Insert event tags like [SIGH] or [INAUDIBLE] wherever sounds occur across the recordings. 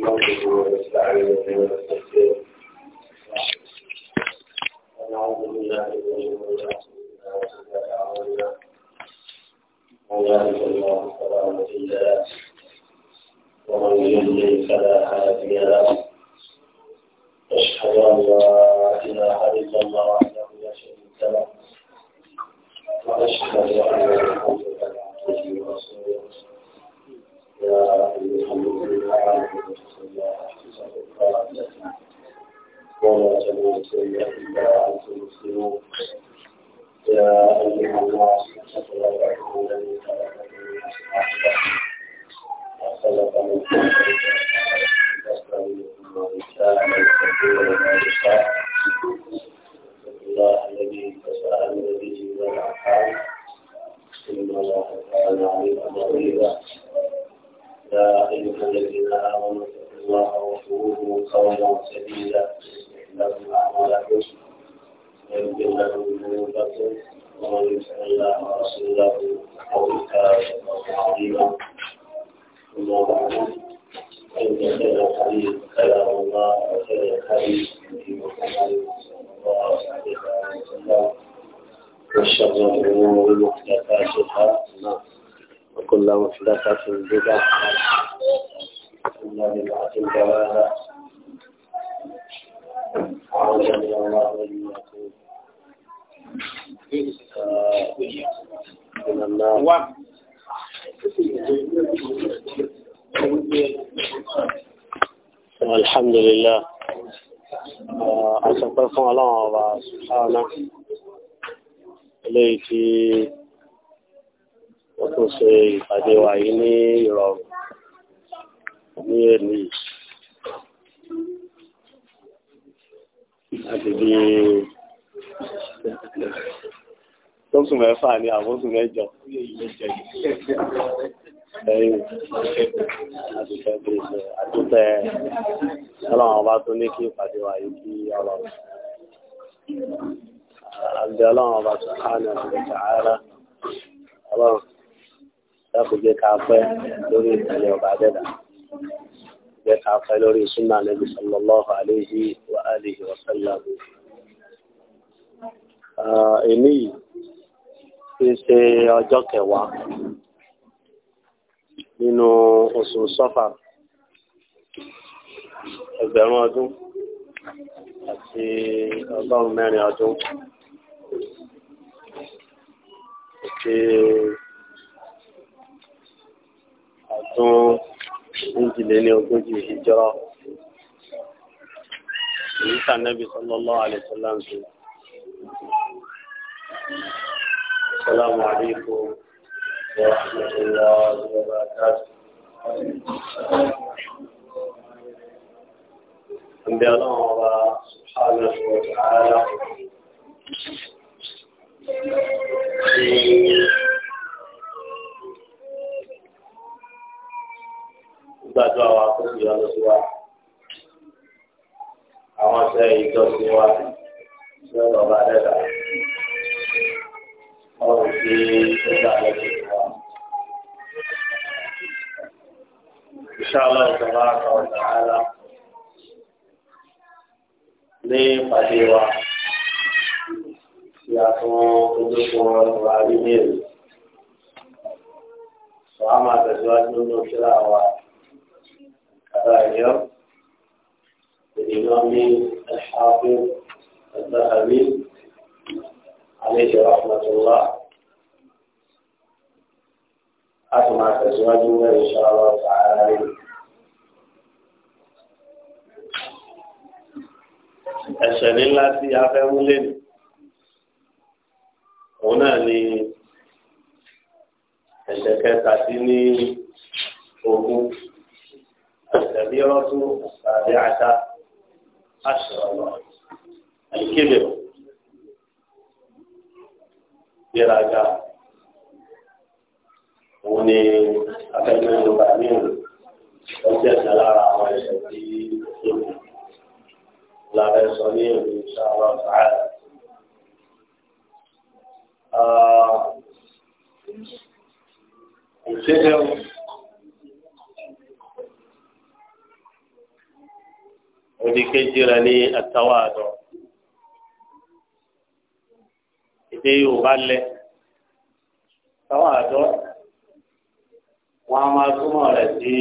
نحمده ونستعينه ونستغفره oṣù mẹ́jọ. Àtúntẹ̀ ọlọ́run ọba tó ní kí ìpàdé wa yìí kí ọlọ́run. Àbí ọlọ́run ọba tó ká ní ọ̀sẹ̀ tààrà. Ọlọ́run dákò jẹ́ ká pẹ́ lórí ìtàlẹ̀ ọba àdẹ́dà. Jẹ́ ká pẹ́ ṣe ọjọ́ kẹwàá nínú oṣù sọ́fà ẹgbẹ̀rún ọdún àti ọgọ́rùn mẹ́rin ọdún àti ọdún méjìléní ogójì ìjọ èyí sànẹ́bí sallallahu alaihi wasallam. السلام عليكم ورحمة الله وبركاته أنبياء الله سبحانه وتعالى ìgbéraga òun ni akẹ́kọ̀ọ́ yorùbá ní ìlú ọjọ́ ẹ̀sẹ̀ lára àwọn ẹ̀sẹ̀ tí ó lò lára ẹ̀sọ́ ní ìlú sábà sáà. Ìṣẹ́jẹ́ o. rẹ̀ ní àtàwọn àdán. èdè Yorùbá lẹ táwọn àjọ wọn a máa túmọ̀ rẹ̀ sí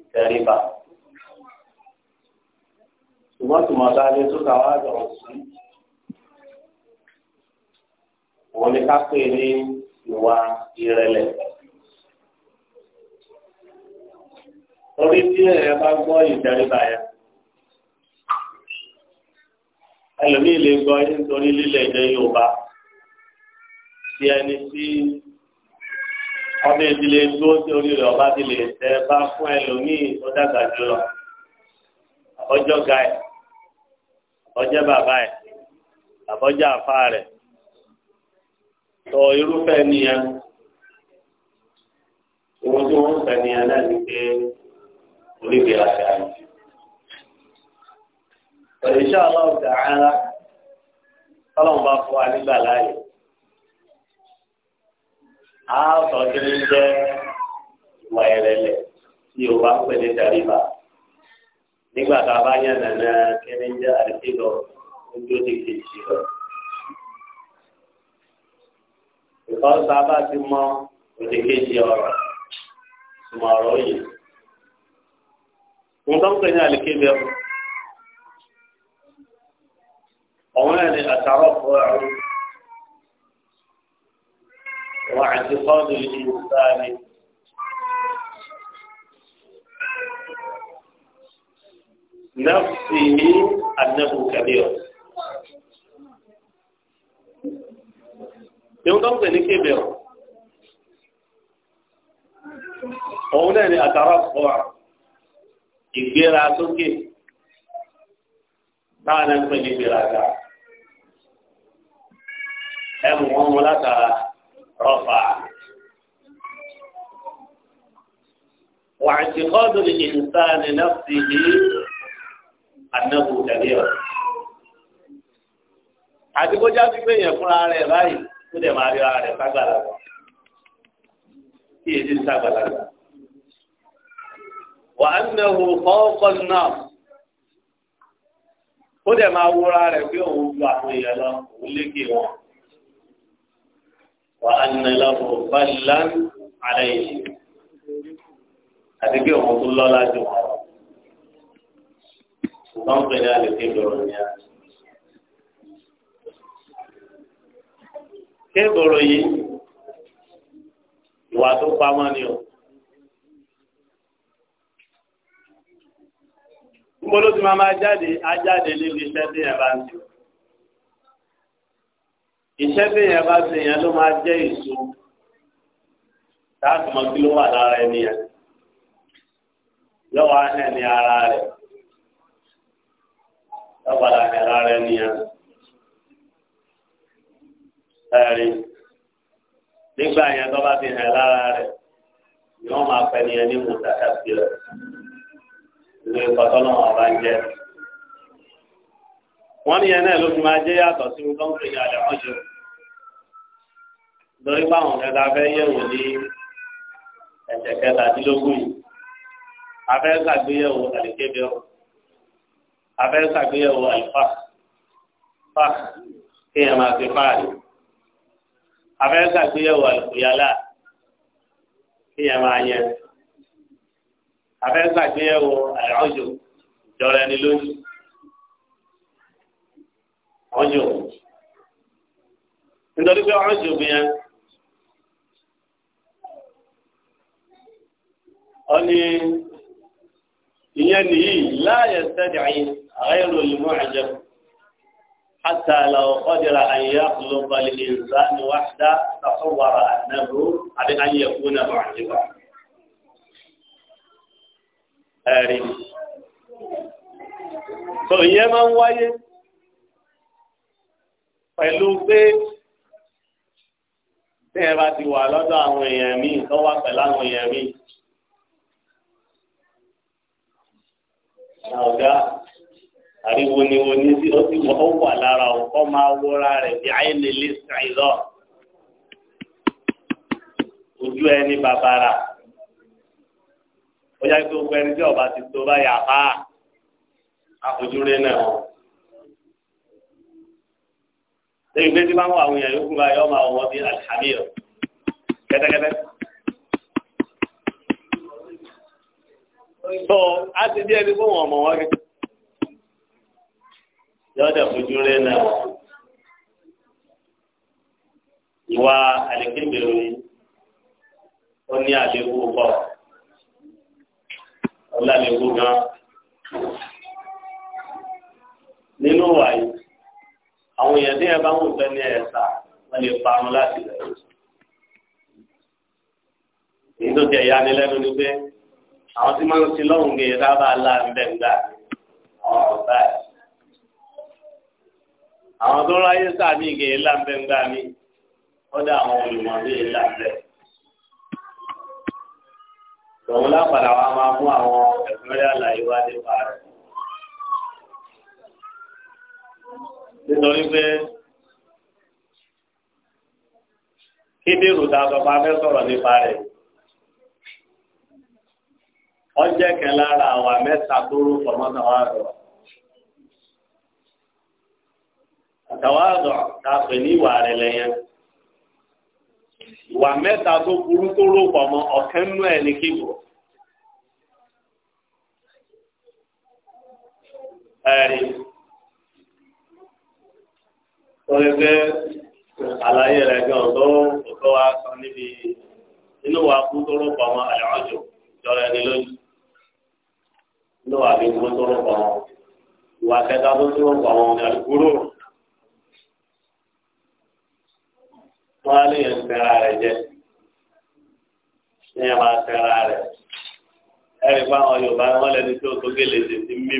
ìtẹríba ṣùgbọ́n tùmọ̀ tá a lè tó táwọn àjọ sí òun ni ká pè ní ìwà ìrẹ̀lẹ̀. torí tí ẹ̀yà bá gbọ́ ìtẹríba yẹn ẹlòmíì lè gbọ́ nítorí lílẹ̀ èdè Yorùbá. ti ẹni tí ìdílé tó ti orí rẹ ọba ti tẹ bá fún ẹlòmíì tó dàgbà jùlọ ga ẹ̀ ọjọ́ bàbá ẹ̀ àbọ̀jọ́ àfa rẹ̀ tọ irúfẹ́ nìyẹn ohun tí wọ́n ń fẹ́ nìyẹn náà ni pé oríkèé àti àyè. bá àásọ̀ kí ni jẹ́ ìwà ìrẹ̀lẹ̀ tí o bá pè ní dàríba nígbà tá a bá yàn nànà kí ni jẹ́ àdìsílọ ojú ti kejì lọ. ìkọ́sọ́ abá ti mọ òdì kejì ọ̀rọ̀ ìmọ̀ ọ̀rọ̀ yìí. nǹkan pè ní àlìkébí ọ̀hún ẹ̀ ní àtàrọ̀ fún ẹ̀rọ. واعتقاد الإنسان نفسه أنه كبير يوم الى كبير قولا لأترفع كبيرة سوكي تعالى نفسي كبيرة أبو محمد رفع واعتقاد الإنسان نفسه أنه كبير àti kó já sí pé yẹn fúnra rẹ̀ báyìí tó dẹ̀ máa ríra rẹ̀ ságbàlagbà kí èdè ságbàlagbà. wà á nà hù fọ́ọ̀kọ́ náà ó dẹ̀ máa wúra rẹ̀ pé òun ju àwọn èèyàn lọ òun lékè wọn. وأن له فلا عليه أتكي أمت الله لا جمعه سلطان قناة لكبرنيا kébòrò yìí ìwà tó pamọ́ ni o gbọ́dọ̀ tí máa máa jáde á jáde níbi iṣẹ́ tí ẹ̀ bá ń tì í iṣẹ́ tí yẹn bá ṣe yẹn ló máa jẹ́ èso táàtì mọ́ kí ló wà lára ẹni yẹn yọ̀wọ́ ahẹ́ ní ara rẹ̀ yọ̀wọ́ ahẹ́ lára ẹni yẹn ẹ̀rí nígbà yẹn tó bá ti hẹ̀ lára rẹ̀ ni wọ́n máa pẹ́ ní ẹni mú dàda sí rẹ̀ ìlú ìkọ́tọ́ náà wọ́n bá ń jẹ́ wọ́n ní yẹn náà ló fi máa jẹ́ yàtọ̀ sí wọn tó ń pè ní àdàmọ́ṣe lórí báwọn kẹta fẹ́ yẹ̀wò ní ẹsẹ̀ kẹtàdínlógún yìí afẹ́ ṣàgbéyẹ̀wò àlìkébẹ̀ ọ̀ afẹ́ ṣàgbéyẹ̀wò àlìfà fà kéèyàn máa fi fáàrí afẹ́ ṣàgbéyẹ̀wò àlìkòyálà kéèyàn máa yẹ afẹ́ ṣàgbéyẹ̀wò àlìọ́jò ìjọra ẹni lójú ọjọ́ nítorí pé ọjọ́ bìyẹn. ọni ìyẹn nìyí láàyè sẹ́dìrín àyẹ̀rọ lèmọ́ àjẹ hàtà làwọn kọ́dìrà àyẹ̀yà lọ́balẹ̀ ìzá ni wà dá sàkọ́wàrà ànábó àbí àyẹ̀ kúnà mọ́ àjẹbà. ẹ̀rí tó ìyẹn máa ń wáyé pẹ̀lú pé tí ẹ bá ti wà lọ́dọ̀ àwọn èèyàn míì tó wà pẹ̀lú àwọn èèyàn míì. ọ̀gá ariwo ni wo ní sí ó sì wọ́ wà lára ọkọ máa wọra rẹ̀ bí àìlè lè sàn lọ ojú ẹni bàbàrà ó yá kí gbogbo ẹni tí ọba ti tó bá yà pa àfojúrí náà lẹ́yìn pé tí bá ń wà àwọn èèyàn yókù báyọ̀ máa wọ́n bí alhamir kẹ́tẹ́kẹ́tẹ́. tó a ti di ẹni fún ọmọ wọn kẹ. yọ̀ọ́dẹ̀ fojú rẹ̀ náà ìwà àlékébèrè ó ní àlékú pọ̀ ọ̀làlékú gan. nínú wàyí àwọn èèyàn tí ẹ bá wù fẹ́ ní ẹ̀sà wọ́n lè parun láti rẹ̀. èyí tó ti ẹ̀yà ni lẹ́nu ni pé àwọn tí máa ń sin lọ́hùn gbé sábà láǹbẹ̀ ńgbà àwọn ọ̀tá ẹ̀. àwọn tó ráyé sàmì gbé láǹbẹ̀ ńgbà mi kọ́dà àwọn olùmọ̀ bí láǹbẹ̀. tòun lápàdà wa máa mú àwọn ẹ̀fúnrẹ́ àlàyé wá nípa rẹ̀. nítorí pé kí dèrò tá a sọ fún nípa rẹ̀ ọjẹ́ kan lára àwa mẹ́ta tó rú fọmọ́tà wà rọ̀. àtàwádọ̀ ta pè ní ìwà rẹ̀ lẹ́yìn. ìwà mẹ́ta tó burú tó rú fọmọ́ ọ̀kẹ́ nú ẹ̀ ní kíkọ́. ẹ̀rí torí pé àlàyé rẹ̀ gan tó tó wá sọ níbi inú wa kú tó rú fọmọ́ àlẹ́ ọjọ́ jọrọ ẹni lójú ló wà bí gbogbo tó rọpò wọn ìwà kẹta tó tó rọpò wọn ní àdúgbò wọn á lè yẹn ń tẹra rẹ jẹ ní ẹ máa tẹra rẹ ẹrí fún àwọn Yorùbá wọn lẹni tó tó gèlè ṣe ti mí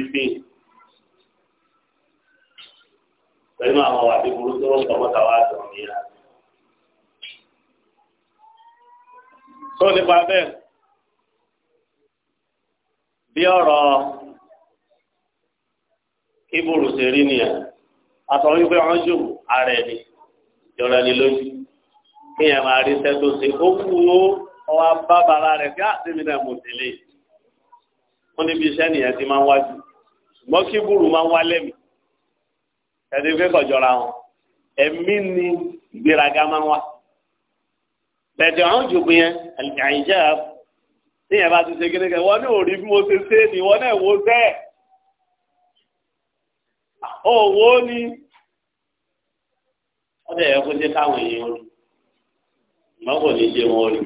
pẹ̀lú àwọn wà bí gbogbo tó rọpò wọn tàwa àtọ̀ nìyà. tó nípa bẹ́ẹ̀ bí ọ̀rọ̀ kíbùrù ṣe rí nìyẹn àtọ̀rọ̀ wípé wọ́n jù ara ẹni jọra ẹni lójú kéèyàn máa rí iṣẹ́ tó ṣe ó wù ó ọwọ́ bábara rẹ̀ kí àtẹ̀mí ah, náà mò tẹ̀lé wọ́n níbi iṣẹ́ nìyẹn ti máa ń wájú ṣùgbọ́n kíbùrù máa ń wá lẹ́mìí ẹni pé kọjọra wọn ẹ̀mí ni ìgbéraga máa ń wá bẹ̀tẹ̀ àwọn jù pé yẹn àyíjẹ́ àpò níyẹn bá ti ṣe kékeré wọn ní òrí bí mo ṣe ṣe ni wọn náà wo bẹ́ẹ̀ òwò ni wọn dẹ̀ yẹ kó jẹ́ káwọn èèyàn rí mọ́kò ní jẹ́ wọn rí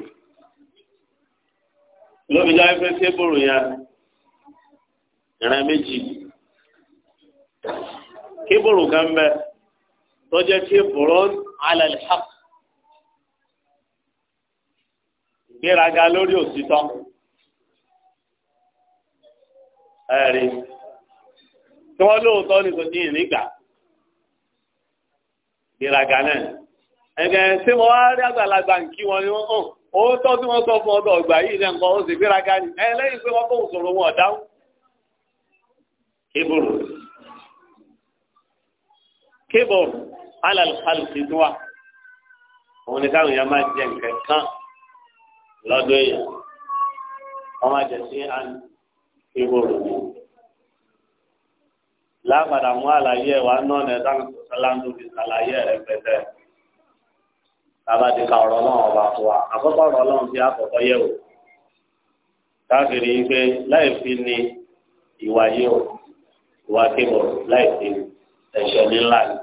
lóbi jẹ́ pé tébùrù yẹn ìran méjì kébùrù kan bẹ tó jẹ́ kébùrù alẹ́ hàp gbéraga lórí òtítọ́ ẹ̀rí tí wọ́n lóòótọ́ ní sọ́jí ìnígbà ìràgà náà ẹ̀gẹ̀ tí mo wá rí àgbàlagbà ń kí wọn ni wọ́n hàn òótọ́ tí wọ́n sọ fún ọdọ̀ ọgbà yìí náà nǹkan ó sì gbéraga ni ẹ lẹ́yìn pé wọ́n kó òṣòro wọn ọ̀dáhùn kébòrò kébòrò alàlùfàlù ti dùn wa òun ni káwọn èèyàn máa jẹ nǹkan kan lọ́dọ̀ èèyàn wọ́n máa jẹ sí àná ìwò òwò lápadà mú àlàyé ẹ̀ wá náà nẹ̀ sáà sọ́láńdó fi sàlàyé rẹ̀ pẹ̀tẹ́ tabadika ọ̀rọ̀ náà ọba fún wa àkọ́kọ́ ọ̀rọ̀ náà fi àkọ́kọ́ yẹ̀ wò káfíìrì yìí pé láì fi ni ìwà yìí o ìwà kébọ̀ láì fi ẹ̀ṣẹ̀ nílá ni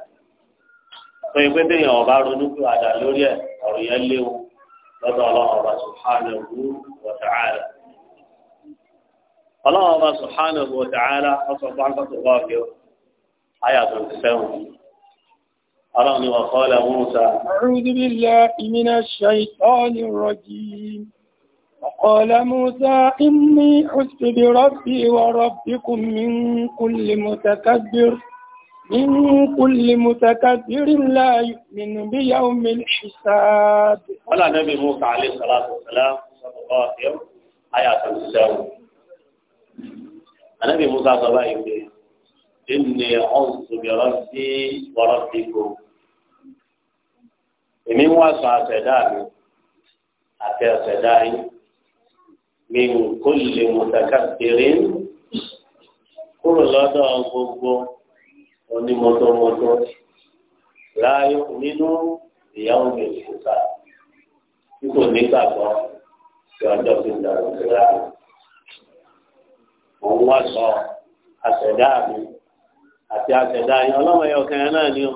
pé pété yẹn ọba ronú pé àdá lórí ẹ̀ ọ̀rọ̀ yẹn léwu lọ́dọ̀ ọlọ́run ọba subhanahu wa ta'ala ọlọ́run ọba subhanahu wa ta'ala ọsọ báńkà tó bá fi ọ ayé àtúntò sẹ́wọ̀n ọlọ́run ni wọ́n kọ́lẹ̀ Musa. a'udhu وقال موسى إني حست بربي وربكم من كل متكبر من كل متكبر لا يؤمن بيوم الحساب. قال النبي موسى عليه الصلاة والسلام صلى الله عليه وسلم آية السلام anabi musa sọ báyìí pé ẹnì ọ̀sùnbẹ̀rọ̀ sí wọ́rọ̀ sí kò èmi ń wá sọ àṣẹdá mi àti àṣẹdá yín mi ń kó lè mọ̀tàkà kéré kúrò lọ́dọ̀ gbogbo onímọ̀tòmọ̀tò láàyò nínú ìyàwó mi ìfúta tí kò nígbàgbọ́ sí ọjọ́ fi dàrú sí láàyò òun wá sọ àṣẹdá mi àti àṣẹdá yẹn ọlọ́mọ yẹn ọkàn yẹn náà ni o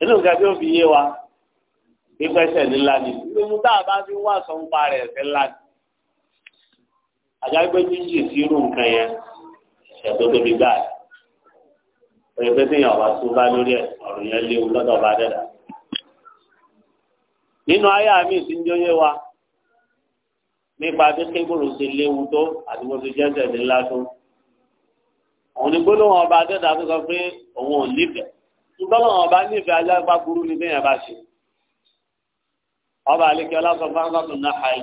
inú nǹkan tí ó fi yé wa ìgbésẹ̀ ńlá ni ìlú tá a bá fi wá sọ ń pa rẹ̀ ẹ̀sẹ̀ ńlá ni àjágbé jíjì sí irú nǹkan yẹn ṣètò tóbi gbáà òye pé téèyàn wá tó bá lórí ẹ̀ ọ̀rọ̀ yẹn léwu lọ́dọ̀ bá dẹ́dà nínú ayé àmì ìsinjọ́ wa nípa bí kébùrù ṣe léwu tó àti bó ṣe jẹ́sẹ̀ ní ńlá tó. òun ni gbólóhùn ọba adẹ́dàá tó sọ pé òun ò nífẹ̀ẹ́ ṣùgbọ́n àwọn ọba nífẹ̀ẹ́ alágbá burú ni bẹ́ẹ̀ bá ṣe. ọba àlekí ọlásọ fáńsọ́tò náà àì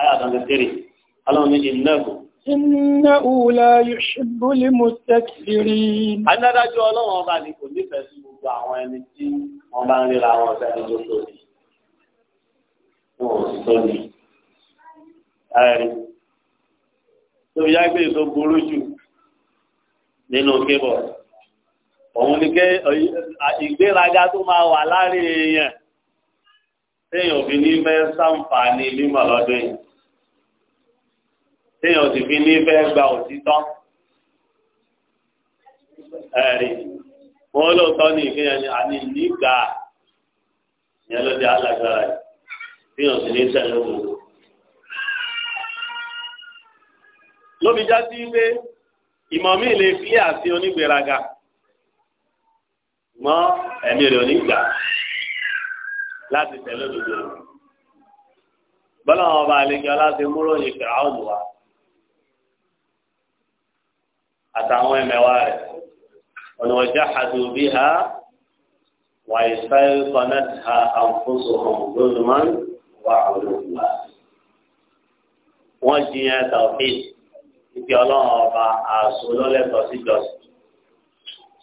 àyàtọ̀lẹ̀ tèrè ọlọ́run ní ìnáwó. innahu la yuhibbul mustakbirin. adájọ́ ọlọ́run ọba ni kò nífẹ̀ẹ́ sí gbogbo àwọn ẹni tí wọ́n bá ń ríra wọn sẹ́ni tó tóbi. wọn ò sì tóbi. Eri, tóbi yá pé èso burú jù nínú kébọ̀ òun ni ké ìgbéraga tó máa wà láàrin èèyàn téèyàn fi ní fẹ́ ṣàǹfààní ni lọ́dún yìí téèyàn sì fi ní gba òtítọ́ ẹ̀rí Mo lóòótọ́ ní ìkéyàn àní nígbà yẹn ló di alágbára yìí téèyàn sì ní lóbi já sí pé ìmọ̀ mi lè fi àti onígbèraga mọ́ ẹ̀mí rẹ̀ onígbà láti tẹ̀lé òdodo rẹ̀ bọ́lá wọn bá àlejò aláṣẹ múròyìn fìràwọn wà àtàwọn ẹ̀mẹ̀wá rẹ̀ ọ̀nà ọjà àdùbí ha wà ìsáyé kọ́nẹ́tì ha àǹfóso ọ̀hún lónìí wà ọ̀dọ̀ wà. wọ́n jiyàn tàwọn fèsì ìpè ọlọ́run ọba àṣọ lọ́lẹ́tọ̀ sí jọ́sìn.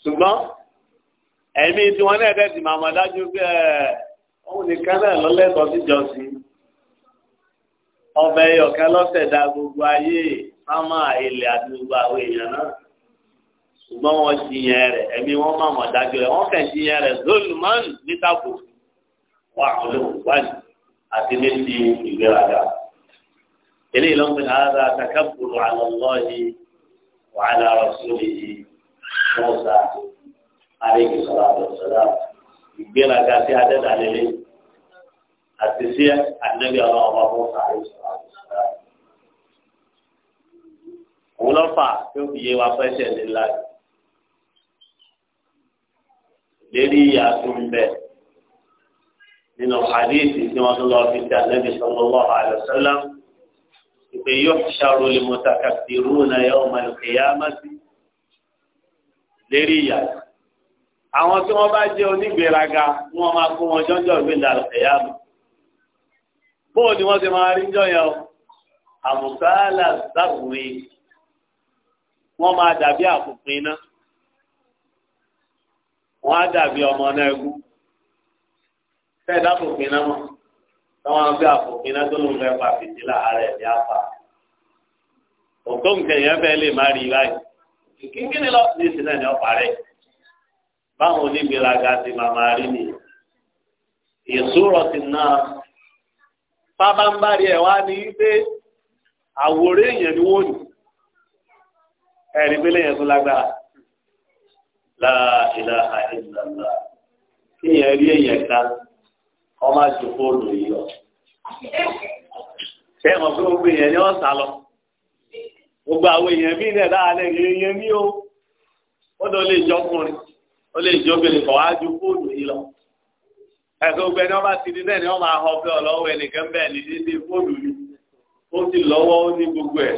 ṣùgbọ́n ẹ̀mí tí wọ́n náà tẹ̀sí máa mọ̀ dájú pé òun nìkan náà lọ́lẹ́tọ̀ sí ọbẹ̀ ọ̀kẹ́ lọ́sẹ̀ da gbogbo ayé sámà ilẹ̀ àti gbogbo àwọn èèyàn náà. ṣùgbọ́n wọ́n jiyàn rẹ̀ ẹ̀mí wọ́n máa mọ̀ dájú rẹ̀ wọ́n kàn jiyàn rẹ̀ zolman nítàkù wà lóhùn wáyé àti ní ti ìgbéraga eléyìí ló ń pè ní ara takabburu ala Allahi wa ala rasulihi Musa aleyhi salatu wa salam ìgbéraga sí adẹ́dà lélẹ̀ àti sí ànábì ọlọ́wọ́ Musa aleyhi salatu wa salam. òun ló fà tó fi yé wa pẹ́sẹ̀ nílá lérí ìyá tó nínú hadith tí wọ́n tún lọ fi ti ànábì sallallahu alaihi wasallam pé yóò ṣàrò lè mọ̀tàkà sí rúnà yà ọmọ ìpè yá má sí lérí ìyá. àwọn tí wọ́n bá jẹ́ onígbèéraga wọ́n máa kó wọn jọ́jọ́ ìgbéǹda ìpè yá mọ́. bóò ni wọ́n ti máa rí jọ́yọ̀ àmùkálà sábùrin wọ́n máa dàbí àfòfin náà wọ́n á dàbí ọmọ náà egún fẹ́ẹ̀ dáàbò pinna mọ́ táwọn abẹ́ àfòpinna tó ló ń fẹ́ pa fìdí láàárẹ̀ ní àpá òkú nǹkan yẹn fẹ́ lè má rí báyìí kíkíni lọ ní ìsìn náà ni ọ̀pá rẹ̀ báwọn onígbèéraga ti máa máa rí ni ìṣòro ti náà pábánbárì ẹ̀ wá ní pé àwòrán èèyàn ni wọ́n ní ẹ̀rí pé lẹ́yìn tó lágbára la ilaha illallah kí èèyàn rí èèyàn ká ọmọ àjòkó lòyìn lọ. ṣé ẹ̀ mọ̀ gbogbo èèyàn ni wọ́n sá lọ gbogbo àwọn èèyàn mí náà láàárẹ̀ èèyàn mí o kódà ó lè jọ ọkùnrin ó lè jọ obìnrin kọ̀ wá ju fóònù yìí lọ. ẹ̀sọ́ gbogbo ẹni wọ́n bá ti di bẹ́ẹ̀ ni wọ́n máa họ pé ọlọ́wọ́ ẹnìkan bẹ́ẹ̀ ni dídí fóònù ni ó sì lọ́wọ́ ó ní gbogbo ẹ̀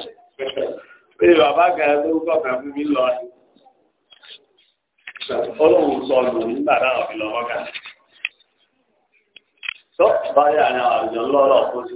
pé bàbá kan ló kọ̀ kan fún mi lọ rẹ̀. ọlọ́run sọ lù nígbà náà fi lọ́wọ́ kan. tó báyà ni àwọn àjọ ńlọ́rọ̀ fún sí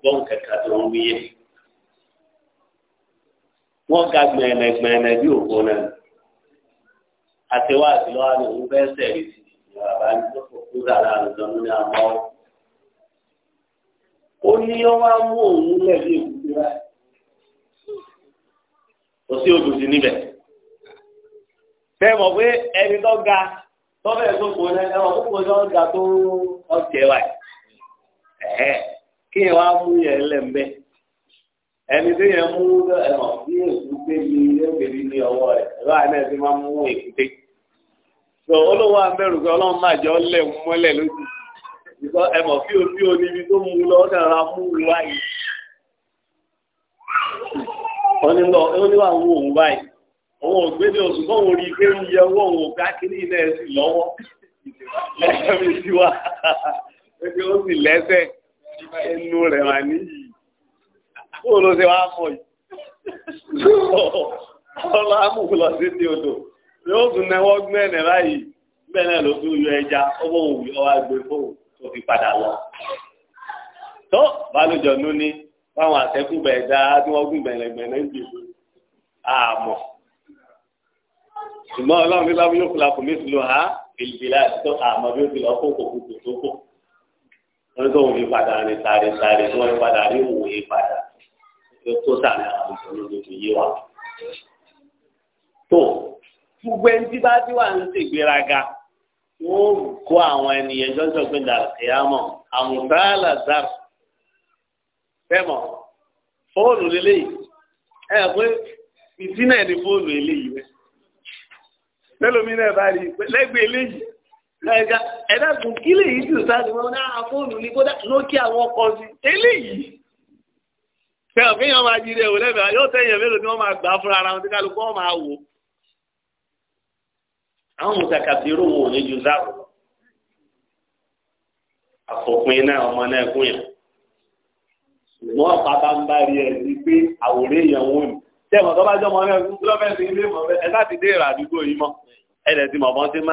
gbọ́n kẹ̀kẹ́ tó ń wíyẹ. wọ́n ga gbẹ̀nẹ̀gbẹ̀nẹ̀ bí òkú náà àtiwá àtìlọ́ àti òun fẹ́ sẹ̀rí sí ìyá bàbá ní lọ́pọ̀ tó dára àlùjọ ní àmọ́. ó ní ó wá mú òun lẹ́bí èkúté rẹ̀. kò sí odò sí níbẹ̀. fẹ́ mọ̀ pé ẹni tó ga tọ́bẹ̀ tó kò ní ẹ̀wọ̀n kókò tó ga tó ọ̀tẹ̀ wáyé kí ẹ wá mú yẹn lẹ́m̀bẹ́ ẹni tó yẹn mú ẹ̀hàn bí èkúté mi lẹ́gbẹ̀ẹ́ ní ọwọ́ rẹ̀ ẹ̀rọ àná ẹ̀ ti máa mú èkúté tó olówó abẹ́rù pé máa jọ lẹ̀ mú mọ́lẹ̀ lójú ìkọ́ ẹ̀mọ̀ bí o bí o níbi tó mú lọ dára mú wáyé onílọ oníwà ń wò òun báyìí òun ò gbé ní oṣù kọ́ òun rí i pé ń yẹ owó òun ká kiri iná ẹ̀ sì lọ́wọ́ lẹ́yìn mi sí wa pé ó sì lẹ́sẹ̀ ẹnu rẹ̀ wà ní kó ló ṣe wàá fọ yìí ọlọ amúkú lọ sí ti odò yóò tún náwó gbẹ́nẹ̀ báyìí gbẹ́nẹ̀ ló tún yọ ẹja ọwọ́ òwú ọwọ́ agbe fóun tó fi padà lọ. tó balùjọ nú ni báwọn àtẹkùnbẹ̀ ẹ̀dá tí wọ́n gùn gbẹ̀lẹ̀gbẹ̀lẹ̀ ń dìbò àmọ́ ṣùgbọ́n ọlọ́run ní lábúyọ́ fúlàfù mi ti lò ha èlìbìlà àti tó àmọ́ bí ó ti lọ kó kòkòkò tó kò wọn tó wọn fi padà ní sáré sáré tí wọn fi padà ní òwòye padà tó tó sàmì àwọn ìṣòro gbogbo yé wa. tó gbogbo ẹni tí bá ti wà ń ṣègbéraga wọn kó àwọn ènìyàn jọjọ pé dàkíyàmọ àmùtálà zar fẹmọ fóònù lélẹyìí ẹ pé ìtínà ẹni fóònù eléyìí rẹ lẹlòmínà ẹ bá rí i pé lẹgbẹẹ ẹ̀ka ẹ̀dá kùn kí lè yí tìrù sáà lùmọ́ náà fóònù ní kódà nokia wọn kọ sí eléyìí. ṣé òfin yẹn máa jí ilé ìwé lẹ́bẹ̀ẹ́ yóò tẹ̀yẹ̀ mélòó ni wọ́n máa gbà fúnra ara wọn tí kálukú wọn máa wò. àwọn mùsàkàbírò wò ní ju záàbù. àfòpin náà ọmọ náà kún yẹn. ṣùgbọ́n bàbá ń bá rí ẹ̀ sí pé àwòrán èèyàn wò ní. tẹ́ẹ̀mọ̀ tó bá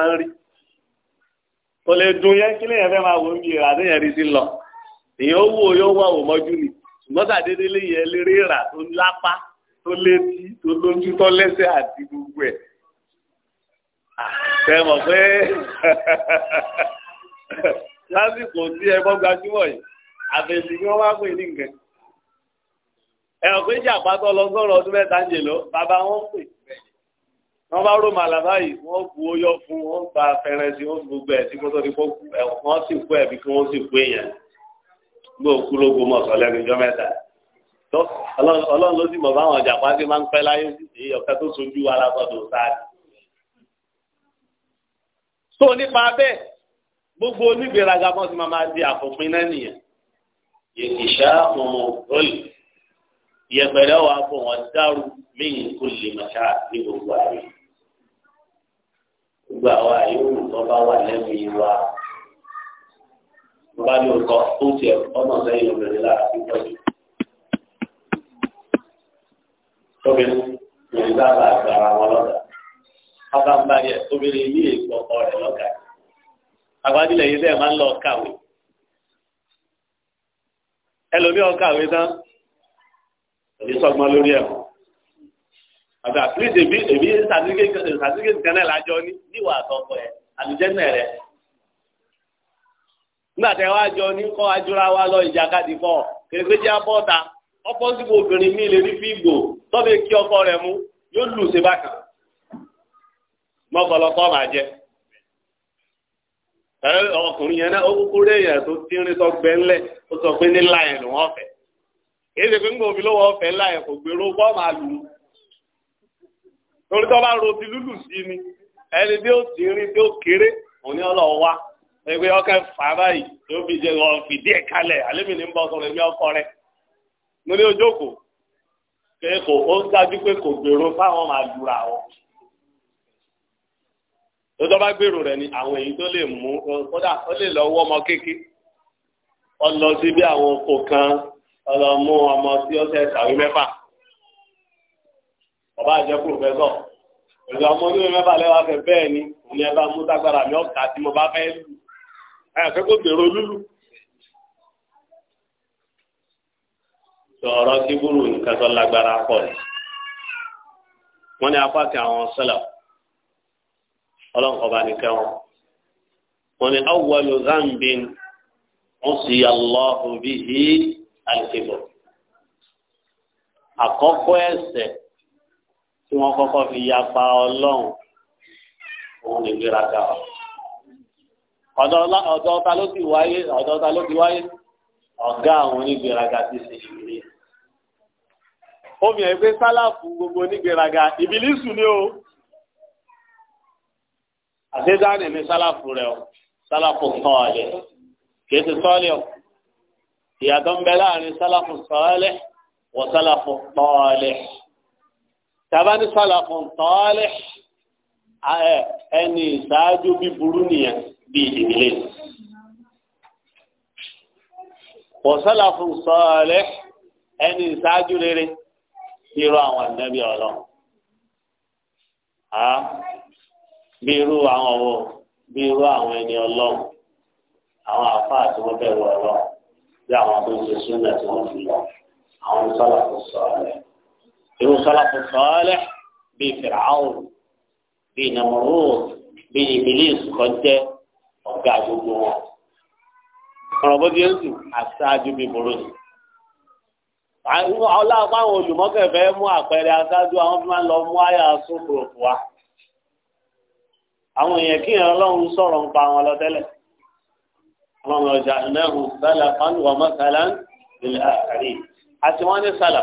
jọ kò lè dùn yẹn kí lèyàn fẹ́ máa wò ń bí ìrà téèyàn rí sí lọ èyàn wò yóò wà wò mọ́jú ni ṣùgbọ́n sàdédé léyìn eléré ìrà tó lápá tó létí tó lójú tó lẹ́sẹ̀ àti gbogbo ẹ̀ tẹ mọ̀ pé [LAUGHS] lásìkò tí ẹ bọ́ gbajúmọ̀ yìí àbẹ̀sí ni wọ́n wá pè ní nǹkan ẹ̀ ọ̀pẹ́ jàpá tó lọ sọ̀rọ̀ ọdún mẹ́ta ń jè lọ bàbá wọn pè wọ́n bá rò màlà báyìí wọ́n bu oyọ fún wọ́n gba fẹrẹsì wọ́n gbogbo ẹ̀ tí wọ́n tó ti kó wọ́n sì kó ẹ̀bí kí wọ́n sì kó èèyàn gbọ́ òkú ló gbọ́ mọ̀sán lẹ́nu ìjọ mẹ́ta tó ọlọ́run ló sì mọ̀ báwọn ọjà pàṣẹ máa ń pẹ́ láyé èyí ọ̀kẹ́ tó sojú wa lágbọ́dọ̀ sáà. tó nípa bẹ́ẹ̀ gbogbo onígbèraga bọ́sí máa máa di àfòpin náà nìyẹn yèkìṣà ọmọ òrólì ìyẹ̀pẹ̀rẹ̀ wà fún wọn dárú míì kò lè mọ̀ṣá ní gbogbo àárín gbogbo àwa yòówù tó bá wà lẹ́mìí wa bá ní orúkọ tó tiẹ̀ ọ̀nà sẹ́yìn obìnrin lára ti pọ̀jù. tóbìnrin yìí sábà gba ara wọn lọ́dà bàbá ń báyẹ tóbìnrin ní èkó ọkọ rẹ̀ lọ́gà àgbájúlẹ̀ yìí sẹ́ẹ̀ máa ń lọ kàwé ẹlòmíọ̀ kàwé tán òní sọgbọ́n lórí ẹ̀kọ́ àti àtúnṣe èmi èmi sàtífíkẹ́tì kan náà lájọ ní níwà àtọkọ ẹ àlùjẹ́nà rẹ. nígbà tẹ wá jọ ní kọ́ ajúra wa lọ ìjàkadì fọ kèrèkèjì abọ́ta ọpọ́sibú obìnrin mi lè rí fíìgbò tọ́bẹ̀ kí ọkọ rẹ̀ mú yóò lù sí bákan mọ́kànlọ́kọ́ máa jẹ. ọkùnrin yẹn náà ó kúkú rí èèyàn tó tínrín tó gbẹ ńlẹ̀ ó sọ pé ní láyẹ̀ lòun ọ̀fẹ́ èyí ṣe pé ń gbòmí lówó ọ̀fẹ́ láyẹ̀ kò gbèrò bọ́ọ̀ máa lù ú torí tó bá ro ti lúlù sí ni ẹni tí ó ti rí tí ó kéré òun ni ọlọ́ọ̀ wá ẹgbẹ́ ọkẹ́ fà báyìí tí ó fi jẹ ọ̀fìdí ẹ̀ kalẹ̀ àlémi ní bọ́ sọ̀rọ̀ ẹ̀mí ọkọ rẹ̀ mo ní ojókòó pé kò ó dájú pé kò gbèrò fáwọn máa dura wọn lọ́jọ́ bá gbèrò rẹ̀ ni àwọn èyí tó lè mú kódà ó lè lọ wọ́ ọmọ kéèké ọlọ sí bí àwọn oko kan ọlọ mú ọmọ tí ó tẹ̀ sàwé mẹ́fà bàbá àjẹ pòfẹ́sọ̀ pẹ̀lú ọmọ oníwèé mẹ́fà lẹ́wà fẹ́ bẹ́ẹ̀ ni òun ẹ bá mú tágbára mi ọ̀kà tí mo bá fẹ́ lù àyàfẹ́ kó gbèrò lúlù. sọ̀rọ̀ sí búrú nǹkan tó lágbára pọ̀ ni wọ́n ní apá kan àwọn sẹ́là ọlọ́nkọ̀ọ́ba nìkan wọn wọ́n ní awwalu zambin wọ́n sì yà lọ́hùn bíi alìkébọ̀ àkọ́kọ́ ẹ̀ṣẹ̀ tí wọ́n kọ́kọ́ fi yapa ọlọ́run òun lè gbéraga ọ. ọ̀dọ̀ ọ̀tá ló ti wáyé ọ̀dọ̀ ọ̀tá ló ti wáyé ọ̀gá àwọn onígbéraga ti ṣe ìrírí. omi ẹ̀ pé sálàfù gbogbo onígbéraga ìbílísù ni o. àṣedáni ni sálàfù rẹ o sálàfù kan ọ̀lẹ̀ kìí ti sọ́ọ̀lẹ̀ o. ìyàtọ̀ ń bẹ láàrin sálàfù sọ́ọ̀lẹ̀ wọ sálàfù pọ́ọ̀lẹ̀ tabani salafun tọ́lẹ̀ ẹni ìṣáájú bí burú nìyẹn bí ìdílé wọ salafun sọ́ọ̀lẹ̀ ẹni ìṣáájú rere irú àwọn ànábì ọlọ́run bí irú àwọn ọwọ́ bí irú àwọn ẹni ọlọ́run àwọn àfáà tí wọ́n bẹ̀rù ọlọ́run bí àwọn tó ń ṣe súnmọ̀ tí fi lọ àwọn sọ́lá kò irú sọ́láfù sọ́ọ́lẹ̀ bíi fìràwù bíi namurud bíi ibilis kọjẹ́ ọ̀gá gbogbo wọn. ọ̀rọ̀ bó ti ń sùn aṣáájú bíi burú ni. ọlọ́run báwọn olùmọ́kẹ̀fẹ́ mú àpẹẹrẹ aṣáájú àwọn fún wa lọ mú àyà sókòròfò wa. àwọn èèyàn kí ìran ọlọ́run sọ̀rọ̀ ń pa wọn lọ tẹ́lẹ̀. ọlọ́run ọjà náà ń sálà fáwọn mọ́sálà nílẹ̀ àkàrí àti wọ́n ní sálà.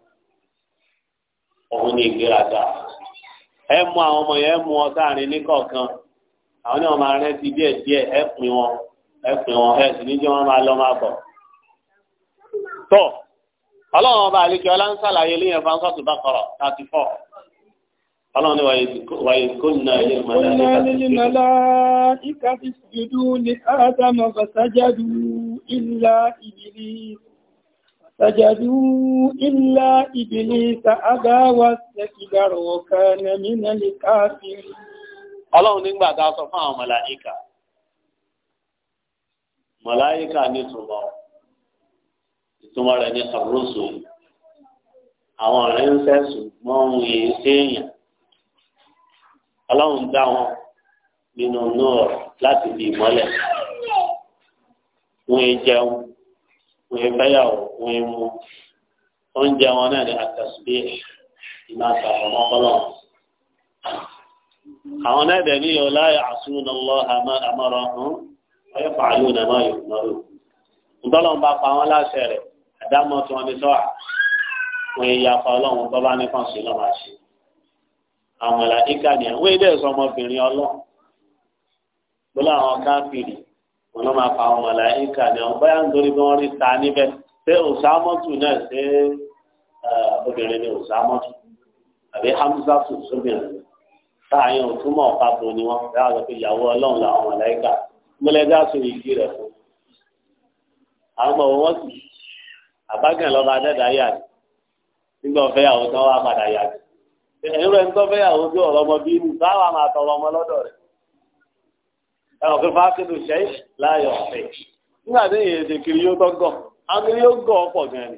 òun ní ìgbéraga ẹ mú àwọn ọmọ yẹn mú ọ sáàrin ní kọ̀ọ̀kan àwọn ní wọn máa rántí díẹ̀ díẹ̀ ẹ pin wọn ẹ pin wọn ẹ sì ní jẹ́ wọn máa lọ máa bọ̀. tó ọlọ́run ọba àlejò ọlánsàlàyé lẹ́yìn fáńsọ́tù bá kọ̀rọ̀ thirty four ọlọ́run ní wàyí kóńnà ilé ìmọ̀lẹ́ سجدوا إلا إبليس أبى واستكبر وكان من الكافرين ọlọ́run nígbà tá a sọ fún àwọn mọ̀láyíkà mọ̀láyíkà ní ìtumọ̀ ìtumọ̀ rẹ̀ ní àrùsù àwọn ọ̀rẹ́ ń sẹ́sù mọ́ ohun yìí séèyàn ọlọ́run dá wọn nínú náà láti di ìmọ́lẹ̀ wọ́n jẹun wọ́n fẹ́yàwó òun emu oúnjẹ wọn náà n'i àtẹ̀síbí ìmọ̀ àtàwọn ọlọ́ àwọn náà dẹ̀ ní ọlá lọ ọ̀hún ọyọ́ pàálù náà máa bá pa wọn láṣẹ rẹ̀ àdámọ́ tí wọ́n ní sọ́wà wọn èyí afa ọlọ́run tó bá nípa sí lọ́wọ́ àṣẹ àwọn ìlàdíkà ni àwọn ilé ẹ̀sọ́ ọmọbìnrin ọlọ́run gbọ́dọ̀ àwọn wọn lọ́ máa pa ni àwọn báyà ń torí bí wọ́n rí ta níbẹ̀ ṣé òsámọ́tù náà ṣé obìnrin ni òsámọ́tù àbí hamzatu sóbìnrin táàyàn òtúmọ̀ ọ̀pápọ̀ ni wọ́n fẹ́ àwọn pé ìyàwó ọlọ́run làwọn mọ̀lẹ́kà mọ̀lẹ́kà sọ ìdí rẹ̀ fún àwọn ọmọ wọn sì àbágàn lọ́ba dẹ́dá yà ní nígbà ọ̀fẹ́yàwó tán wá padà yà ní ẹ̀rọ ẹni tó fẹ́yàwó bí ọ̀rọ̀ ọmọ bíi nù báwa máa tọrọ ọmọ lọ́dọ̀ rẹ̀ ẹ̀rọ fífa kí ló láàyò ọ̀fẹ́ nígbà tí èyí èdè kiri yóò tọ́gọ̀ agiri oge ọ̀pọ̀ gan ni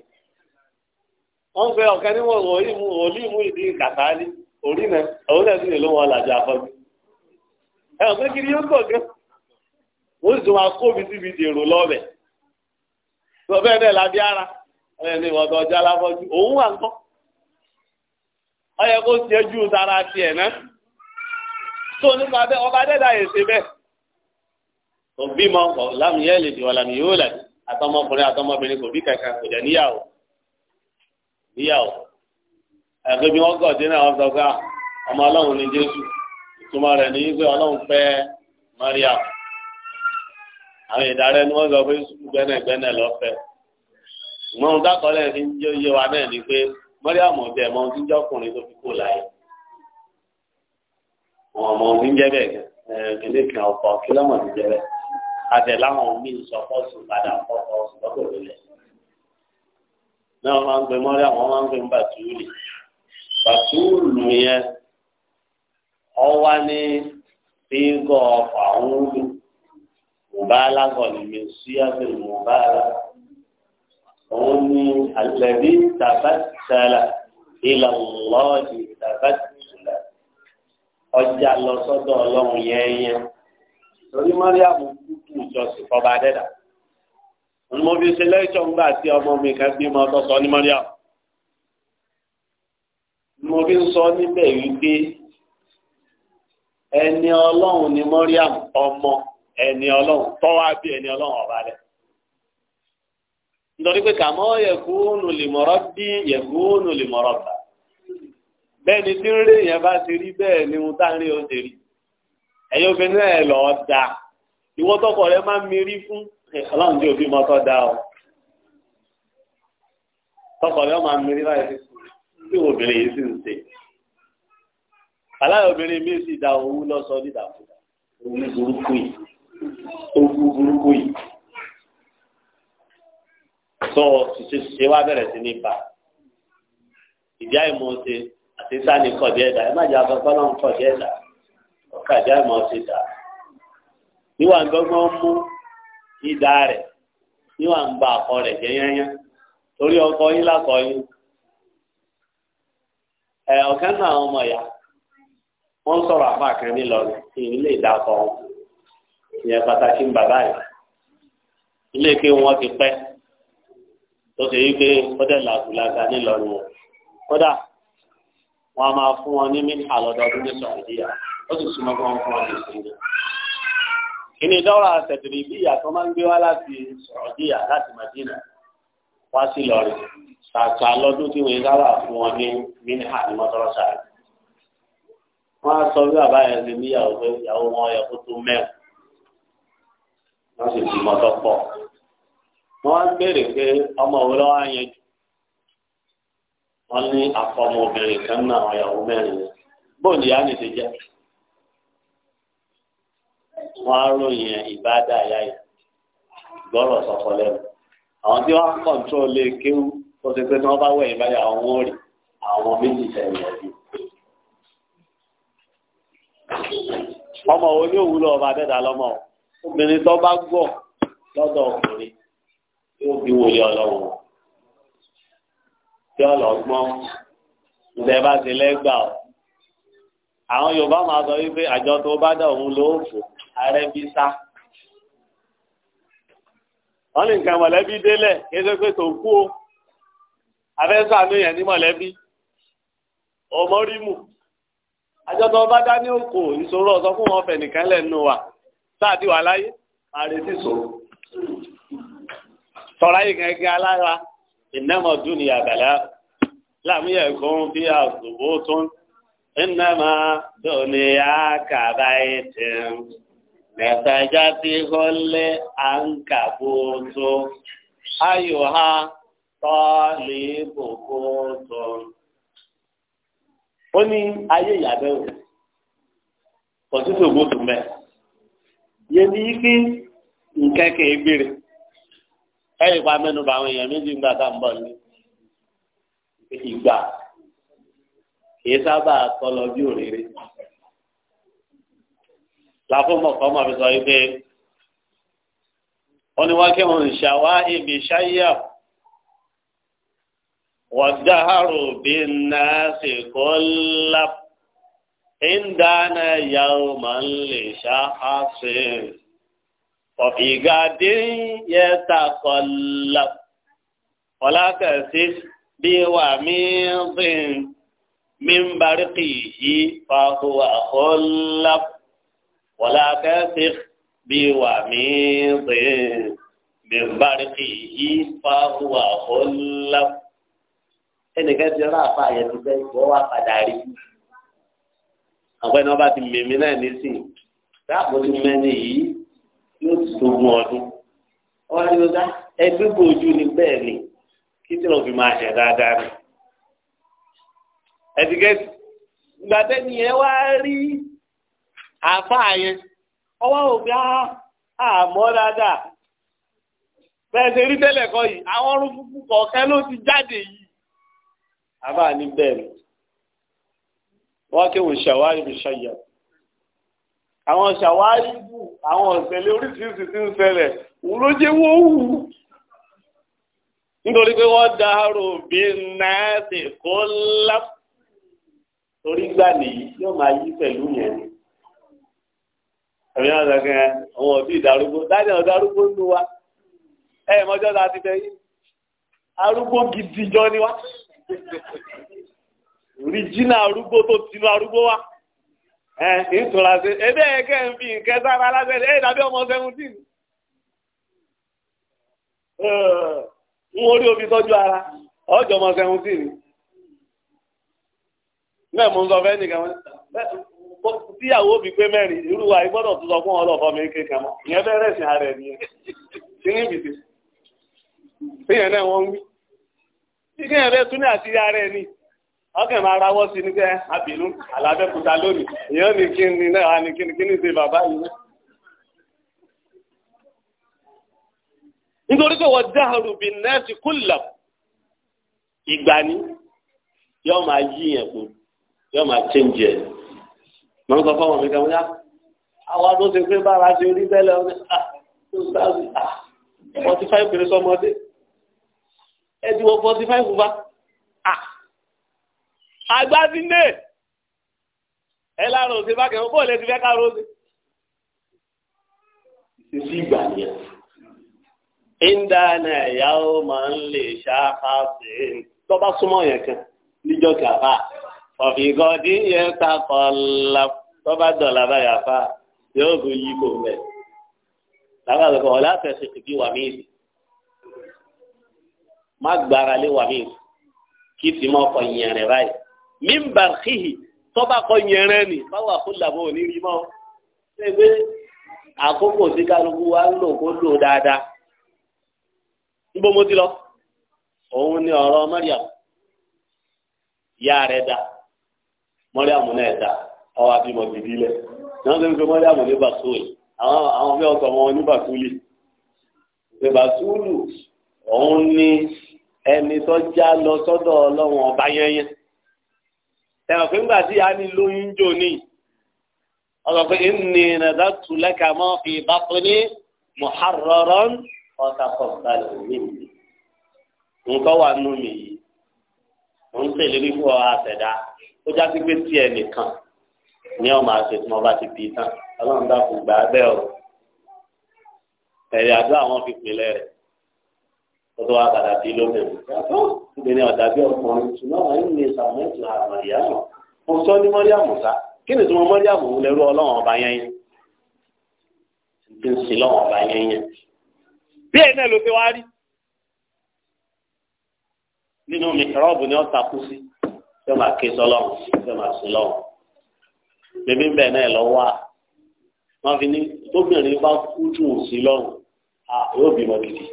wọ́n fẹ́ ọ̀kẹ́ níwọ̀n wòlíìmù wòlíìmù ìdí kàtàlí orí náà òun náà sì lè ló wọn làjà àfọ́jú ẹ ọ̀kẹ́ kiri yóò gbọ̀ gan wọ́n sì tún máa kó mi síbi dèrò lọ́bẹ̀ tó bẹ́ẹ̀ ara ní tó ọ àtọmọkùnrin àtọmọbìnrin kò bí kankan kò jẹ níyàwó níyàwó ẹgbẹ́ bí wọ́n gọ̀ọ́dé náà wọ́n sọ pé ọmọ ọlọ́run ní jésù ìtumọ̀ rẹ̀ ní pé ọlọ́run fẹ́ maria àwọn ìdarẹ́ ni wọ́n sọ pé sùkú gbẹ́nẹ̀gbẹ́nẹ̀ lọ́fẹ̀ẹ́ ìmọ̀ ohun dákọ̀ọ́lẹ̀ ní jẹ́ iye wa náà ni pé maria mọ̀ bẹ́ẹ̀ mọ ohun tí jọ́kùnrin tó fi kó láyé wọn mọ ohun jẹ́ bẹ́ẹ̀ kẹ́lẹ́ kan ọkọ̀ kí lọ́mọ̀ ti jẹ́ bẹ́ẹ̀ àtẹ̀láwọn omi ìsọfọ́sù padà fọ́fọ́ lọ́kọ̀ lélẹ̀. náà wọ́n máa ń gbé mọ́rí àwọn máa ń gbé bàtúùlì bàtúùlù yẹn ọwá ní fígọ̀ àwọn olù mùbálà gọ̀lìmí síyàgbé mùbálà òun ni àlẹ́bí tàbátàlà ìlà lọ́ọ̀dì tàbátàlà ọjà lọ sọ́dọ̀ yẹn yẹn torí mọ́ríàmù kúkú ìjọsìn fọba adẹ́dà mo fi ṣe lẹ́ṣọ̀ ńgbà tí ọmọ mi kan bímọ tó sọ ní mọ́ríàmù mo fi ń sọ níbẹ̀ wípé ẹni ọlọ́run ni mọ́ríàmù ọmọ ẹni ọlọ́run tọ́wá bí ẹni ọlọ́run ọba rẹ̀ nítorí pé kàmọ́ yẹ̀kúnù lèmọ̀rọ̀ bí yẹ̀kúnù lèmọ̀rọ̀ bá bẹ́ẹ̀ ni tí ń rí yẹn bá ti rí bẹ́ẹ̀ ni mo tá ń rí ó ti rí ẹ̀yin obìnrin náà lọ da ìwọ tọkọ rẹ máa ń mirí fún ọlọ́run tí òbí mọ́tọ́ da ọ tọkọ rẹ máa ń mirí láyé tí obìnrin yìí sì ń ṣe aláyọ̀ obìnrin mi sì da owó lọ́sọ̀ọ́ nídàkúdà owó burúkú yìí owó burúkú yìí sọ ṣiṣẹ́ wa bẹ̀rẹ̀ sí ní bá ìdí àìmọ̀ ṣe àti sáà ní kọ̀dí ẹ má jẹ́ afẹ́fẹ́ náà ń kọ̀dí ọ̀kadà mọ̀ ṣe dà níwà ń dọ́gbọ́n mú ìdá rẹ̀ níwà ń ba àkọ rẹ̀ torí ọkọ yín lákọ yín ẹ ọ̀kan náà àwọn ọmọ ya ìyẹn pàtàkì ń ilé ike wọn ti pẹ́ tó ṣe wípé kọ́dẹ̀ làbùlàgà nílọrin wọn kódà wọn a máa fún wọn ní àlọ́dọọdún ní sọ̀rọ̀ ó sì súnmọ́ fún ọkọ ọdún ìsinmi. ìní dọ́rọ̀ àṣẹ̀tìrì bí ìyàtọ̀ máa ń gbé wá láti sọ̀rọ̀díyà láti Madina wá sí lọ́rì ṣàṣà lọ́dún tí wọ́n sábà fún wọn ní mínà ní mọ́tọ́rọ́ṣà rẹ̀. wọ́n á sọ bí bàbá yẹn ti níyàwó pé ìyàwó wọn yẹ kó tó mẹ́rin wọ́n sì ti mọ́tọ́ pọ̀. wọ́n á béèrè pé ọmọ òun lọ́wọ́ á yẹn jù wọ́n ní àfọmọ obìnrin kan náà ọ̀yàwó mẹ́rin bóun ìyá nìṣe jẹ́ wọn á ròyìn ìbáadá ìyá yìí gbọ́rọ̀ sọ̀kọ lẹ́nu àwọn tí wọ́n á kọ̀ǹtrol lè kéwú tó ṣe pé tí wọ́n bá wẹ̀yìn báyìí àwọn wọn rí àwọn méjì sẹ́yìn ọ̀dí. ọmọ wo ni òwúlọ ọba dẹ́dà lọ́mọ obìnrin tó bá gbọ́ lọ́dọ̀ ọkùnrin yóò fi wòye ọlọ́wọ́ tí ọlọ́gbọ́n ǹdẹ́ bá ti lẹ́gbàá àwọn Yorùbá máa sọ wípé àjọ tó bá dà òun ló fò arẹ́bísá. wọ́n lè nǹkan mọ̀lẹ́bí délẹ̀ kéde pé tó kú o afẹ́sà ló yẹn ní mọ̀lẹ́bí ọmọrímù àjọ̀dọ̀ ọba dání òkò ìṣòro ọ̀sán fún wọn fẹ̀ nìkan lẹ́nu wa sáàdì wà láyé àrètí sòrò tọ́ra yìí gẹ́gẹ́ alára ìnámọ̀ dúnìyà bàlá láàmúyẹ̀ kún bí àṣùbò tó ń ìnámọ̀ dúnìyà kàbáyé tẹ̀ ń lẹ́tàjáde hólé àǹkàbóso ayòhá tọ́lé bòbóso. ó ní ayé ìyàbẹ̀wò kò sí sògbóso mẹ́. yẹni ike nkẹ́kẹ́ egbére ẹ̀yìn pa mẹ́nu bá àwọn èèyàn méjì ńgbà tá à bọ̀ ní ìgbà kì í sábà tọ́lọ bí òrèrè làákó mọ̀kọ́ máa fi sọ wípé wọ́n ní wọ́n kí wọ́n ṣàwá ibi ṣáyà wàdáhàrò bí nàásì kọ́lá ìdáná yàwó máa ń lè ṣáhásì ọ̀fìgàdé yẹ takọ̀lá ọ̀làkàsí bí wà mí bìn mí ń barí kìí fàhùwà kọ́lá. ولا تثق bí wà mí pé bẹ̀rẹ̀ kì í fa wà ó ńlá. ẹnìkan ti rán àfa yẹn ti bẹ́ẹ̀ gbọ́ wá padà rí. àwọn ẹni wọn bá ti mèmí náà nísìnyí dáàbò ti mẹ́ni yìí yóò ti tógun ọdún. wọ́n á ní ọjà ẹgbẹ́ bòójú ni bẹ́ẹ̀ ni kí tí wọ́n fi máa ṣẹ̀ dáadáa ni. ẹ̀dìgẹ́ gbàdẹ́niyẹ wá rí àáfàá yẹn ọwọ́ òbí àmọ́ ah, dáadáa bẹ́ẹ̀ ṣe rí tẹ́lẹ̀ kọ́ yìí àwọn ọrùn fúnfún kọ̀ọ̀kẹ́ ló ti jáde yìí àbá ní bẹ́ẹ̀ ni wọ́n kéwòn ṣàwárí bí ṣàyà àwọn ṣàwárí bù àwọn ọ̀sẹ̀lẹ̀ oríṣiríṣi ti ń ṣẹlẹ̀ wọ́n ló jẹ́ wọ́n wù ú nítorí pé wọ́n dárò bí náà ti kó lápò torí gbà nìyí yóò máa yí pẹ̀lú yẹn ni ẹ̀mí náà sọ kẹ́ àwọn òbí ìdarúgbó dáadé ọ̀dọ́ arúgbó ń lo wa ẹ̀ mọ́jọ́ ta ti bẹ̀ yín arúgbó gidi jọ ni wa rìjìnà arúgbó tó tinú arúgbó wa ẹ̀ ìtura ṣe ebí ẹ̀ kẹ́ ń fi nǹkan sára aláṣẹ ẹ̀ dàbí ọmọ seventeen n orí omi tọ́jú ara ọjọ́ ọmọ seventeen náà mo ń sọ fẹ́ nìkan wọn tíyàwó mi pé mẹ́rin irú wa gbọ́dọ̀ tó sọ fún ọlọ́fọ́ mi kéka mọ́ ìyẹn bẹ́ẹ̀ rẹ̀sìn ara ẹ̀ nìyẹn kí ní bìtì tíyẹn náà wọ́n ń wí. kíkẹ́ yẹn bẹ́ẹ̀ tún ní àti ara ẹ̀ ni ọkàn máa rawọ́ sí ní kẹ́ abìnú àlàbẹ́kúta lónìí ìyẹn ní kí ni náà wà ní kí ni kí ni ṣe bàbá yìí náà. nítorí pé wọ́n dáhùrù bí nẹ́ẹ̀sì kúlọ̀ ìgbà ni mọ̀ ń sọ fọ́wọ́n mi kan wọ́n yá àwọn tó ṣe pé bára ṣe rí bẹ́lẹ̀ ọ̀nà ah, ah, forty five kìrì sọmọdé ẹ ti wọ forty five ah, bá àgbàdìndé ẹ lára òsè bá kẹwọn bóòlù ẹ ti fẹ́ ká rọ́ọ̀sì. ìṣesí ìgbà nìyẹn indana ìyàwó máa ń lè ṣáá fáṣe tó bá súnmọ́ yẹn kan níjọ́ kàfà ọ̀fìgọ́dí yẹn takọ̀ọ̀lá tọ́ba dọ̀là báyà fa yóò tún yí kò mẹ́. Lábàá lọ́kọ̀ ọ̀la fẹ̀sẹ̀ tìbí wà míì. Má gbára lé wà míì. Kí ti mọ́ ọkọ̀ yẹrẹ báyìí. Mímbà kíhì tọ́ba kọ yẹrẹ nì báwa kó làbọ̀ òní rí mọ́. Ṣé pé àkókò tí kálukú wa ń lò kó lò dáadáa? Níbo mo ti lọ? Òun ni ọ̀rọ̀ Mọ́ríà. Ìyá rẹ̀ dáa mọ́ríàmù náà dà ọwọ́ àbímọ gidi lẹ̀ náà ló ń pe mọ́ríàmù ní bàtúùlì àwọn àwọn fẹ́ ọkọ̀ wọn ní bàtúùlì pé bàtúùlù òun ní ẹni tó já lọ sọ́dọ̀ ọlọ́run ọba yẹnyẹn ẹ̀rọ pé ńgbà tí a ní lóyún jò ní ọ̀rọ̀ pé ìnì nàdá tùlẹ́kà mọ́ ìbátan ní muharraran ọ̀tàkọ̀ọ̀tàlẹ̀ òmìnir nǹkan wà ó já sí pé tiẹ̀ nìkan ní ọmọ àṣẹ tí wọn bá ti bí tán ọlọ́run bá kò gbà á bẹ́ẹ̀ o ẹ̀rí àdó àwọn fi pinlẹ̀ rẹ̀ tó tó wá padà bí lóbìnrin yàtọ̀ obìnrin ọ̀dà bí ọkùnrin ṣùgbọ́n àwọn yìí ní sàmẹ́tì àwọn ìyáàmù mo sọ ní mọ́ríàmù sá kí ni tí mo mọ́ríàmù ń lẹ́rú ọlọ́run ọba yẹn yẹn ti ń sin lọ́wọ́ ọba yẹn yẹn bí ẹ̀ náà ló fi wá rí nínú mi rọ́ọ̀bù ni ó takú sí tí ó máa ké sọlọ́n tí ó máa sí lọ́wọ́ bébí ń bẹ̀ náà lọ́wọ́ à wọ́n fi ní tóbìnrin bá kú jù sí lọ́wọ́ à yóò bímọ gidi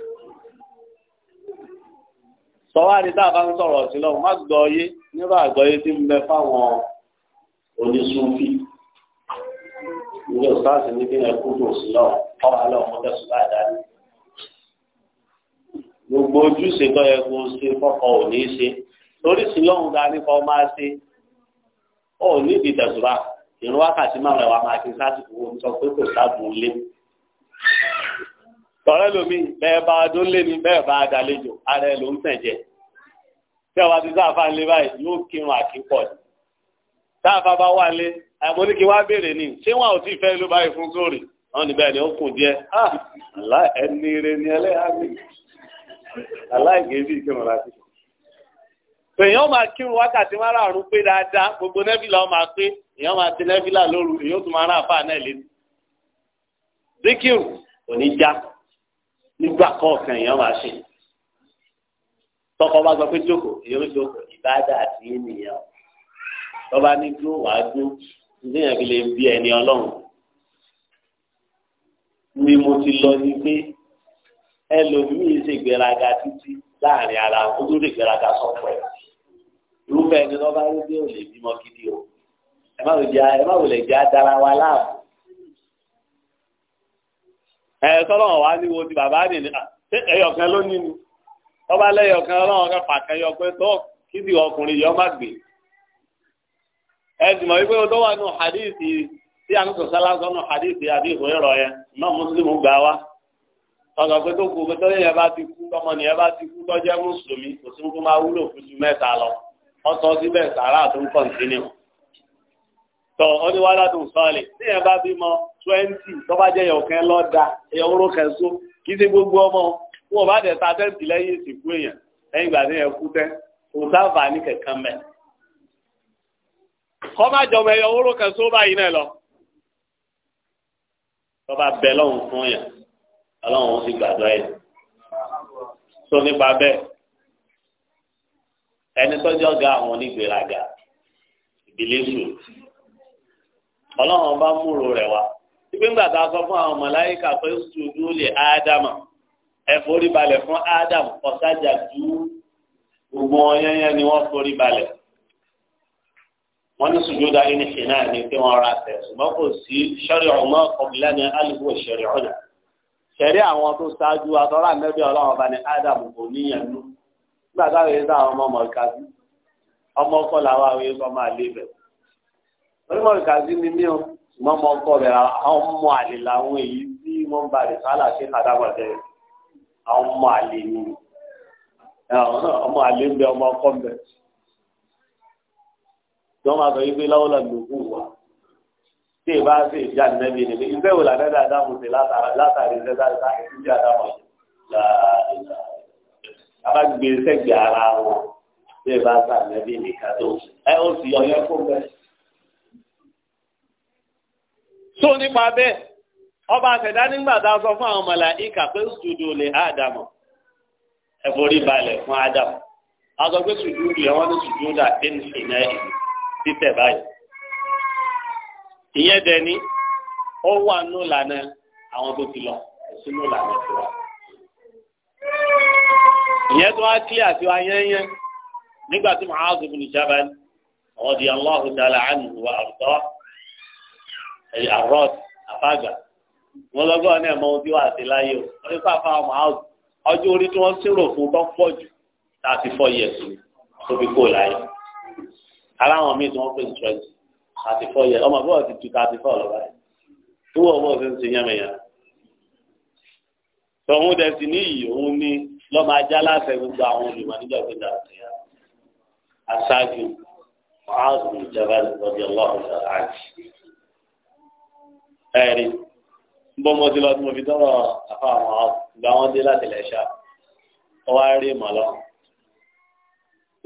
sọwárí tá a bá ń sọ̀rọ̀ sí lọ́wọ́ má gbọ́ yé nígbà àgbọ́yé tí ń bẹ fáwọn onísúnfì ilé òsáàsì ní kí ẹ kú jù sí lọ́wọ́ ọ̀rọ̀ alẹ́ ọmọdé sùn láàdá ni gbogbo ojúṣe tó yẹ kó ṣe fọ́kọ ò ṣe lórí sílọ́hùn ga nípa ọmọ àṣẹ ọ ní ìdí tẹ̀sùbà ìrún wákàtí máa rẹ̀ wá máa fi sásìkò wọn sọ pé kò sábùú lé tọ́rẹ́ lomi bẹ́ẹ̀ bá adó lé ní bẹ́ẹ̀ bá adàlejò ara ẹ̀ ló ń tẹ̀ jẹ tí ọba ti sáfà ń lé báyìí yóò kírun àkípọ̀ ni sáfà bá wà lé àmọ́ ní kí wá béèrè ni ṣé wọn ò tí ì fẹ́ ló báyìí fún sóòrì wọn níbẹ̀ ni ó kù díẹ̀ àlá ah, ẹni rẹ ni ẹlẹ́yà pé èèyàn máa kírun wákàtí márààrún pé dáadáa gbogbo nẹ́fìlà ọ máa pé èèyàn máa ti nẹ́fìlà lóru èèyàn tún máa rán àfáà náà létí. díkìrù kò ní já nígbà kọ̀ọ̀kan èèyàn máa ṣe. tọkọ bá sọ pé jókòó èèyàn jókòó ìbáàdà àti ènìyàn tọba ní dúró wàá dúró níyàn fi lè bí ẹni ọlọ́run. ni mo ti lọ ní pé ẹlòmíì ṣègbéraga títí láàrin ara ó lè gbéraga sọ pẹ̀lú irúfẹ́ ẹni lọ́ba rí bí ò lè bímọ gidi o ẹ má wò lè jẹ́ adara wa láàbù. ẹ sọ́lọ́wọ́n wá ní wo ti bàbá nì ní ah, ẹyọkan ló ní ni lọ́ba lẹ́yọkan ọlọ́wọ́n kan pàkan yọ pé tó kíndì ọkùnrin yọ má gbé. ẹ sì mọ̀ wípé o tó wà nù hadithi tí a ń sọ sálá sọ nù hadithi àbí ìwé rọ yẹn náà mùsùlùmí gbà wá ọ̀nà pé tó kú pé tọ́lẹ̀ yẹn bá ti kú ọmọ nìyẹn bá ti kú tọ́jẹ́ mùsùlùmí kò sí kó máa wúlò fún ju mẹ́ta lọ ọsọ síbẹ̀ sàrà tó ń kọ̀ǹtínú. tọ ọdíwálá tó ń sọlẹ̀ tí yẹn bá bímọ 20. tó bá jẹ́ yọ̀kẹ́ lọ́dà ẹ̀yọ̀ oró kẹsó kì í ṣe gbogbo ọmọ wọn bá dẹ̀ ta tẹ́ǹtì lẹ́yìn ìsìnkú èèyàn lẹ́yìn ìgbà tí yẹn kú tẹ́ kò sáfà ní kẹ̀kẹ́ mẹ́. kọ́ má jọmọ ẹ̀yọ̀ oró kẹsó báyìí náà lọ. tó bá bẹ lọ́hùn fún yẹn ọlọ́run ó sì gbàdúrà yẹn. sọ nípa bẹ́ẹ̀ ẹni tọ́jú ọ̀gá àwọn onígbèéraga ìbílẹ̀sù ọlọ́run bá múrò rẹ̀ wá ibi ńgbà tá a sọ fún àwọn mọ̀láyíkà pé sùdú lè ádámà ẹ forí balẹ̀ fún ádám ọ̀sájà tú gbogbo ọ̀yẹ́yẹ́ ni wọ́n forí balẹ̀ wọ́n ní sùdú dá inú ṣe náà ní pé wọ́n ra tẹ̀ ṣùgbọ́n kò sí ṣẹ́rí ọ̀nà ọ̀gbìnlẹ̀ ní alùpùpù ṣẹ̀rí ọ̀nà ṣẹ̀rí àwọn tó ṣáájú atọ́lá nẹ́bí ọlọ́run ọba ní ádám kò níyàn nígbà táwọn yẹn ọmọ mọ̀ọ́kásí ọmọ ọkọ làwọn àwọn yẹn kọ́ máa lé bẹ̀. orí mọ̀ọ́kásí ni mí o ṣùgbọ́n ọmọ ọkọ rẹ̀ àwọn ọmọ àlè làwọn èyí tí wọ́n ń ba rẹ̀ sálà ṣe kàdàbọ̀tẹ̀ àwọn ọmọ àlè ni ọmọ àlè ń bẹ ọmọ ọkọ ń bẹ. wọ́n máa sọ yí láwọn làǹdà òkú wa tí ì bá ṣe ìjà nẹ́bí ni ìfẹ́ wò làdá dáadáa mo ṣe látàrí ìfẹ́ ìfẹ́ dáadáa bàbá gbé sẹ́gbẹ̀ ara wọn bí ẹ bá sà lẹ́bí nìkan tó ẹ ó sì yọ yẹn fún bẹ́ẹ̀. tó nípa bẹ́ẹ̀ ọba àtẹ̀dá nígbà tá a sọ fún àwọn màláíkà pé sùdù lè ádámù ẹ forí balẹ̀ fún ádámù a sọ pé sùdù lè wọ́n ní sùdù dà dín sí náà títẹ̀ báyìí. ìyẹn dẹni ó wà nù lànà àwọn tó ti lọ ẹ̀sìn nù lànà tiwa ìyẹn tó wá kílẹ̀ àti wá yẹ́nyẹ́ nígbà tí Mu'adh ibn Jabal radiyallahu ta'ala anhu wa àrùtọ́ ẹ̀yà rọ́ọ̀t àfàgà wọn lọ́gọ́ ní ẹ̀mọ́ ohun tí wàá ti láyé o wọ́n ní fàáfà Mu'adh ọjọ́ orí tí wọ́n sírò fún tó pọ̀ jù láti fọ́ yẹ̀ sí tó fi kó láyé aláwọn míì tí wọ́n pè ní twenty thirty four yẹ ti ju thirty four bọ́ọ̀ fi ń ṣe yẹ́mẹ̀yẹ́ tọ̀hún dẹ̀ sí níyì lọ́ máa já láfẹ̀ gbogbo àwọn olùmọ̀ nígbà tó dà sí ya. aṣáájú Mu'adh bin Jabal radiyallahu ta'ala anhu. ẹ̀rí bó mo ti lọ tí mo fi tọrọ àfa àwọn ìgbà wọn dé láti lẹ́ṣà ọwọ́ á rí ìmọ̀ lọ.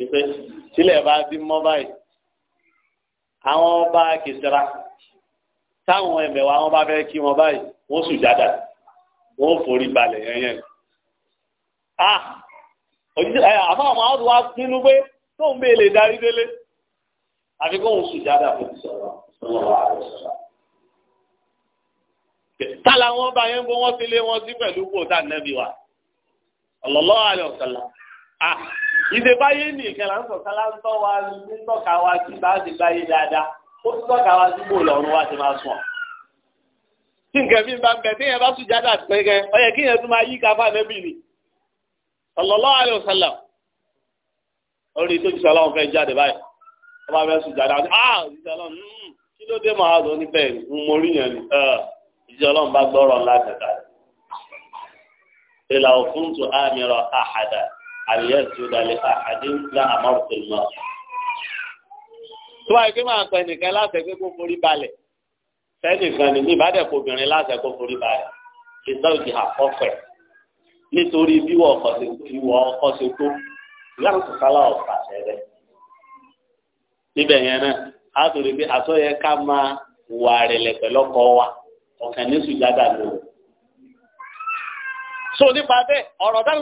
ìpè tílẹ̀ bá bí mọ́ báyìí àwọn ọba kìsìra táwọn ẹ̀mẹ̀wà wọn bá fẹ́ kí wọn báyìí wọ́n sùn jáda wọ́n forí balẹ̀ yẹn yẹn. Ah, eh, àbá àwọn àwọn wa nínú pé tó ń bèèlè darí délé àfi kó ń sùn jáde àfojì sọ̀rọ̀ tala wọn bá yẹn bó wọn ti lé wọn sí pẹ̀lú kó tá nẹbi wa ọlọlọ àlẹ ọsàlà à ìdèbáyé nìkan là ń sọ sálá ń tọ́ wa ń tọ́ka wa sí bá ti báyé dáadáa ó ń tọ́ka wa sí bó lọ́rùn wa ti máa sùn tí nǹkan mi bá ń bẹ tí yẹn bá sùn jáde àti pẹ́kẹ́ ọ yẹ kí yẹn tún máa yí káfá nẹ́bì ni sallallahu alaihi wasallam orí tó ti sọ aláwọn fẹ́ jáde báyìí wọ́n bá fẹ́ sùn jáde àti ah ìjọ ọlọ́run hmm, kí ló dé màá tó ní bẹ́ẹ̀ ń morí yẹn ni ìjọ ọlọ́run bá gbọ́rọ̀ ńlá kẹta ìlà òfin tó àmìrọ àhàdà àríyá tí ó dalẹ̀ àhàdé ńlá àmọ́rùtò mọ́. tó àìké máa pẹ nìkan láti ẹgbẹ́ kó forí balẹ̀ fẹ́ nìkan ní ìbádẹ́kọ̀ obìnrin láti ẹgbẹ́ forí balẹ̀ ìtọ́jú àkọ́fẹ́ nítorí bí wọ́n ọkọ̀ ṣe ìwọ̀ ọkọ̀ ṣe tó ọ̀pá ṣẹlẹ̀. níbẹ̀ yẹn náà a tòrè pé àsọyẹ ká máa wà rẹ̀lẹ̀ pẹ̀lú ọkọ wa ọ̀kàn ní sùjádà so nípa bẹ́ẹ̀ ọ̀rọ̀ dáhù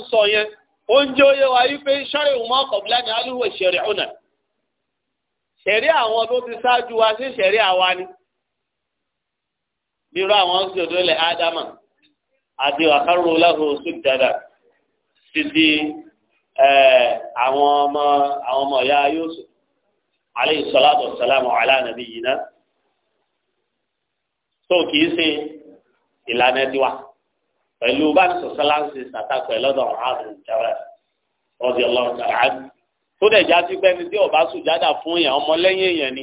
ń sọ yẹn oúnjẹ wa pé ìwọ̀n ọkọ̀ ṣẹ̀rẹ̀ ọ̀nà ṣẹ̀rí àwọn tó ti sáájú wa sí ṣẹ̀rí àwa ni. bí irú àwọn ádámà àti àkàrò láhùn sùdàdà títí eh, àwọn ọmọ àwọn ọmọ ìyá Yusuf aleyhi salatu wasalamu ala nabiyina tó kìí ṣe ìlànà tiwa pẹ̀lú bá ń sọ sálánsì sàtàkọ̀ ẹ̀ lọ́dọ̀ ọ̀hún jẹ́rẹ̀ ọ̀dì ọlọ́run tàrà tó dẹ̀ já sí pẹ́ni tí ọba sùjádà fún yàn ọmọlẹ́yìn èèyàn ni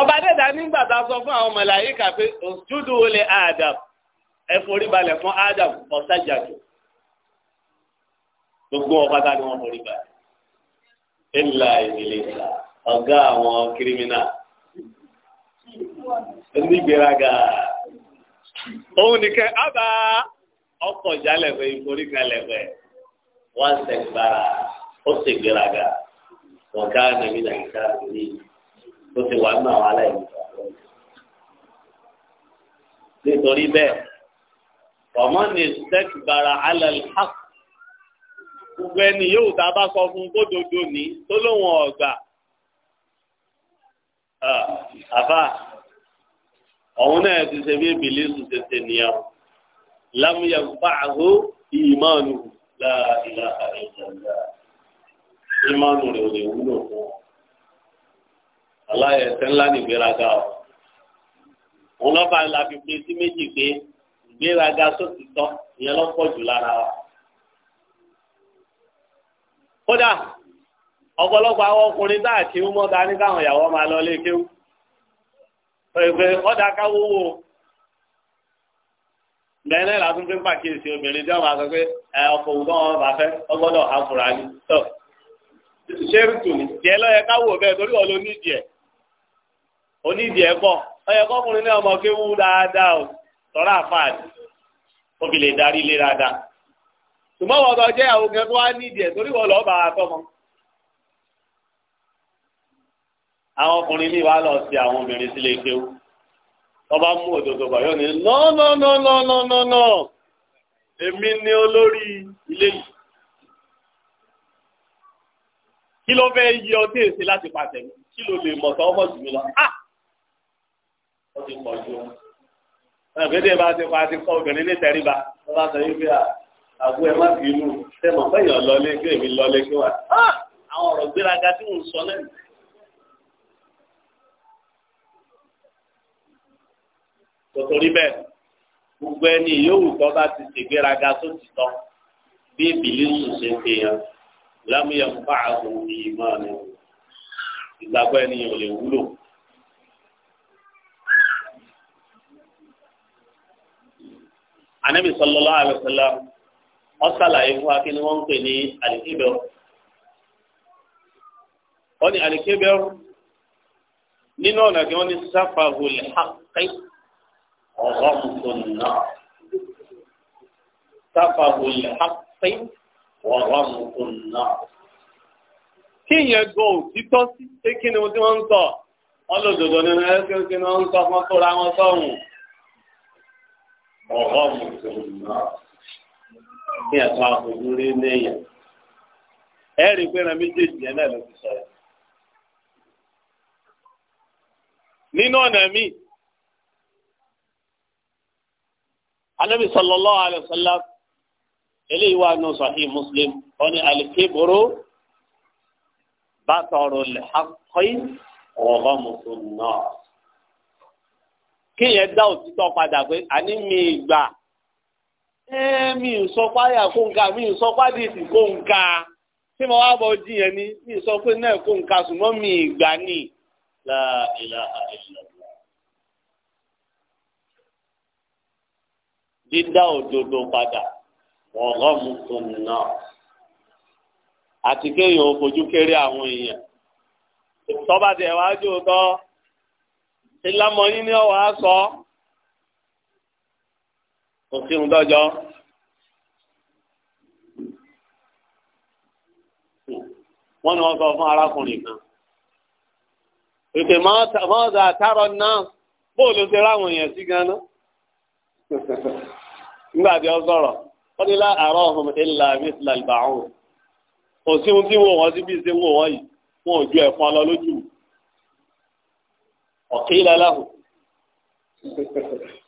ọba dẹ́dà nígbà tá a sọ fún àwọn màláíkà pé òjúdù olè Adam ẹ forí balẹ̀ fún Adam ọ̀sájàdù gbogbo ọba tá ni wọ́n forí balẹ̀ ńlá ìdílé ọ̀gá àwọn kírímínà onígbèraga òun nìkẹ́ ábà ọkọ̀ ìjálẹ̀ fẹ́ ìforí kalẹ̀ fẹ́ wọ́n ṣẹ̀gbára ó ṣègbèraga ọ̀gá nàmínà ìta ìdílé tó ti wà nínú àwọn aláìní. nítorí bẹ́ẹ̀ ọmọ ní sẹ́kìbára alẹ́ hàk gbogbo ẹni yóò tá a bá sọ fún kó dodo ní tó lóun ọ̀gbà àbá ọ̀hún náà ti ṣe bí bìlísù ṣe ṣe nìyẹn lámúyẹ báàgó ìmánu láàrin láàrin ìmánu rẹ̀ ò lè wúlò fún ọ. aláyẹ ẹsẹ ńlá ní ìgbéraga o òun náà bá la fi pín sí méjì pé ìgbéraga sótìtọ ìyẹn ló pọ̀ jù lára wa. kódà ọ̀pọ̀lọpọ̀ àwọn ọkùnrin tá àti ń ní káwọn ìyàwó máa lọ lé kéwù ọ̀dà bẹ́ẹ̀ fi ń pàkíyèsí obìnrin tí wọ́n máa sọ pé ẹ ọkọ̀ òun náà wọ́n fẹ́ ọgbọ́dọ̀ ṣé onídìí ẹ̀kọ́ ọyẹ kọkùnrin náà mọ kéwú dáadáa o tọ́lá àfáàdì ó fi lè darí ilé dáadáa ṣùgbọ́n wọ́n lọ jẹ́ àwọn kan tó wá nídìí ẹ̀ torí wọ́n lọ́ọ́ bá a tọ́mọ. àwọn ọkùnrin ní wàá lọ sí àwọn obìnrin sílé kéwú wọ́n bá mú òdòdó bọ̀ yóò ní nọ́ọ̀nọ́ọ̀nọ́ọ̀nọ́ọ̀nọ́ èmi ni olórí ilé yìí. kí ló fẹ́ yí ọdún èsì láti pàṣẹ kí ló lè mọ̀ sọ́wọ́ jù mí lọ. ah ó ti pọ̀ ju ẹgbẹ́dẹ́ bá ti pa ti kọ́ obìnrin ní tẹríba wọ́n bá sọ yín pé àbú ẹ má bínú ṣe mọ̀ pé èèyàn lọlé kí èmi lọlé kí wà. àwọn ọ̀rọ̀ gbéraga tí mò ń sọ lẹ́nu. tòtòrí bẹ́ẹ̀ gbogbo ẹni yòówù tó bá ti ṣègbéraga tó ti tọ́ bí ìbílísù ṣe ń kéèyàn lámúyẹ̀ ń bá àwọn ìmọ̀ ni ìgbàgbọ́ ẹni yẹn lè wúlò. anabi sallallahu alaihi wasallam ó ṣàlàyé fún wa kí ni wọ́n ń pè ní alikibir wọ́n ní alikibir nínú ọ̀nà kí wọ́n ní sáfàhùl haqqi ọ̀rọ̀mùtún náà sáfàhùl haqqi ọ̀rọ̀mùtún náà kí ìyẹn òtítọ́ sí pé kí wọ́n ń sọ ọ́ nínú ẹ̀ kí ni wọ́n fún ọ́tò ra wọn sọ́hùn ọ̀rọ̀ mi tó ń lọ kí ẹ̀ka ojú rí léèyàn. ẹ rí i pé ẹran méjèèjì yẹn náà ló ti sọ̀rọ̀. nínú ọ̀nà mi Ànábì sallallahu alaihi eléyìí wà nù Sahih Muslim wọn ni alikeboro bàtọ̀rọ̀ lẹ́hàkọ́yì ọ̀rọ̀ mùsùlùmí kéèyàn dá òtítọ́ padà pé àní mi ìgbà mi ò sọ páyà kó nǹka mi ò sọ pádìsì kó nǹka tí mo wá bọ jiyàn ni mi ò sọ pé náà kó nǹka ṣùgbọ́n mi ìgbà ni la ilaha illallah. dídá òdodo padà ọ̀rọ̀ mu tó náà àti kéèyàn ò fojú kéré àwọn èèyàn tọ́ba tẹ̀ wájú tọ́ ìlàmọ yín ni ọwọ á sọ kò sí ohun dọjọ. wọ́n ní wọ́n sọ fún arákùnrin kan ètè mọ́ọ̀dà àtàrọ náà bóòlù ti ráwọn èèyàn sí ganan nígbà tí ó sọ̀rọ̀ wọ́n ní lá àárọ̀ ọ̀hún ilà mísìlá ìbàrún kò sí ohun tí wọ́n wọ́n sí bí wọ́n yìí wọ́n ò ju ẹ̀fọn lọ lójú ọ̀kìlá láhù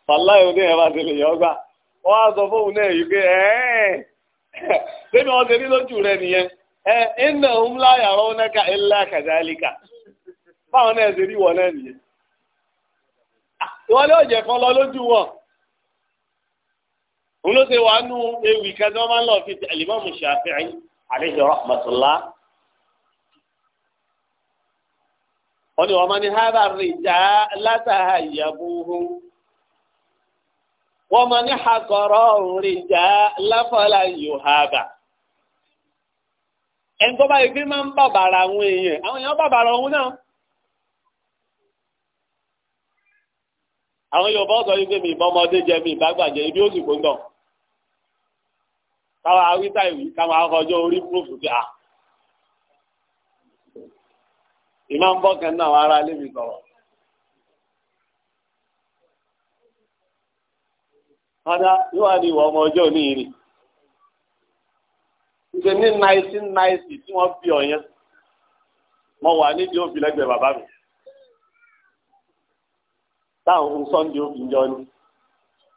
fàláì oní ẹ̀ máa tẹ̀lé yọ gbà wọ́n á sọ fóun náà yìí pé ẹ́ẹ̀ bébí wọn ṣe ní lójú rẹ nìyẹn ẹ iná ń láyà rọ náà ilá kàdálíkà báwọn náà ṣe rí wọn náà nìyẹn ìwọlé ọ̀jẹ̀ kan lọ lójú wọn òun ló ṣe wàá nú ewì kan tí wọ́n máa ń lọ fi alimami Shafi'i alayhi rahmatullah. wọ́n ní wọ́n máa ní hàrà rìjà látàhà ìyàbùhù wọ́n máa ní hàkọ̀rọ̀ rìjà láfọlá yòhàbà ẹni tó bá yẹ kí máa ń bàbàrà àwọn èèyàn àwọn èèyàn bàbàrà òun náà. àwọn Yorùbá ọ̀sọ̀ yìí pé mi ìbọn jẹ mi ìbágbàjẹ ibi ó sì kó káwọn awíta ìwé káwọn akọjọ orí púrúfù pé à ah, ìmọ̀ ń bọ́ kan náà wàá ara lébi sọ̀rọ̀. Ada yóò wá ní ìwà ọmọ ọjọ́ òní yìí ni. Ṣé ní nineteen ninety tí wọ́n bí ọ̀yẹn? Mo wà nídìí òbí lẹ́gbẹ̀ẹ́ bàbá mi. Táwọn ohun sọ́ndé òbí jọ ni.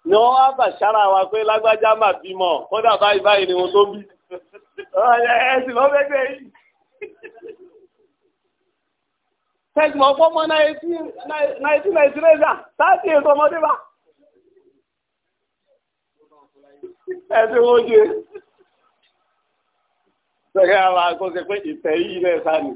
Ni wọ́n wá bàṣára wa pé lágbájá mà bímọ, kódà báyìí báyìí ni wọ́n tó bí. [LAUGHS] Ẹ ẹ yìí. [LAUGHS] tẹ́gbọ̀n ọ̀pọ̀ mọ́ nigeria tàbí ètò ọmọdé bá ẹ̀sì wọ́n jẹ́ àwọn akọ́sẹ̀ pé ìfẹ́ yìí rẹ̀ sáni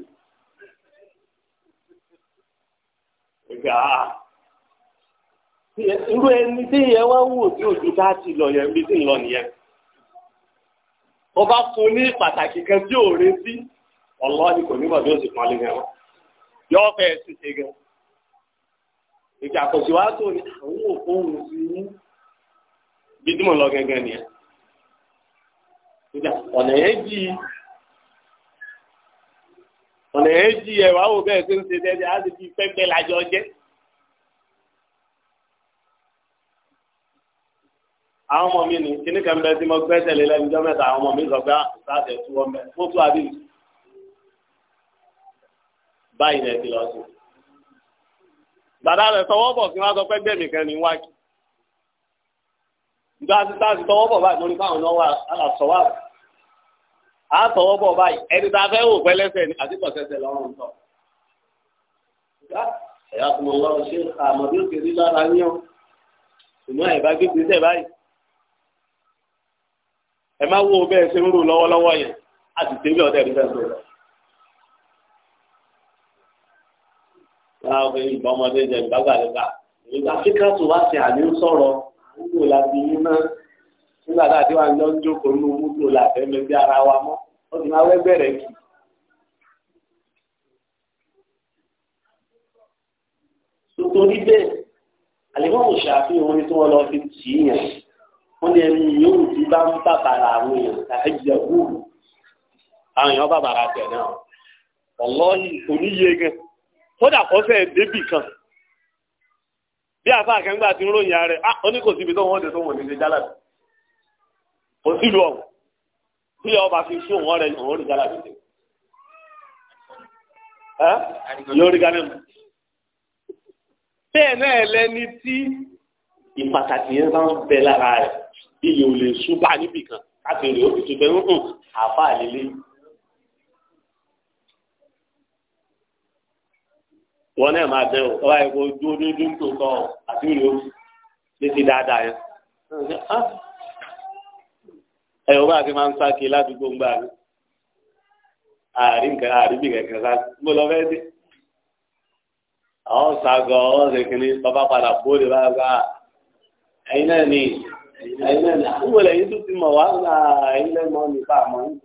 irú ẹni tí ìyẹn wá wò tí òjú bá ti lọ yẹn bí ń lọ nìyẹn ọba fún ní pàtàkì kan tí ò retí ọlọ́ọ̀ni kò ní bọ̀ bí ó yọ fẹ́ sì ṣe gan. ìjà kò sí wàá tó ní àwọn òkòwò sí ní bí tí mo lọ gangan nìyẹn. ìjà ọ̀nà yẹn jì í ọ̀nà yẹn jì í ẹ̀wà wò bẹ́ẹ̀ tó ń ṣe dẹ́dẹ́ á sì fi pẹ́pẹ́ lájọ jẹ́. àwọn ọmọ mi ní kíní kan bẹ tí mo gbẹ́sẹ̀ lé lẹ́nu jọ́ mẹ́ta àwọn ọmọ mi sọ pé ah, sáà tẹ̀ tú wọn bẹ́ẹ̀ mo tú àdéhùn báyìí náà ti lọ sí. bàbá rẹ̀ tọwọ́ bọ̀ kí wọ́n sọ pé gbẹ̀mí kan ní wájú. ìgbà tí táà ti tọwọ́ bọ̀ báyìí mo ní báwọn náà wà aláṣọwà. a tọwọ́ bọ̀ báyìí ẹni tá a fẹ́ wò pẹ́lẹ́sẹ̀ ni àti pọ̀sẹ̀sẹ̀ lọ́rùn tọ̀. ẹ̀yà tó mọ lọ́rùn ṣe àmọ́ bí ó ti lára yín o ṣùgbọ́n ẹ̀ bá gbé gbèsè báyìí. ẹ má wo bẹ́ẹ̀ ṣe ń rò lọ́wọ́lọ́wọ́ yẹn a sì ṣe ọ̀dẹ̀ rí fẹ́ sọ̀rọ̀. máa fi ìbọmọdé jẹ ìgbàgbà lẹ́gbà ìgbà kíkà tó wá sí àní sọ̀rọ̀ múlò láti yín náà nígbà tá a ti wà ń lọ jókòó nínú múlò láti ẹlẹgbẹ ara wa mọ́ ó sì máa wẹ́ bẹ̀rẹ̀ kì. nítorí bẹ́ẹ̀ àlẹ́fọ́ kò ṣàfihàn orin tí wọ́n lọ fi tì í yàn wọ́n ní ẹni yòówù tí bá ń bàbàrà àwọn èèyàn tàbí ìjẹ̀wù àwọn èèyàn bàbàrà tẹ̀ náà ọ̀lọ́ọ̀lì oníyege kódà kọ́ fẹ́ débì kan bí àfa àkẹ́ńgbà ti ń ròyìn ààrẹ ah ó ní kò síbi tó wọ́n dé tó wọ́n nílé jálàbí kò sílùú ọ̀hún bí ọba fi sún òun rẹ òun rí jálàbí tẹ yóò rí gánà bẹ́ẹ̀ náà lẹni tí ìpàtàkì yẹn bá ń bẹ lára rẹ̀ iyì ò lè ṣú bá níbì kan láti rí òkùtù bẹ́ẹ̀ ń hàn àfa àlélẹ́yìn. wọn náà máa bẹ ọ wáyé kó dúró dúró dúró tó sọ àti ìlú létí dáadáa yẹn. ẹ ò bá ti máa ń sáké ládùúgbò ńgbà mi àárín nǹkan àárín bí kankan sá mo lọ fẹ́ dé. àwọn sàgọ̀ ọ̀hún ṣe kínní bàbá padà bóde bá gbà ẹ̀yin náà ni ẹ̀yin náà ni àwọn ẹ̀yin tó ti mọ̀ wá ẹ̀yin náà mọ̀ nípa àmọ́ yìí.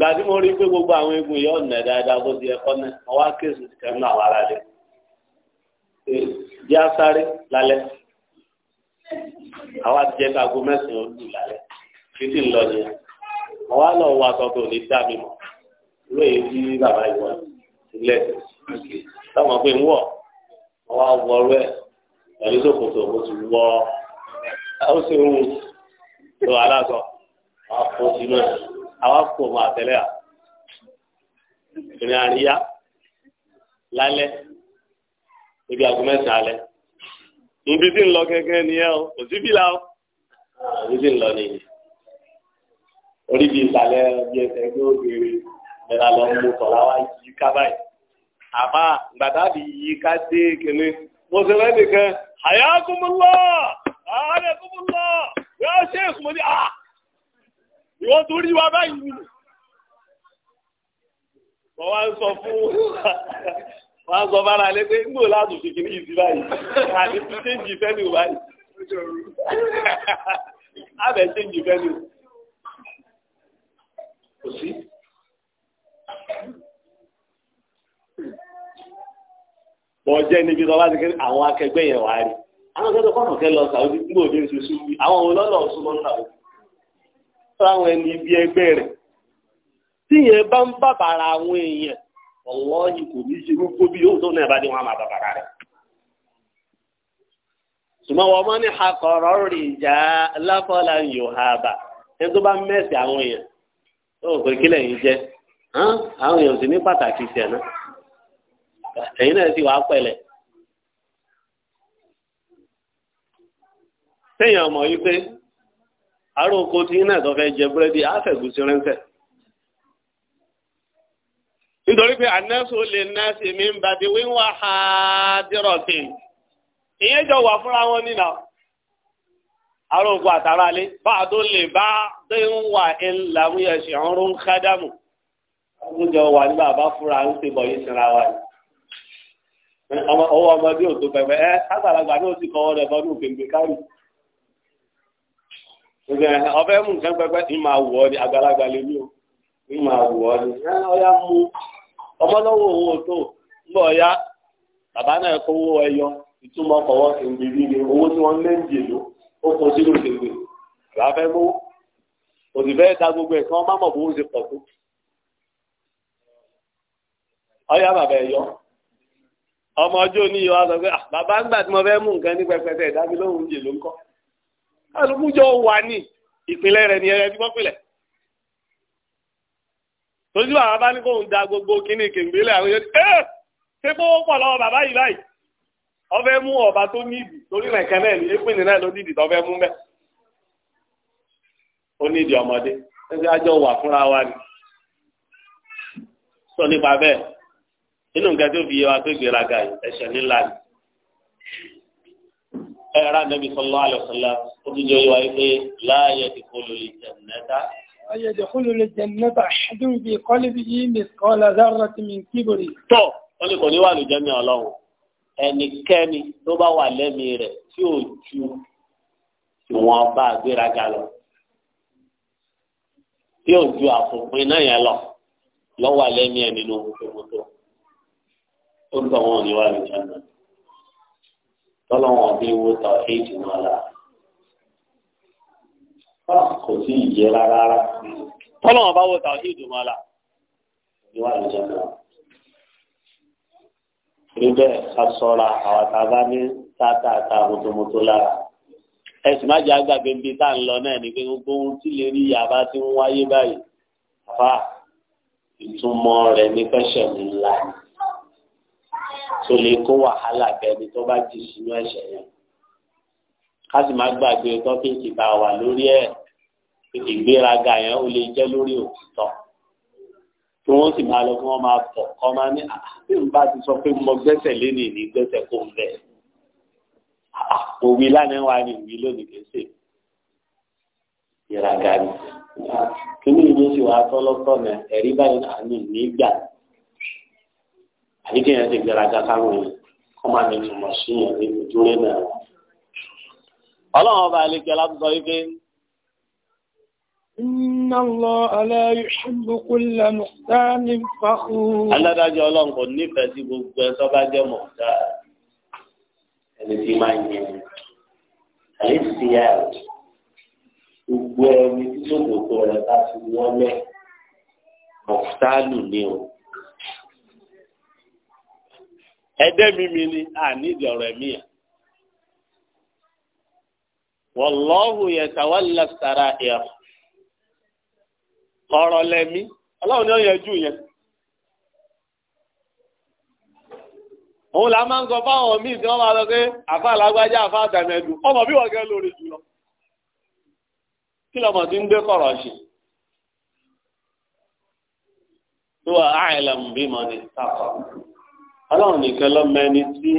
ìgbà tí mo rí pé gbogbo àwọn egun yìí ọ̀nà dáadáa bó ti ẹ̀kọ́ náà mo wá kéésù ti kẹ́mú àwọn ará rẹ̀ bí a sáré lálẹ́ àwa ti jẹ́ ká aago mẹ́sàn-án olú lálẹ́ títí ńlọ yẹn mo wá lọ wọ aṣọ tó ní dá mi mọ̀ ló yẹ kí bàbá ìwọ sílẹ̀ táwọn pé ń wọ̀ mo wá ẹ̀ pẹ̀lú ṣòkòtò mo ti wọ ó ṣe ń wù tó aláṣọ wọn kó àwa kò mọ àtẹlẹ à ìrìn àríyá lálẹ́ ibi àgọ mẹ́sàn án alẹ́ níbi tí ń lọ kẹ̀kẹ́ nìyẹn o kò sí bílà o níbi tí ń lọ nìyẹn orí bíi ìsàlẹ̀ bí ẹsẹ̀ ní òkèèrè ìlera lọ mú tọ̀lá wá yí ká báyìí àbá gbàdá bí yí ká dé kínní mo ṣe lẹ́nìkan àyà kúmúlọ́ àárẹ̀ kúmúlọ́ yóò ṣe é kúmúlọ́ ìwọ́n tún wa báyìí ni wọ́n wá ń sọ fún wọ́n á sọ fara alẹ́ pé ńgbò na ṣe kìíní yìí sí báyìí àti fi ṣéǹjì fẹ́ni ò báyìí àbẹ̀ ṣéǹjì fẹ́ni ò kò sí. wọ́n jẹ́ níbi tó bá ti kéré àwọn akẹgbẹ́ yẹn wá rí àwọn kọ́kọ́ lọ sàwọn àwọn ráwọn ẹni ibi ẹgbẹ́ rẹ̀ tíyẹn bá ń bàbàrà àwọn èèyàn ọ̀wọ́ ni kò ní ṣe gbogbo bí yóò tó náà bá dé wọn máa bàbàrà rẹ̀. ṣùgbọ́n wọn mọ́ ní akọ̀rọ̀ rìjà láfọ́lá yòhábà ẹni tó bá mẹ́sì àwọn èèyàn tó pé kílẹ̀ yìí jẹ́ àwọn èèyàn sì ní pàtàkì tiẹ̀ náà ẹ̀yin náà sì wàá pẹ̀lẹ́. téèyàn mọ̀ yí pé àárò oko tí iná ẹ̀tọ́ fẹ́ jẹ búrẹ́dì àfẹ̀gùsí rẹ́ńsẹ̀. nítorí pé anẹ́sù lè ná sí mi ń bàbí wíwá ha dírọ̀ sí i ìyẹn jọ wà fúnra wọn nínà àárò oko àtàrà lé bá a tó lè bá tó ń wà ń làmúyẹ̀ sí ọ̀run kádàmù àwùjọ wà nígbà bá fúnra ń ṣe bọ̀ yìí sinra wa ọwọ́ ọmọdé ò tó pẹpẹ ẹ kágbàlagbà náà ti kọ́ ọ ọbẹ̀ mú nǹkan pẹ́pẹ́ ní máa wọ̀ ọ́ ní àgbàlagbà lè ní o ní máa wọ̀ ọ́ ní ọ̀yá mú ọmọlọ́wọ́ owó tó ń bọ̀ ọ̀yá bàbá náà kówó ẹyọ ìtumọ̀ fọwọ́ ìgbèbí ni owó tí wọ́n lé ń jèlò ó kó sínú ìgbèbè bàbá fẹ́ mú òsì fẹ́ da gbogbo ẹ̀ kí wọ́n má mọ̀ bó ṣe pọ̀ tó ọ̀yá bàbá ẹ̀yọ́ ọmọ ọjọ́ oníyọ wa sọ pé ah, bàbá ń gbà tí mo fẹ́ mú nǹkan ní pẹpẹtẹ ìdábí lóhùn jèlò ńkọ́ alùpùjọ wà ní ìpínlẹ̀ rẹ̀ ní ẹ̀rẹ́ tí wọ́n pìlẹ̀ tójú bàbá bá ní kóun da gbogbo kíní kèǹgbélé àwọn yẹn ẹ ṣé kó pọ̀ lọ́wọ́ bàbá yìí báyìí ọfẹ́ mú ọba tó nídìí torí nàìkẹ́ náà ní épìnì náà ló nídìí tọ́fẹ́ mú mẹ́ ó nídìí ọmọdé ẹgbẹ́ àjọ wà fúnra wa ni sọ nípa bẹ́ẹ̀ nínú nǹkan tó fi yé wa pé gbéraga yìí ẹ̀ṣẹ̀ ńlá ni ẹ̀rá nàbì sallallahu alaihi wasallam ó ti jẹ́ ìwà yìí pé láàyè ti kó lórí jannata. láàyè ti kó lórí jannata ahadun fi qalbihi mithqala dharratin min kibri. tọ́ wọ́n ní kò ní wà lójẹ́ mi ọlọ́run ẹnikẹ́ni tó bá wà lẹ́mi rẹ̀ tí ò ju ìwọ̀n bá gbéraga lọ tí ò ju àfòpin náà yẹn lọ lọ́wọ́ lẹ́mi ẹ̀ nínú mọ́tò mọ́tò ó ń tọ́ wọn ní wà lójẹ́ náà tọ́lọ́wọ́n bí wo tọ̀ éjì wọn la kò sí ìjẹ rárá tọ́lọ́wọ́n bá wo tọ̀ éjì wọn la níwájú jẹ́ náà níbẹ̀ ká sọ́ra àwọn tàbá ní tátàtà mọ́tòmọ́tò lára ẹ̀sìn má jẹ́ àgbàgbé bíi tá à ń lọ náà ni pé gbogbo ohun tí lè rí yàrá tí ń wáyé báyìí àbá ìtumọ̀ rẹ̀ ní fẹ́sẹ̀ ńlá ni tó lè kó wàhálà bẹ́ẹ̀ni tó bá jì sínú ẹ̀ṣẹ̀ yẹn ká sì má gbàgbé tọ́pìkì bá wà lórí ẹ̀ ìgbéraga yẹn ó lè jẹ́ lórí òtítọ́ tí wọ́n sì máa lọ kí wọ́n máa tọ̀ kọ́ máa ní àbí ah, ah, n bá ti sọ pé mo gbẹ́sẹ̀ léni ní gbẹ́sẹ̀ kó ń bẹ̀ ah, òwe lánàá wà ní ìwé lónìí kẹsẹ̀ ìgbéraga ni kí ni ìlú sì wàá tọ́ lọ́tọ̀ ẹ̀rí báyìí náà ní ìgbà àbí kí yẹn ti gbéraga káwọn yìí kó má ní ìtumọ̀ sí yẹn ní ìdúró náà. ọlọ́run ọba àlejò alábùsọ wípé. Inna Allah la yuhibbu kulla mukhtalin fakhur. Aládájọ́ ọlọ́run kò nífẹ̀ẹ́ sí gbogbo ẹ̀ tó jẹ́ mọ̀tá. Ẹni tí máa ń yẹn. Àyè sí àrò. Gbogbo ẹni tí lòdòdó rẹ̀ bá ti wọlé. Mọ̀tálù ni o. ẹdẹ mímí ni a nídìí ọ̀rọ̀ ẹ̀mí yẹn wọlọ́hù yẹn tàwa lẹ́sàrà ẹ̀ ọ̀rọ̀ lẹ́mí ọlọ́run ni ó yẹ jù yẹn. òun là máa ń sọ fáwọn míì tí si máa ma pé àfa àlágbájá àfa àtàmẹ́dù ọmọ bí wọ́n ọ lórí jùlọ kí lọmọ tí ń gbé kọ̀rọ̀ ṣe. tó wà bímọ ni sáfà. ọlọ́run nìkan ló mọ ẹni tí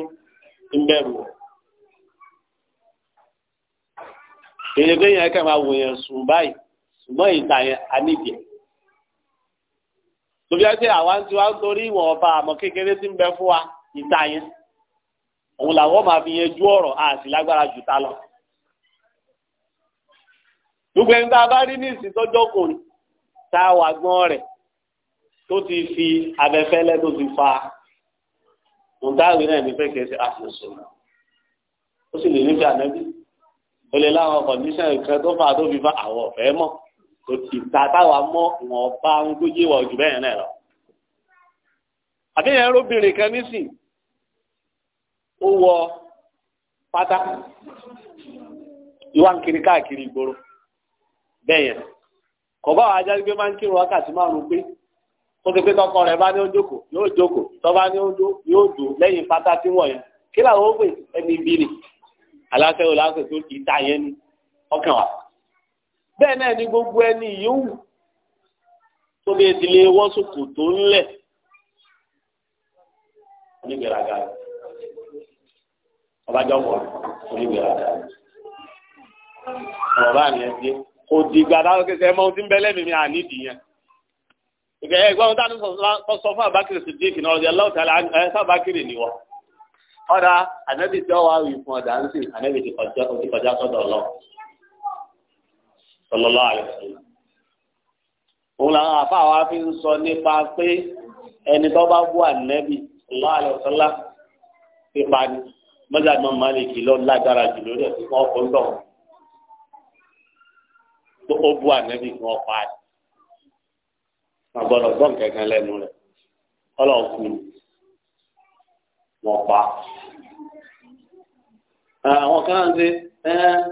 ń bẹ̀rù ọ̀. èyí pé yẹn kẹ́ máa wò yẹn sùn báyìí ṣùgbọ́n ìta yẹn a nídìí. tòbí ẹ ṣe àwa ń tiwa torí ìwọ̀n ọba àmọ́ kékeré tí ń bẹ fún wa ìta yẹn. òun làwọn máa fi yẹn ju ọ̀rọ̀ a sì lágbára jù ta lọ. gbogbo ẹni tá a bá rí ní ìsìn tọ́jọ́ kò tá a wà gbọ́n rẹ̀ tó ti fi abẹ́fẹ́lẹ́ tó ti fa mùtáàwí náà ní fẹ́kẹ̀ẹ́ sí àfihàn ó sì lè nífẹ̀ẹ́ ànábì ó lè láwọn kọ̀ndíṣàn ìkan tó fà tó fi fa àwọn ọ̀fẹ́ mọ̀ tó ti ta táwa mọ́ wọn bá ń tó yé wọ jù bẹ́ẹ̀ náà lọ. àbíyẹn arúbìnrin kan nísìn ó wọ pátá ìwà ń kiri káàkiri ìgboro bẹ́ẹ̀ yẹn kọ̀ bá wa ajá gbé máa ń kírun wákàtí márùn-ún pé tó ti pé tọkọ rẹ̀ bá ní ó jókòó yóò jókòó tọ́ba ní ó dó yóò dó lẹ́yìn pátá tí wọ̀nyẹn kí làwọn ó pè ẹni bí ni aláṣẹ wo láṣẹ tó kì í ta yẹn ni ọkàn wa bẹ́ẹ̀ náà ni gbogbo ẹni yòówù tó bí ti lè wọ́ tó ń lẹ̀ onígbèraga ọbàjọ́ pọ̀ onígbèraga ọ̀rọ̀ bá nìyẹn ti kò dìgbà dáhùn kẹsẹ̀ ẹ mọ ohun tí ń bẹ lẹ́mìí mi ànídìí yẹn ẹgbọn tani sọ fún abakiri sidik náà ọdí aláwọ tààlà ẹ sábàkiri ni wọ ọdà anabi tí wọn wá wí fún ọdà ń sìn anabi ti kọjá sọ́dọ̀ ọlọ sọlọlọ àlẹ òun làwọn afa wa fi ń sọ nípa pé ẹni tó bá bú anabi sọlọ àlẹ sọlá pípa ni mọ́tà náà má lè kí lọ lágbára jù lórí ẹ̀ fún ọkọ̀ ńlọ ó bú agbọ́dọ̀ gbọ́n kankan lẹ́nu rẹ̀ ọlọ́run kú wọn pa. àwọn kan náà ṣe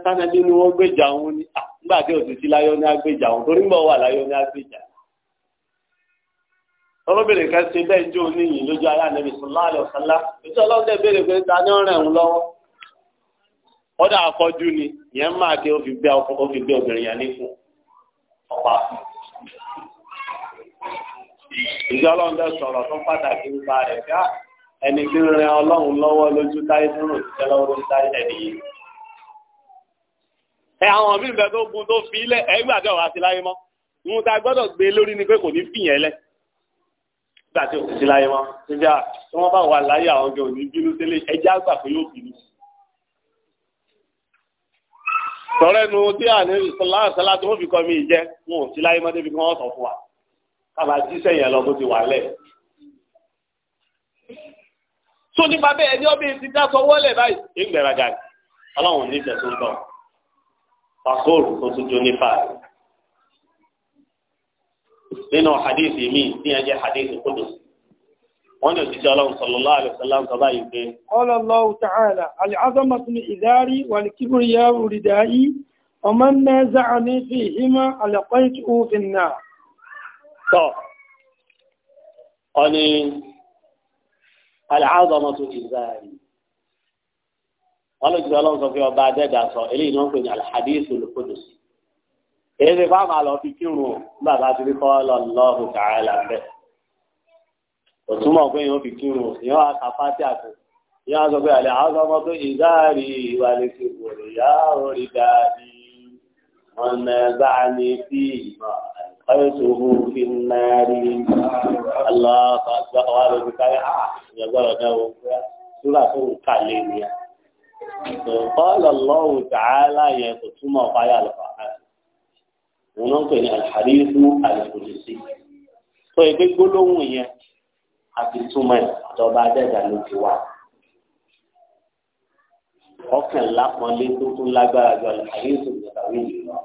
sásẹ́bí ni wọ́n gbèjà òun ni nígbà tí òṣìṣì láyọ̀ ní agbèjà òun torí ń wà láyọ̀ ní agbèjà. ọlọ́bìnrin kan ṣe bẹ́ẹ̀ jó níyìn lójú ara nàbì sọlá àlọ́ ètò ọlọ́run tẹ̀ béèrè pé ta ni ó rẹ̀ ń lọ́wọ́. ọ̀dà afọ́jú ni ìyẹn máa ké ó fi gbé obìnrin yẹn ní fún ọ̀pá ìjọ ọlọ́run tẹ sọ̀rọ̀ tó pàtàkì nípa rẹ̀ ká ah, ẹni tí ń rẹ ọlọ́run lọ́wọ́ lójú táyé tó rò sí tẹ́lọ́wọ́ lójú táyé ẹni yìí. ẹ àwọn míì bẹ tó gun tó fi ilẹ̀ ẹ gbà tẹ ọ̀rọ̀ àti láyé mọ́ ìhun tá a gbọ́dọ̀ gbé lórí ni pé kò ní fìyẹn lẹ̀ gbà tẹ òkú sí láyé mọ́ níjà tí wọ́n bá wà láyé àwọn ọjọ́ òní bínú tẹ́lẹ̀ ẹjẹ́ àgbà pé yóò bínú. sọ̀rọ̀ ẹnu tí àná ìsọ̀lá àṣálá tí fi kọ́ mi ìjẹ́ wọn ò sí láyé mọ́ débi kí wọ́n sọ fún wa bàbá jíṣẹ́ yẹn lọ bó ti wà lẹ̀. tó nípa bẹ́ẹ̀ ni ọbẹ̀ ti dá sọwọ́ lẹ̀ báyìí ìgbẹ̀rajà ọlọ́run nífẹ̀ẹ́ tó ń bọ̀ pàkóòrù tó tún jó nípa rẹ̀. nínú hadithi mi ní ẹjẹ hadithi kúndùn wọ́n ní òṣìṣẹ́ ọlọ́run sallallahu alaihi wasallam sọ báyìí pé. qala Allahu ta'ala al-'azamatu izari wal-kibriya ridai wa man naza'ani fihima alqaytuhu fin-nar. Sọ, ọ̀nì aláàzọmọ tó ti wọn lè jù ọlọ́run sọ fún ọba adẹ́gà sọ eléyìí ni wọ́n pè ní èyí ti fáwọn fi kírun bàbá ti fi kọ́ lọ́lọ́hùn tààlà bẹ́ẹ̀ òtúmọ̀ pé yóò fi kírun a sọ pé àlẹ́ àwọn wà lè fi orí ọ̀nà ni ọ̀yọ́sọ̀rọ̀ fi nàárí aláàfà àgbàkọ̀wá ló fi káyà á ìyàgbọ́dọ̀ náà wò pé súrà tó ń kà lé ni ẹ. Qala Allahu ta'ala yẹn kò túmọ̀ fáyà lọ́fà wọn náà ń pè ní al-hadithu tó ẹgbẹ́ gbólóhùn yẹn àti túmọ̀ ẹ̀ àtọ́ba adẹ́gà ló ti wá. ọkàn lápọ̀nlé tó tún lágbára ju al-hadithu al lọ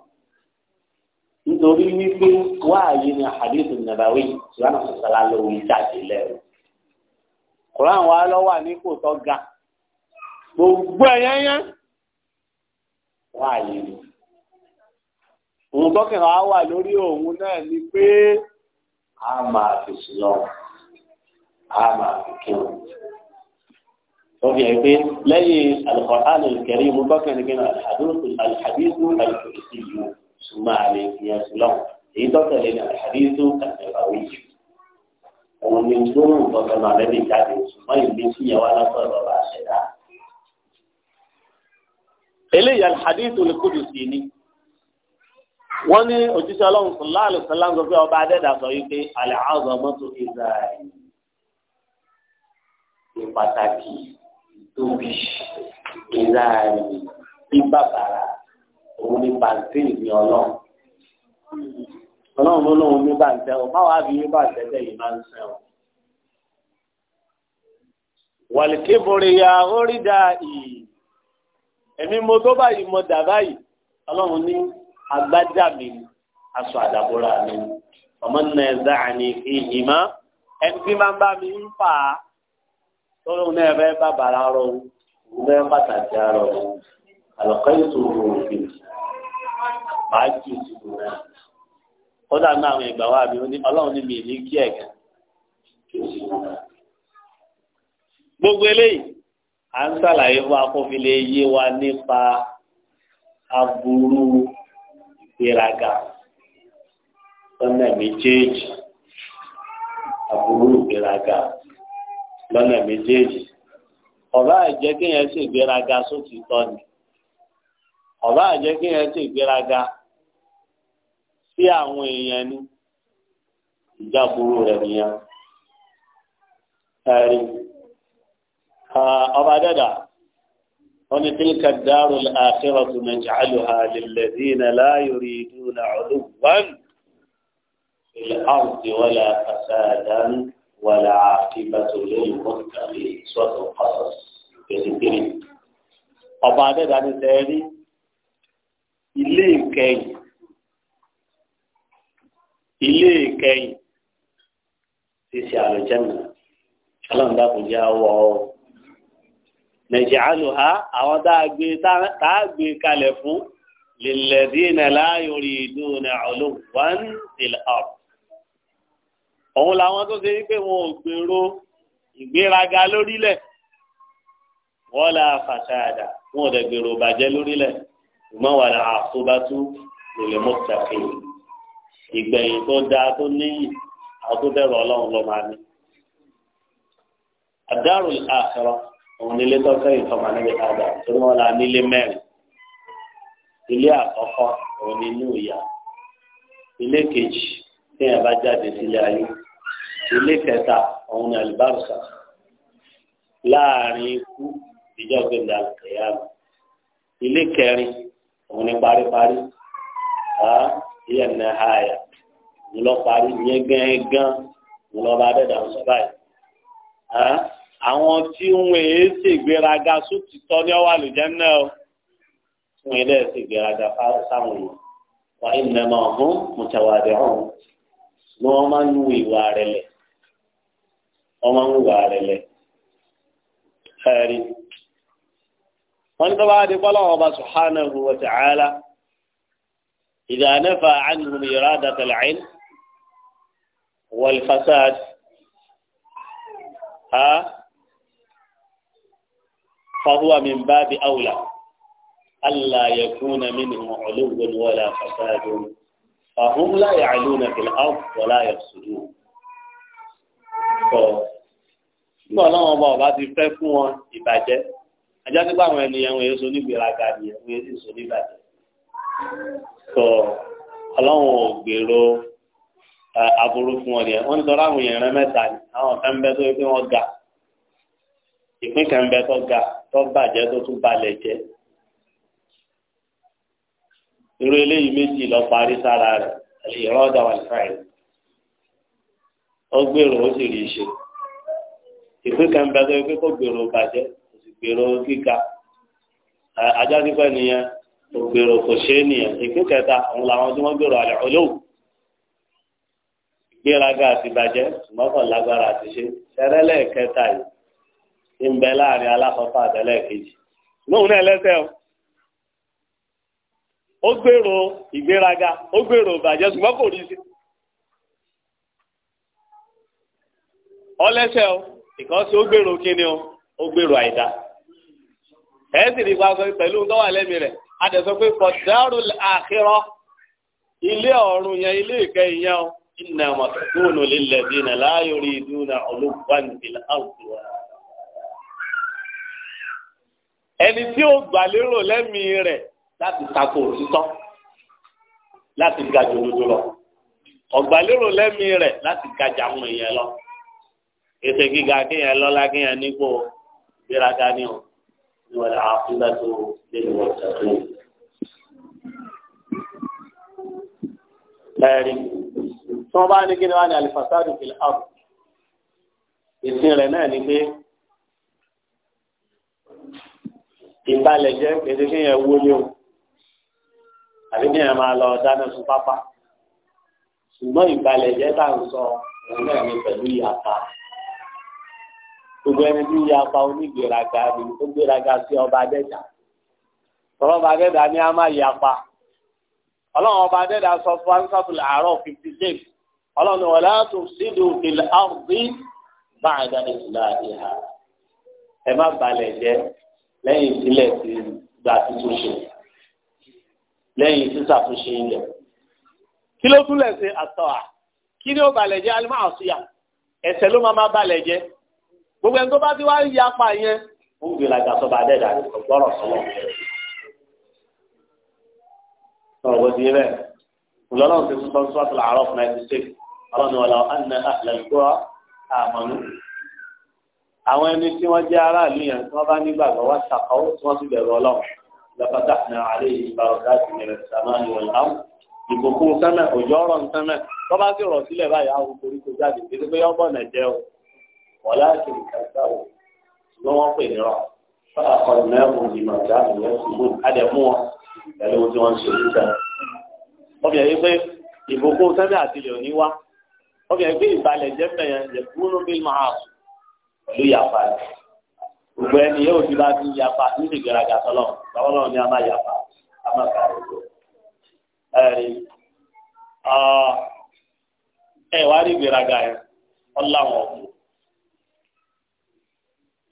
nítorí wípé wáàyè ni àdéhùn nàbàwí ìwádìí sọ̀sọ̀lá lówó jáde lẹ́rù. Kùrán wa lọ wà ní kò tọ́ ga. Gbogbo ẹ̀yẹ́ yẹn wáàyè ni. Òun tọ́kìnrin wa wà lórí òun náà ni pé a máa fèsì lọ, a máa fi kírun. Wọ́n fi hàn pé lẹ́yìn Al-Qur'an Al-Karim mo tọ́kìnrin kí ni Al-Hadith ṣùgbọ́n a lè fi hàn sí lọ́wọ́ èyí tọ́tọ̀ lé ní àdéhùn àtẹ̀fàwé yìí òun ni gbóhùn tọ́tọ̀ náà lẹ́nu ìjáde ṣùgbọ́n ìgbésí yẹn wá lọ́tọ̀ lọ́ba àṣẹdá. eléyìí àdéhùn olùkúdù sí ni wọ́n ní òjíṣẹ́ ọlọ́run sọ̀lá àlùsọ̀lá ń sọ pé ọba adẹ́dà sọ yìí pé àlẹ́ àwọn ọmọ tó fi gbà ìpàtàkì tóbi ìlànà ìbàbàrà òun ni bàǹtẹ́ ìní ọlọ́run ọlọ́run ló lóun ní bàǹtẹ́ o má wàá fi yé bàǹtẹ́ tẹ̀ yìí máa ń sẹ́ o. wàlìkébùrì ya orí da ìyí èmi mo tó báyìí mo dà báyìí ọlọ́run ní agbádá mi aṣọ àdàbọ̀ra mi ọmọ nà ẹ̀ dáhà ní ìhìmá ẹni tí máa ń bá mi ń fà á tọ́lọ́run náà ẹ fẹ́ bàbàrà rọ̀ òun náà pàtàkì àrọ̀ òun àlọ́kọ́yìntò òfin máa jù síbò náà kódà náà àwọn ìgbà wa mi ọlọ́run ní mi ní kí ẹ̀gàn kí o sì wọ́n náà. gbogbo eléyìí à ń sàlàyé fún akófinlé yé wa nípa aburú ìgbéraga lọ́nà méjèèjì aburú ìgbéraga lọ́nà méjèèjì ọ̀rọ̀ àìjẹ́ kéèyàn sì gbéraga sókè ọba àjẹ kí dẹdà wọn ti ní kàdáàrù àṣírọtù ti gbéraga sí àwọn èèyàn ní ìjà burú rẹ nìyẹn ẹrí ọba dẹdà wọn ni ina laayo ri tilka dáàrú àkérọtù naj'aluha won la yuriduna 'uluwan won ardi wala fasadan lori won lil soto suratul igbesi 23 ọba dẹdà ni sẹẹrí. ilé ìkẹyìn ilé ìkẹyìn ti ṣe àlùjẹ́nà ṣọlọ́ǹda kò jẹ́ àwọ̀ ọ́ nàìjíríà àlùhá àwọn tá a gbé kalẹ̀ fún lèlẹ́dínà láàyò rí ìlú nàìjíríà wọn ìlà ọ̀p. òun làwọn tó ṣe wípé wọn ò gbèrò ìgbéraga lórílẹ̀ wọ́n la fàṣàdà wọn ò dẹ̀ gbèrò bàjẹ́ lórílẹ̀ ṣùgbọ́n wà ní àkóbátú lòlẹ̀ mọ́tàkì ìgbẹ̀yìn tó dáa tó níyì àwọn tó bẹ̀rù ọlọ́run ló máa ní. àdárò àṣọrọ òun nílé tó sẹ́yìn tọ́mà níbi àdá tó ní wọn la nílé mẹ́rin ilé àkọ́kọ́ òun ní inú ìyá ilé kejì téèyàn bá jáde sílé ayé ilé kẹta òun ní àlùbárùsà láàrin ikú ìjọba ìdàgbẹ̀yà ilé kẹrin òun ni paríparí ìyẹn ní àyà ńlọ parí yẹn gángan ńlọba dẹ́dà ń sọ báyìí. àwọn tí wọn èé ṣègbéraga sótìtọ́ ní ọwọ́ àlùjẹ́ náà o tí wọn èé ṣègbéraga sáwọn èèyàn wà ìnàmọ̀ ọ̀hún mùtàwádìí ọ̀hún ni wọ́n máa ń nu ìwà rẹ̀ lẹ̀ wọ́n máa ń wà rẹ̀ lẹ̀ ẹ̀rí. فالقبادي قال الله سبحانه وتعالى إذا نفى عنهم إرادة العلم والفساد ها فهو من باب أولى ألا يكون منهم علو ولا فساد فهم لا يعلون في الأرض ولا يفسدون ف... ما لا ما بعد يفهمون يبادئ ajá àwọn ènìyàn wọn yóò sọ nígbèraga ni wọn yóò sì sọ nígbàjẹ́ tó ọlọ́run ò gbèrò aburú fún ọdẹ wọn nítorí àwọn èèyàn rẹ mẹ́ta ni àwọn kan bẹ tó yẹ pé wọn ga ìpín kan bẹ tó ga tó bàjẹ́ tó tún balẹ̀ jẹ́ irú eléyìí méjì lọ parí sára rẹ àti ìrọ́dà wà láàyè ó gbèrò ó sì rí i ṣe ìpín kan bẹ tó yẹ pé kó gbèrò bàjẹ́. èrò kíka ajá kíkọ́ nìyẹn ògbèrò kò ṣe é nìyẹn kẹta òun làwọn tí gbèrò àlẹ́ olówó gbéraga àti bàjẹ́ ṣùgbọ́n àti ṣe ṣẹrẹ́lẹ̀ kẹta yìí ń bẹ láàrin alákọ̀ọ́fà àtẹlẹ̀ kejì lóhùn náà o ó gbèrò ìgbéraga ó gbèrò kò rí sí o ìkànsí ó gbèrò kíni o ó gbèrò ẹ̀ sì rí gbàgbọ́ pẹ̀lú tó wà lẹ́mìí rẹ̀ a dẹ̀ sọ pé kọ̀dárù àkírọ́ ilé ọ̀run yẹn ilé ìkẹ́ ìyẹn o iná mọ̀tòkúnù lílẹ̀ dínà láàyò rí ìdúnà olùgbàǹdìlà àwùjọ. ẹni tí ó gbà lérò lẹ́mìí rẹ̀ láti takò òtítọ́ láti ga jòlódó lọ ọgbà lérò lẹ́mìí rẹ̀ láti ga jàmù ìyẹn lọ ètò gíga kéèyàn lọ́lá kéèyàn nígbò gbéraga ni o. والعاقبة للمتقين ẹ̀rí tí wọ́n bá ní kí ni wọ́n ní alifasadu fi lọ́rù ìsìn rẹ̀ náà ni pé ìbalẹ̀ jẹ́ kéde kí yẹn wó ní o àbí kí yẹn máa lọ dáná sun pápá ṣùgbọ́n ìbalẹ̀ jẹ́ tá à ń sọ òun náà ni pẹ̀lú ìyàtà gbogbo ẹni tí ń ya pa onígbèraga ni ó gbéraga sí ọba adẹ́dà tọ́lọ́ ọba adẹ́dà ni a máa ya pa ọlọ́run ọba adẹ́dà sọ fún ansáfìlì àárọ̀ fifty six ọlọ́run wọlé àtò sídùú ìlà ọ̀dí bá àdáni ìlà ìhà ẹ má balẹ̀ jẹ́ lẹ́yìn ìsílẹ̀ ti gba tuntun ṣe lẹ́yìn sísàtúnṣe ilẹ̀ kí ló túlẹ̀ ṣe àtọ́wà kí ni ó balẹ̀ jẹ́ alimọ̀ àṣùyà ẹ̀sẹ̀ ló máa má balẹ̀ jẹ́ gbogbo ẹni tó bá fi wá ń ya apá yẹn ó ń gbèrà ìdásọ́ba dẹ́dà gbọ́rọ̀ sọ́lọ̀ sọ̀rọ̀ bó ti yé bẹ́ẹ̀ ńlọ́lọ́run ti sọ́kọ́ sọ́tò àárọ̀ fún náà ti ṣe ọlọ́run wọlé ọ̀nà àlẹ́kọ́ àmọ́nú àwọn ẹni tí wọ́n jẹ́ aráàlú yẹn tí wọ́n bá nígbàgbọ́ wá ṣàkọ́wọ́ tí wọ́n sì bẹ̀rù ọlọ́run lọ́pàá náà àlẹ́ yìí bá sì rọ̀ ولكن كذبوا لو في نرى فأخذناهم بما كانوا يكسبون هذا مو قالوا جوان شريكا obìnrin pé ìbòkó sẹ́mi àtìlẹ̀ òní wá obìnrin pé ìbalẹ̀ jẹ́ mẹ́yẹn lẹ́kúnú bí máa pẹ̀lú yàpá rẹ̀ gbogbo ẹni yóò ti bá ti yàpá níbi ìgbéraga tọ́lọ̀ báwọn náà ni a máa yàpá a máa kà rẹ̀ lọ. ẹ̀rí ẹ̀ wá rí ìgbéraga yẹn ọ̀làwọ̀n ọ̀gbìn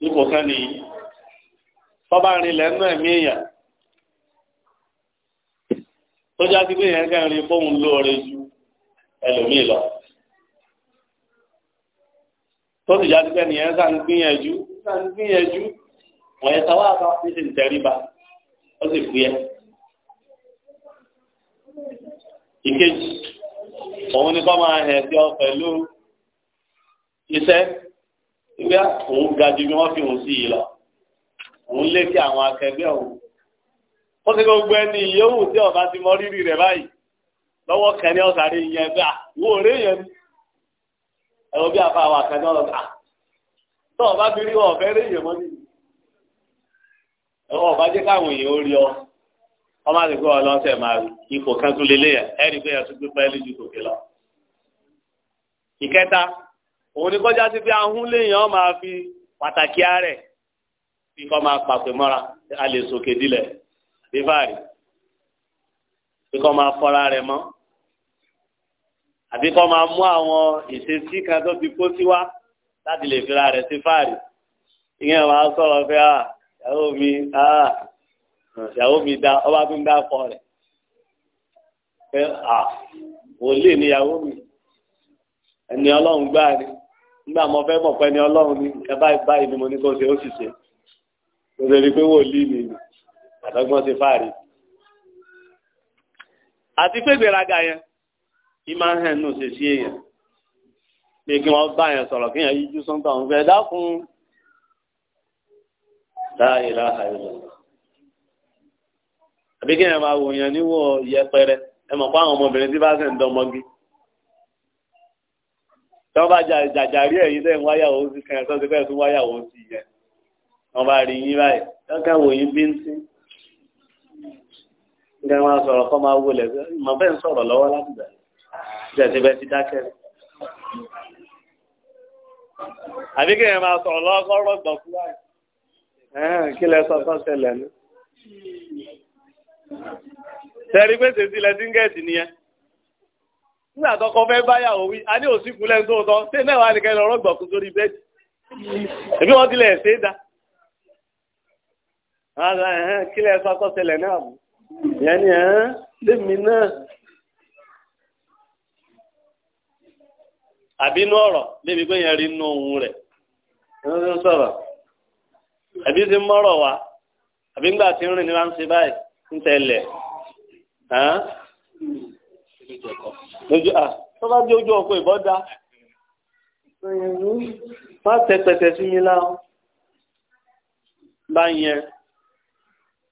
ipò kan nìyí tọ́ba rinlẹ̀ nínú ẹ̀mí èèyàn tó jáde pé èèyàn kẹrin bóun lóore ju ẹlòmíì lọ tó sì jáde pé ènìyàn sá ń gbìyànjú sá ń gbìyànjú wọ́n yẹ sáwọ́ àbá ní sì ń tẹríba ó sì fi ìkejì òun ni kọ́ máa hẹ̀ sí ọ pẹ̀lú iṣẹ́. ìgbé òun ga ju bí wọ́n fi òun sí yìí lọ òun lé sí àwọn akẹgbẹ́ òun ó ti gbogbo ẹni ìyówù tí ọba ti mọ rírì rẹ̀ báyìí lọ́wọ́ kẹni ọsàrí yẹn gbà wò rí yẹn ẹwọ bí afa àwọn akẹni ọlọta tó ọba fi rí ọfẹ rí yẹn mọ ẹwọ ọba jẹ káwọn èèyàn ọ ọmọ ọlọsẹ máa ipò kan tún òun ni kọjá sí pé ahun léèyàn máa fi pàtàkì ààrẹ bí kò máa pàpè mọ́ra a lè sòkè dilẹ̀ bí fàárì bí kò máa fọ́ra rẹ̀ mọ́ àbí kò máa mú àwọn ìṣesí kan tó ti kó sí wá láti lè fira rẹ̀ sí fàárì ìyẹn máa sọ̀rọ̀ fẹ́ à ah, ìyàwó mi à ah, ìyàwó mi da ọba tó ń dá fọ rẹ̀ fẹ́ à ah, wòlíì níyàwó mi ẹni ọlọ́run gbáà ni nígbà mo fẹ́ mọ̀ pé ni ọlọ́run ní nǹkan báyìí báyìí ni mo ní kó ṣe ó sì ṣe mo lè rí i pé wòlíì ni àtọ́gbọ́n ṣe fáàrí. àti pé gbèrágà yẹn kí máa ń hàn nù ṣe sí èèyàn pé kí wọ́n bá yẹn sọ̀rọ̀ kí yẹn yíjú sọ́ńtà òun fẹ́ dákun láàyè láàyè lọ. àbí kí yẹn máa wò yẹn níwọ̀ yẹpẹrẹ ẹ mọ̀ pé àwọn ọmọbìnrin tí bá ṣẹ̀ ń dán ọmọge tí wọ́n bá jàjàrí ẹ̀yin tẹ́ ń wáyàwó sí kan ẹ̀ tó ti tún wáyàwó sí yẹn wọ́n bá rí yín báyìí lọ́kàn wò yín bí ń sí. nígbà wọn sọ̀rọ̀ kọ́ máa wọlé mọ̀ bẹ́ẹ̀ ń sọ̀rọ̀ lọ́wọ́ láti gbà jẹ̀sí bẹ́ẹ̀ ti dákẹ́ rẹ̀. àbí kí ẹ máa sọ̀rọ̀ lọ́wọ́ kọ́ rọ̀gbọ̀n fún wa kí lẹ sọ tó ṣẹlẹ̀ ní. sẹ́rí pèsè sílẹ̀ díngẹ̀tì nìyẹn. nígbà tọkọ fẹ́ báyàwó wí a ní òsìnkú lẹ́nu tó tọ́ ṣé náà wà ní kẹ́lẹ́ ọ̀rọ̀ sórí bẹ́ẹ̀dì èmi wọ́n tilẹ̀ ṣe é da kí lẹ́ sọ náà bù ìyẹn ni lèmi náà àbínú ọ̀rọ̀ lébi pé yẹn rí inú rẹ̀ ẹni tó ń àbí àbí ńgbà tí ń rìn Ah, tó bá dé ojú ọkọ̀ ìbọn dá má tẹ pẹtẹ sí mi lá bá yẹn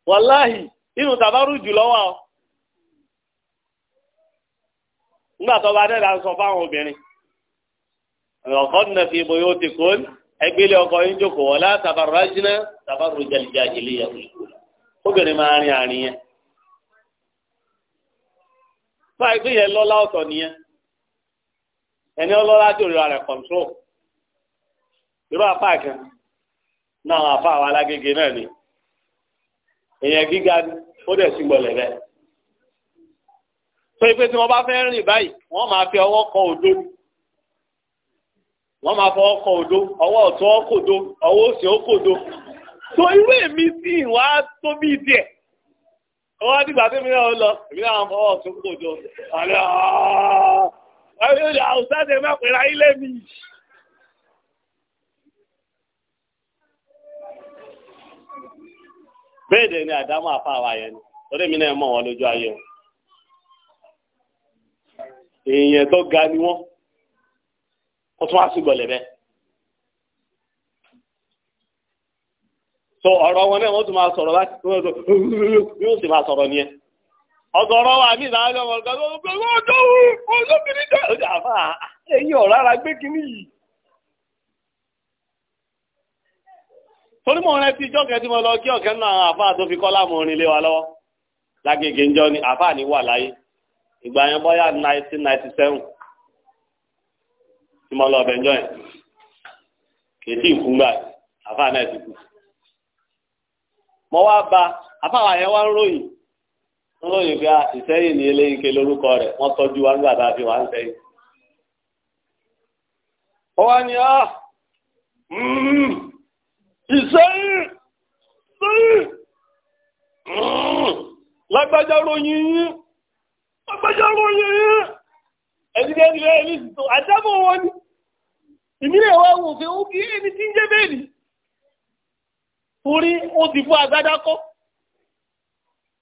wàláhì inú tàbárù jù lọ́wọ́ ọ nígbà tó bá dẹ́ra sọ fáwọn obìnrin ọ̀kọ́ nà fi bóyá ó ti kó ẹgbẹ́lẹ́ ọkọ̀ yín jókòó wọ́n látàbárù rájínà tàbárù jẹ̀lìjà ìlú yẹn obìnrin máa rìn àárín yẹn fún àìpé yẹn lọ́lá ọ̀tọ̀ nìyẹn ẹni ọlọ́lá jòrò rẹ̀ kọ̀ǹtró irú apá kan náà àwọn afá àwọn alágége náà ni èèyàn gíga ni ó dẹ̀ sí gbọ̀lẹ̀ rẹ̀ pé pé tí wọ́n bá fẹ́ rìn báyìí wọ́n máa fi ọwọ́ kan òdo wọ́n máa fọwọ́ kan òdo ọwọ́ ọ̀tún ọkòdo ọwọ́ òsì ọkòdo tó irú èmi sì wá tóbi díẹ̀ wọ́n á dìgbà tẹ́mi náà lọ èmi náà fọwọ́ tó kò jọ àlẹ́ ààrẹ àwùsáde máa pèrè ayílé mi. bẹ́ẹ̀ ni àdámọ́ àfa wa yẹn ni torí mi náà mọ̀ wọn lójú ayé o èèyàn tó ga ni wọ́n wọ́n tún wá sí gbọ̀lẹ̀ bẹ́ẹ̀. so ọ̀rọ̀ wọn náà wọ́n tún máa sọ̀rọ̀ láti yóò sì máa sọ̀rọ̀ nìyẹn ọ̀gọ̀rọ̀ wa mi ìdájọ ọmọ ọgá tó gbé wọn olóbìnrin jọ ọjà àfà ẹ̀yin ọ̀rọ̀ ara gbé kínní yìí. torí mo rẹ ti jọ kẹtí mo lọ kí ọkẹ náà àwọn àfà tó fi kọ́ orin lé wa lọ́wọ́ lágbègbè ńjọ ni àfà ní wà láyé ìgbà yẹn bọ́yá nineteen ninety seven tí mo lọ ọbẹ̀ ńjọ yẹn kì í tí ì mọ wá ba àfàwọn àyẹ̀wò ń ròyìn ń ròyìn bí i ìsẹ́yìn ní eléyìíké lórúkọ rẹ̀ wọ́n tọ́jú wa nígbà tá a fi wà ń sẹ́yìn. ó wá ní ọ́ mm-hmm, ìsẹ́yìn sẹ́yìn mm-hmm, lágbájá ròyìn yín lágbájá ròyìn yín ẹ̀dínkẹ́ ẹ̀dínkẹ́ ẹ̀dínkẹ́ àjábọ̀ wọn ni ìmílẹ̀ wa wò fẹ́ ó kí ẹni tí ń jẹ́ bẹ́ẹ̀ ni. orí ó ti fún agbádá kọ́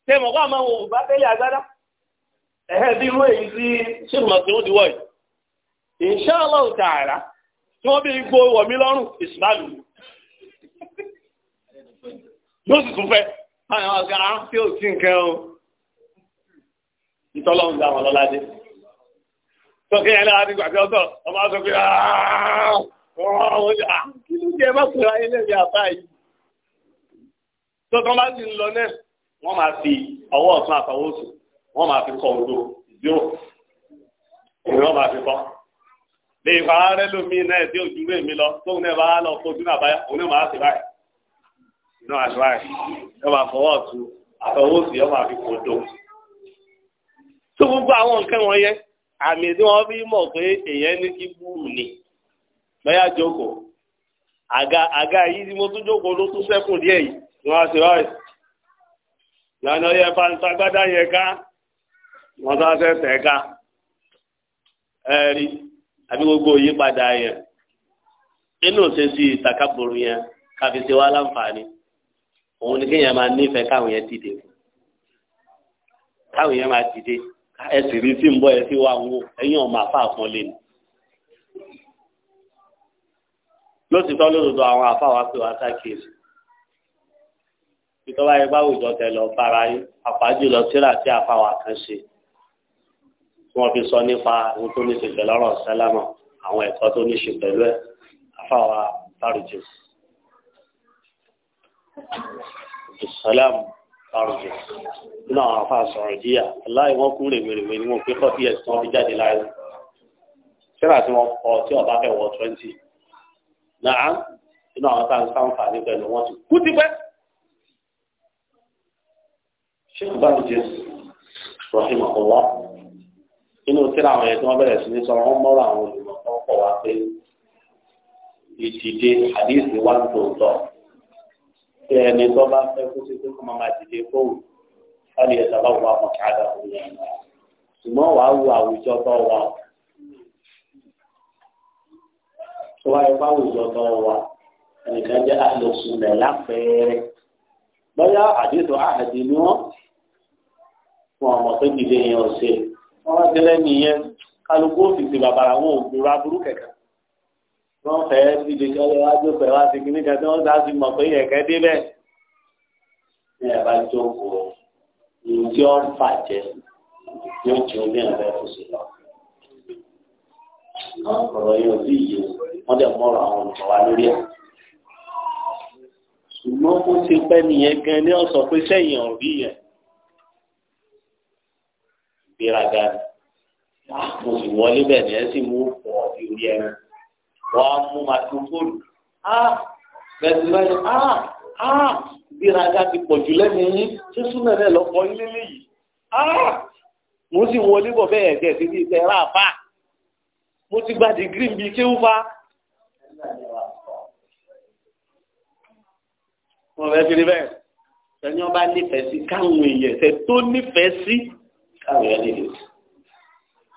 tẹ́mọ̀ wà máa wò bá tẹ́lẹ̀ agbádá ẹ̀hẹ́ bí irú èyí sí ṣírùmọ̀sí ó diwọ̀ yìí inshallah ta'ala tí wọ́n bí gbó wọ̀ mí lọ́rùn ìsìláàlù yóò sì tún fẹ́ báyọ̀ ọ̀gá á fi òsì o ìtọ́lọ́run dá wọn lọ́ládé tọ́kẹ́ yẹn lára nígbà tí ó ọmọ sọ ah, ah, kí ló tó tán bá sì ń lọ náà wọ́n máa fi ọwọ́ ọ̀tún àtọwọ́ òsùn wọ́n máa fi kọ odò zero èmi wọ́n máa fi kọ́ lè fara rẹ lómi náà tí ojú rẹ̀ mi lọ tóun náà bá lọ fojú náà báyà òun náà máa fi báyìí inú àṣọ àyè wọ́n máa fọwọ́ ọ̀tún àtọwọ́ òsùn yẹn máa fi kọ odò tó gbogbo àwọn nǹkan wọ̀nyẹn àmì tí wọ́n fi mọ̀ pé èèyàn ní kí búrú ni lọ́yà jókòó àga àga yìí tí mo tún jókòó ló tún sẹ́kùn díẹ̀ yìí wọ́n á ti báyìí lànà yẹ fantagbádá yẹ ká wọ́n sá fẹ́ tẹ̀ ká ẹ̀rí àbí gbogbo ìyípadà yẹn nínú òṣèṣì ìtàkàbòrò yẹn kàfi ṣe wá láǹfààní òun ni kéèyàn máa nífẹ̀ẹ́ káwọn yẹn dìde káwọn yẹn máa dìde ẹ sì rí sí ń bọ̀ ẹ sì wá wo ẹ̀yìn ọmọ àfáàfọn lè nù. lóṣìṣọ́ lódodo àwọn àfáà wá pé wá sá kéèsì ìtọ́wá yẹn bá wùjọ tẹ lọ bára yín àpájù lọ síra tí àfàwà kan ṣe tí wọ́n fi sọ nípa ohun tó ní ṣe pẹ̀lú ọ̀rọ̀ sálámà àwọn ẹ̀kọ́ tó ní ṣe pẹ̀lú ẹ̀ àfàwà bárùjẹ. Ìsàlám bárùjẹ. Nínú àwọn afa sọ̀rọ̀ jíyà, aláì wọ́n kú rèwerèwe ni wọ́n fi kọ́ bí ẹ̀sìn wọn fi jáde láyé. Síra tí wọ́n kọ tí ọba fẹ́ wọ twenty. Nàá nínú àwọn tá a ń sheikh babijis rahimahullah inú tíra àwọn yẹn tí sí ní sọ̀rọ̀ wọ́n àwọn olùmọ̀ tó ń kọ̀ wá pé ìdìde àdéhùn ń tó tọ̀ kí ẹni tó bá fẹ́ kó ṣe pé kó máa máa dìde láti ẹ̀sà bá wà yẹn ṣùgbọ́n wọn ọmọ tó dìde yẹn ọ̀sẹ̀ wọn wá délé nìyẹn kálukú òfìsì bàbàrà wọn ò gbúra burú kẹ̀kẹ́ wọn fẹ́ dìde kálẹ̀ wá jó pẹ̀ wá sí kíní kẹtẹ́ wọn sá sí mọ̀ pé yẹ̀kẹ́ dé bẹ́ẹ̀ ní ẹ̀ bá jókòó ìdí ọ̀ fàjẹ́ yóò jẹ́ omi ẹ̀ bẹ́ẹ̀ fòsì lọ. àwọn ọ̀rọ̀ yóò bí iye wọ́n dẹ̀ mọ́ra àwọn olùkọ́ wa lórí ẹ̀ ṣùgbọ́n ó ti pẹ́ nìyẹn gan ní ọ̀sọ̀ pé sẹ́yìn ọ̀rí yẹn gbéraga ni mo sì wọlé bẹ́ẹ̀ ni ẹ sì mú pọ̀ sí orí ẹ wọ́n á mú microphone bẹ́ẹ̀ ni báyìí gbéraga ti pọ̀ jù lẹ́nu yín ṣé súnmọ́ ẹ̀ lọ́kọ́ yín lélẹ́ yìí mo sì wọlé bọ̀ bẹ́ẹ̀ ẹ̀jẹ̀ sí ti tẹ̀ ráàfà mo ti gba dìgírì bíi kéwúfà. mo fẹ́ fi rí bẹ́ẹ̀ ẹni ọba nífẹ̀ẹ́ sí káwọn èèyàn ẹ̀sẹ̀ tó nífẹ̀ẹ́ sí táwọn yẹn lè lò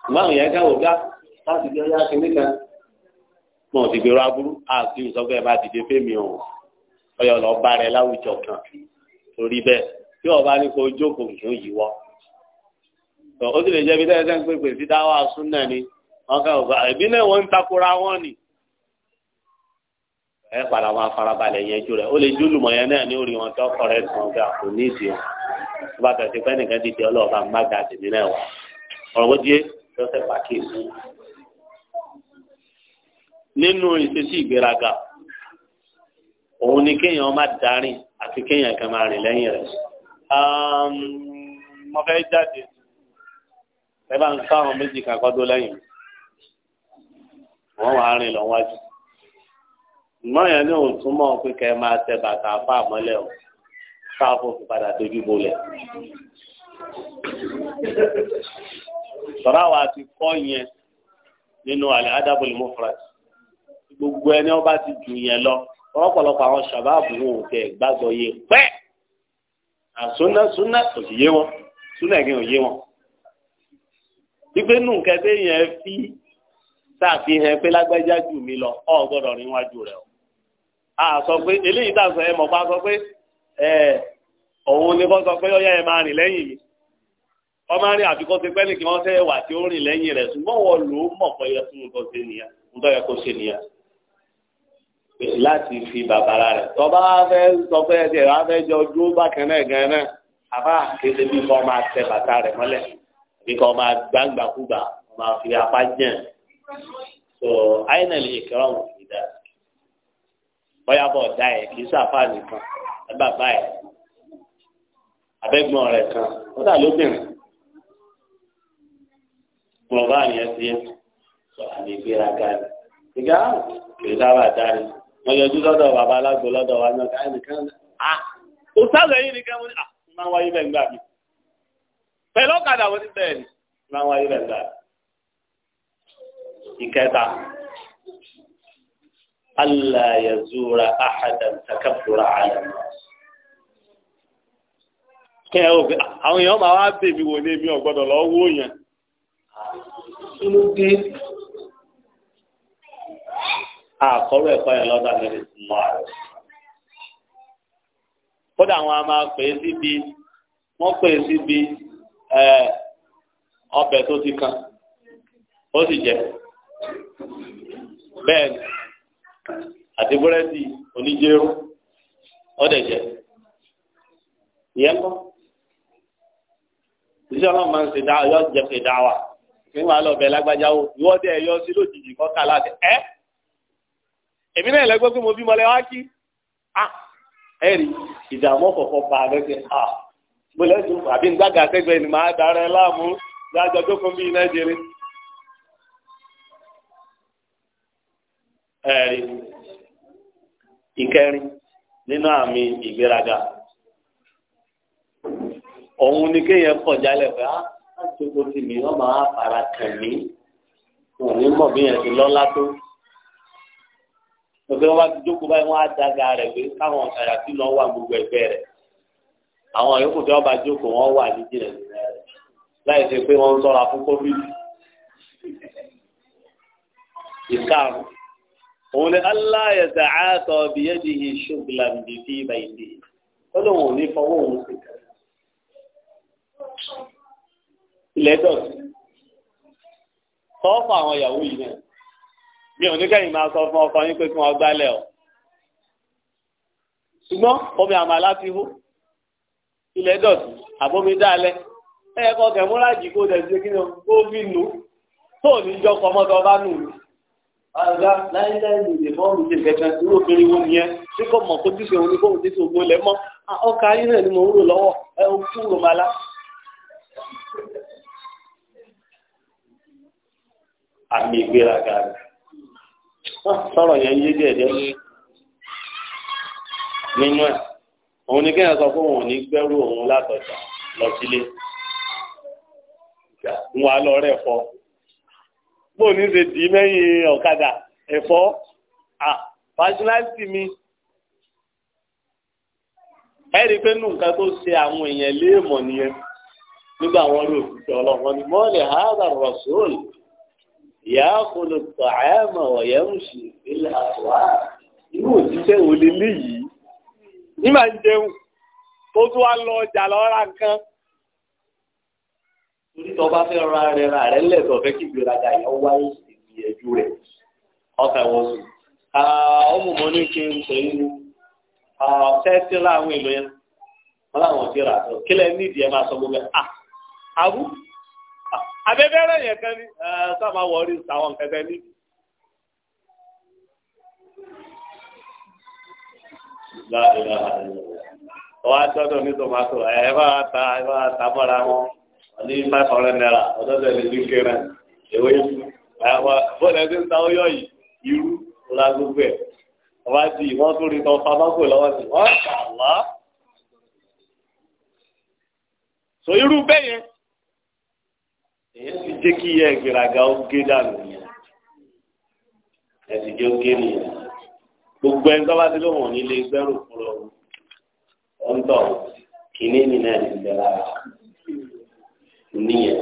ìmáàmù yẹn káwọ gá láti gbé ọyá kínní kan wọn ò sì gbèrò aburú àti ìsọgbẹ bá dìde fẹmi ọhún ọyọ lọ bá rẹ láwùjọ kan torí bẹ́ẹ̀ tí ọba ní kó jókòó kì í yíwọ ó sì lè jẹ́ bí tẹ́lẹ̀ tẹ́lẹ̀ pèpè sí dáwà súnà ni wọ́n ká òkú àbí náà wọ́n ń takora wọn ni. ẹ padà wọn afarabalẹ̀ yẹn jù rẹ̀ ó lè jólùmọ̀ yẹn náà ní orí wọn tó kọ̀ rẹ̀ tán ọ̀gá kò ní ìsìn tó bá kẹsì pẹ́ nìkan ti di ọlọ́ọ̀bá mága tèmi náà wà ọ̀rọ̀ bó díẹ̀ lọ́sẹ̀ pàkíyèsí. nínú ìṣesí ìgbéraga òun ni kéèyàn má darin àti kéèyàn kan máa rìn lẹ́yìn rẹ̀. mo fẹ́ jáde ẹ bá ń ká àwọn méjì kan kọ́dó lẹ́yìn wọ́n wàá rìn lọ́wọ́jú. ìmọ̀ yẹn ní òtún mọ̀ pé kẹ́ ẹ máa tẹ bàtà fáàmọ́lẹ̀ o káfọ́ fi padà dojú bolẹ̀. sọ̀rọ̀ àwọn àti kọ́ yẹn nínú àlẹ́ adábọ̀lì mufrad gbogbo ẹni wọn bá ti jù yẹn lọ ọ̀pọ̀lọpọ̀ àwọn sàbáàbù wọn ò tẹ̀ gbàgbọ́ yẹ pẹ́ àsúná súná kò sì yé wọn súná ẹ̀gbìn ò yé wọn. ìgbénu kẹsẹ̀ yẹn fi ṣàfihàn pé lágbájá jù mí lọ ọ gbọ́dọ̀ rìn wájú rẹ̀ o. a sọ pé eléyìí tà sọ ẹ mọ̀ pa sọ pé ẹ òun ni kọ́ sọ pé ọ̀yá ẹ̀ máa rìn lẹ́yìn mi wọ́n máa rìn àfikún sí pẹ́ẹ́lì kí wọ́n fẹ́ wà tí ó rìn lẹ́yìn rẹ̀ ṣùgbọ́n wọ́n lò ó mọ̀ pé ẹ̀ fún nǹkan ṣe nìyà nǹkan yẹ kó ṣe nìyà láti fi bàbàrà rẹ̀ tọ́ba fẹ́ sọ pé ẹ̀ tiẹ̀ wá fẹ́ jọ dúró bákan náà gan náà àbá kéde bí kò máa tẹ bàtà rẹ̀ mọ́lẹ̀ bí kò máa gbàgbàkúgbà máa fi apá jẹun so àyìnlẹ̀ ìkẹ́rọ̀ wò ní dáa bọ́yá bọ̀ dá ẹ̀ kì í abẹ́gbọ́n rẹ̀ kan ó dà lóbìnrin gbọ̀ngbà yẹn ti yẹ sọ àmì ìgbéraga rẹ̀ ìgbà kìí sábà dárí wọ́n yọjú lọ́dọ̀ bàbá alágbó lọ́dọ̀ wa náà káyọ̀ nìkan à ó sábà yìí nìkan mo ní à máa wáyé bẹ́ẹ̀ gbà mí pẹ̀lú ọ̀kadà mo ní bẹ́ẹ̀ ni máa wáyé bẹ́ẹ̀ gbà mí. ìkẹta allah ahadan takabura alama. kẹ́ ò fi àwọn èèyàn máa wá bèbí wò ní èmi ọ̀gbọ́dọ̀ lọ wó yẹn kí àkọ́rọ̀ ẹ̀kọ́ yẹn lọ́dọ̀ àgbẹ̀rẹ̀ mọ́ àrẹ kódà àwọn a máa pè é síbi wọ́n pè é síbi àti búrẹ́dì oníjẹ́rú jẹ ìyẹn kọ́. iṣẹ́ ọlọ́run máa ń ṣe dá yọ jẹ ṣe dá wa fún wa lọ bẹ lágbájá o ìwọ dẹ yọ sí lójijì kọ ká láti ẹ èmi náà lẹgbẹ pé mo bí mọlẹ wá kí a ah, ẹ rí ìdààmú ọkọọkọ bá a lẹsẹ a ah, mo lẹsùn àbí gbàgà sẹgbẹ ni màá dára ẹ láàmú lájọ tó kún bí iná jẹrẹ ẹ rí ìkẹrin nínú àmì ìgbéraga òun ni kéèyàn pọ̀ jálẹ̀ pé ah, á àtúntò ti mi wọ́n máa fara kàn mí òun ní mọ̀ bí yẹn ti lọ́lá tó pẹ̀lú wọn bá ti jókòó báyìí wọ́n á dága rẹ̀ pé káwọn ọ̀kadà sí lọ́ wà gbogbo ẹgbẹ́ rẹ̀ àwọn yòókù tí wọ́n bá jókòó wọ́n wà ní jìnnà láì ṣe pé wọ́n ń sọ́ra fún covid ìkarùn òun ni aláyẹ̀sẹ̀ àtọ̀ bìyẹ́dìhì ṣùgbìlà bìbí báyìí ó lóun ò ní fọwọ́ òun sì kàn ilẹ̀ dọ̀tí sọ fún àwọn ìyàwó yìí náà mi ò ní kẹ́yìn máa sọ fún ọkọ yín pé kí wọ́n gbálẹ̀ o ṣùgbọ́n omi àmàlà ti hó ilẹ̀ dọ̀tí àbomi dálẹ̀ ẹ̀yẹ kọ́ kẹ̀múrà jì kó dẹ̀ ṣe kí ni ó fi nù tó ní jọ kọ́ mọ́tò ọba nù mí. àgbà láíláí lè lè mọ́ mi ṣe kẹta irú obìnrin wo nìyẹn tí kò mọ̀ kó tí ṣe òun ní kó òun ti ṣe ògbó lẹ̀ mọ́ ọkà yín náà ni mò ń rò lọ́wọ́ ẹ àmì ìgbéraga rẹ sọ̀rọ̀ yẹn yé dẹdẹ nínú ẹ òun ni kéèyàn sọ fún òun ní gbẹrú òun látọjà lọ sílé ń wà lọ rẹ fọ bó ní ṣe dì í mẹ́yìn ọ̀kadà ẹ̀fọ́ à fásiláńtì mi ẹ rí i pé nù nǹkan tó ṣe àwọn èèyàn léèmọ̀ nìyẹn nígbà wọn rí òfìsẹ ọlọ́pàá ni mọlẹ hàdà rọsọọlù يأكل الطعام ويمشي في الأسواق irú òṣìṣẹ́ wo lè léyìí ní máa ń jẹun tó tún wá lọ ọjà lọ ra nǹkan. torí tó bá fẹ́ ra rẹ ra rẹ lẹ́tọ̀ọ́ fẹ́ kí ìgbéraga yẹn wáyé ìgbìyànjú rẹ̀ ọ̀fẹ́ wọ́n sùn. ọmọ mọ́ ní kí n pè é ní fẹ́ẹ́sì ra yẹn wọ́n láwọn ti rà tó kílẹ̀ nídìí ẹ máa sọ gbogbo ẹ̀ àbú abẹ́bẹ́rẹ́ yẹn kan ní sábà wọrí àwọn kẹtẹ ní. wọ́n á tọ́jú ní tòmátò ẹ̀ bá a ta ẹ̀ bá a ta bọ́ra wọn ní five hundred naira ọ̀dọ́dọ̀ ní ní kẹrẹ ewé àwọn bọ́ọ̀lù ń ta ọyọ́ yìí irú ọ̀la gbogbo ẹ̀ wọ́n á di ìwọ́n tó rí tán fábákò lọ́wọ́ sí wọ́n kà wá. sọ irú bẹ́ẹ̀ yẹn èyí sì jẹ́ kí iye ìgbéraga ó gé dànù yẹn ẹ̀sìn jẹ́ ó gé nìyẹn gbogbo ẹni tó bá ti lóhùn nílé gbẹ́rù fúnra ọ̀ ń tọ̀ kìíní nínú ẹ̀ ìgbéra nìyẹn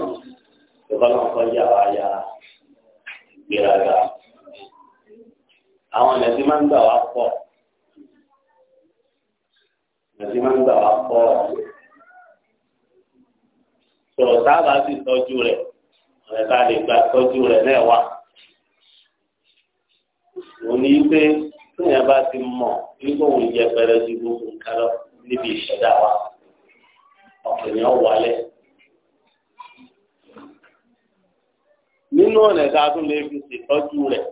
ìfọlọ́n kọjá wa ya ìgbéraga àwọn ọ̀nà tí máa ń gbà wá pọ̀ ọ̀nà máa ń gbà wá pọ̀ sọ̀rọ̀ sábà sì tọ́jú rẹ̀ ọ̀rẹ́ tá lè gba tọ́jú rẹ̀ náà wà. mo ní pé tóyàn bá ti mọ̀ nígbà òun yẹ pẹrẹ ju gbogbo nǹkan lọ níbi ìṣẹ̀dá wa ọ̀kìnrin ọ̀wálẹ̀. nínú ọ̀nà tá tún lè fi ṣètọ́jú rẹ̀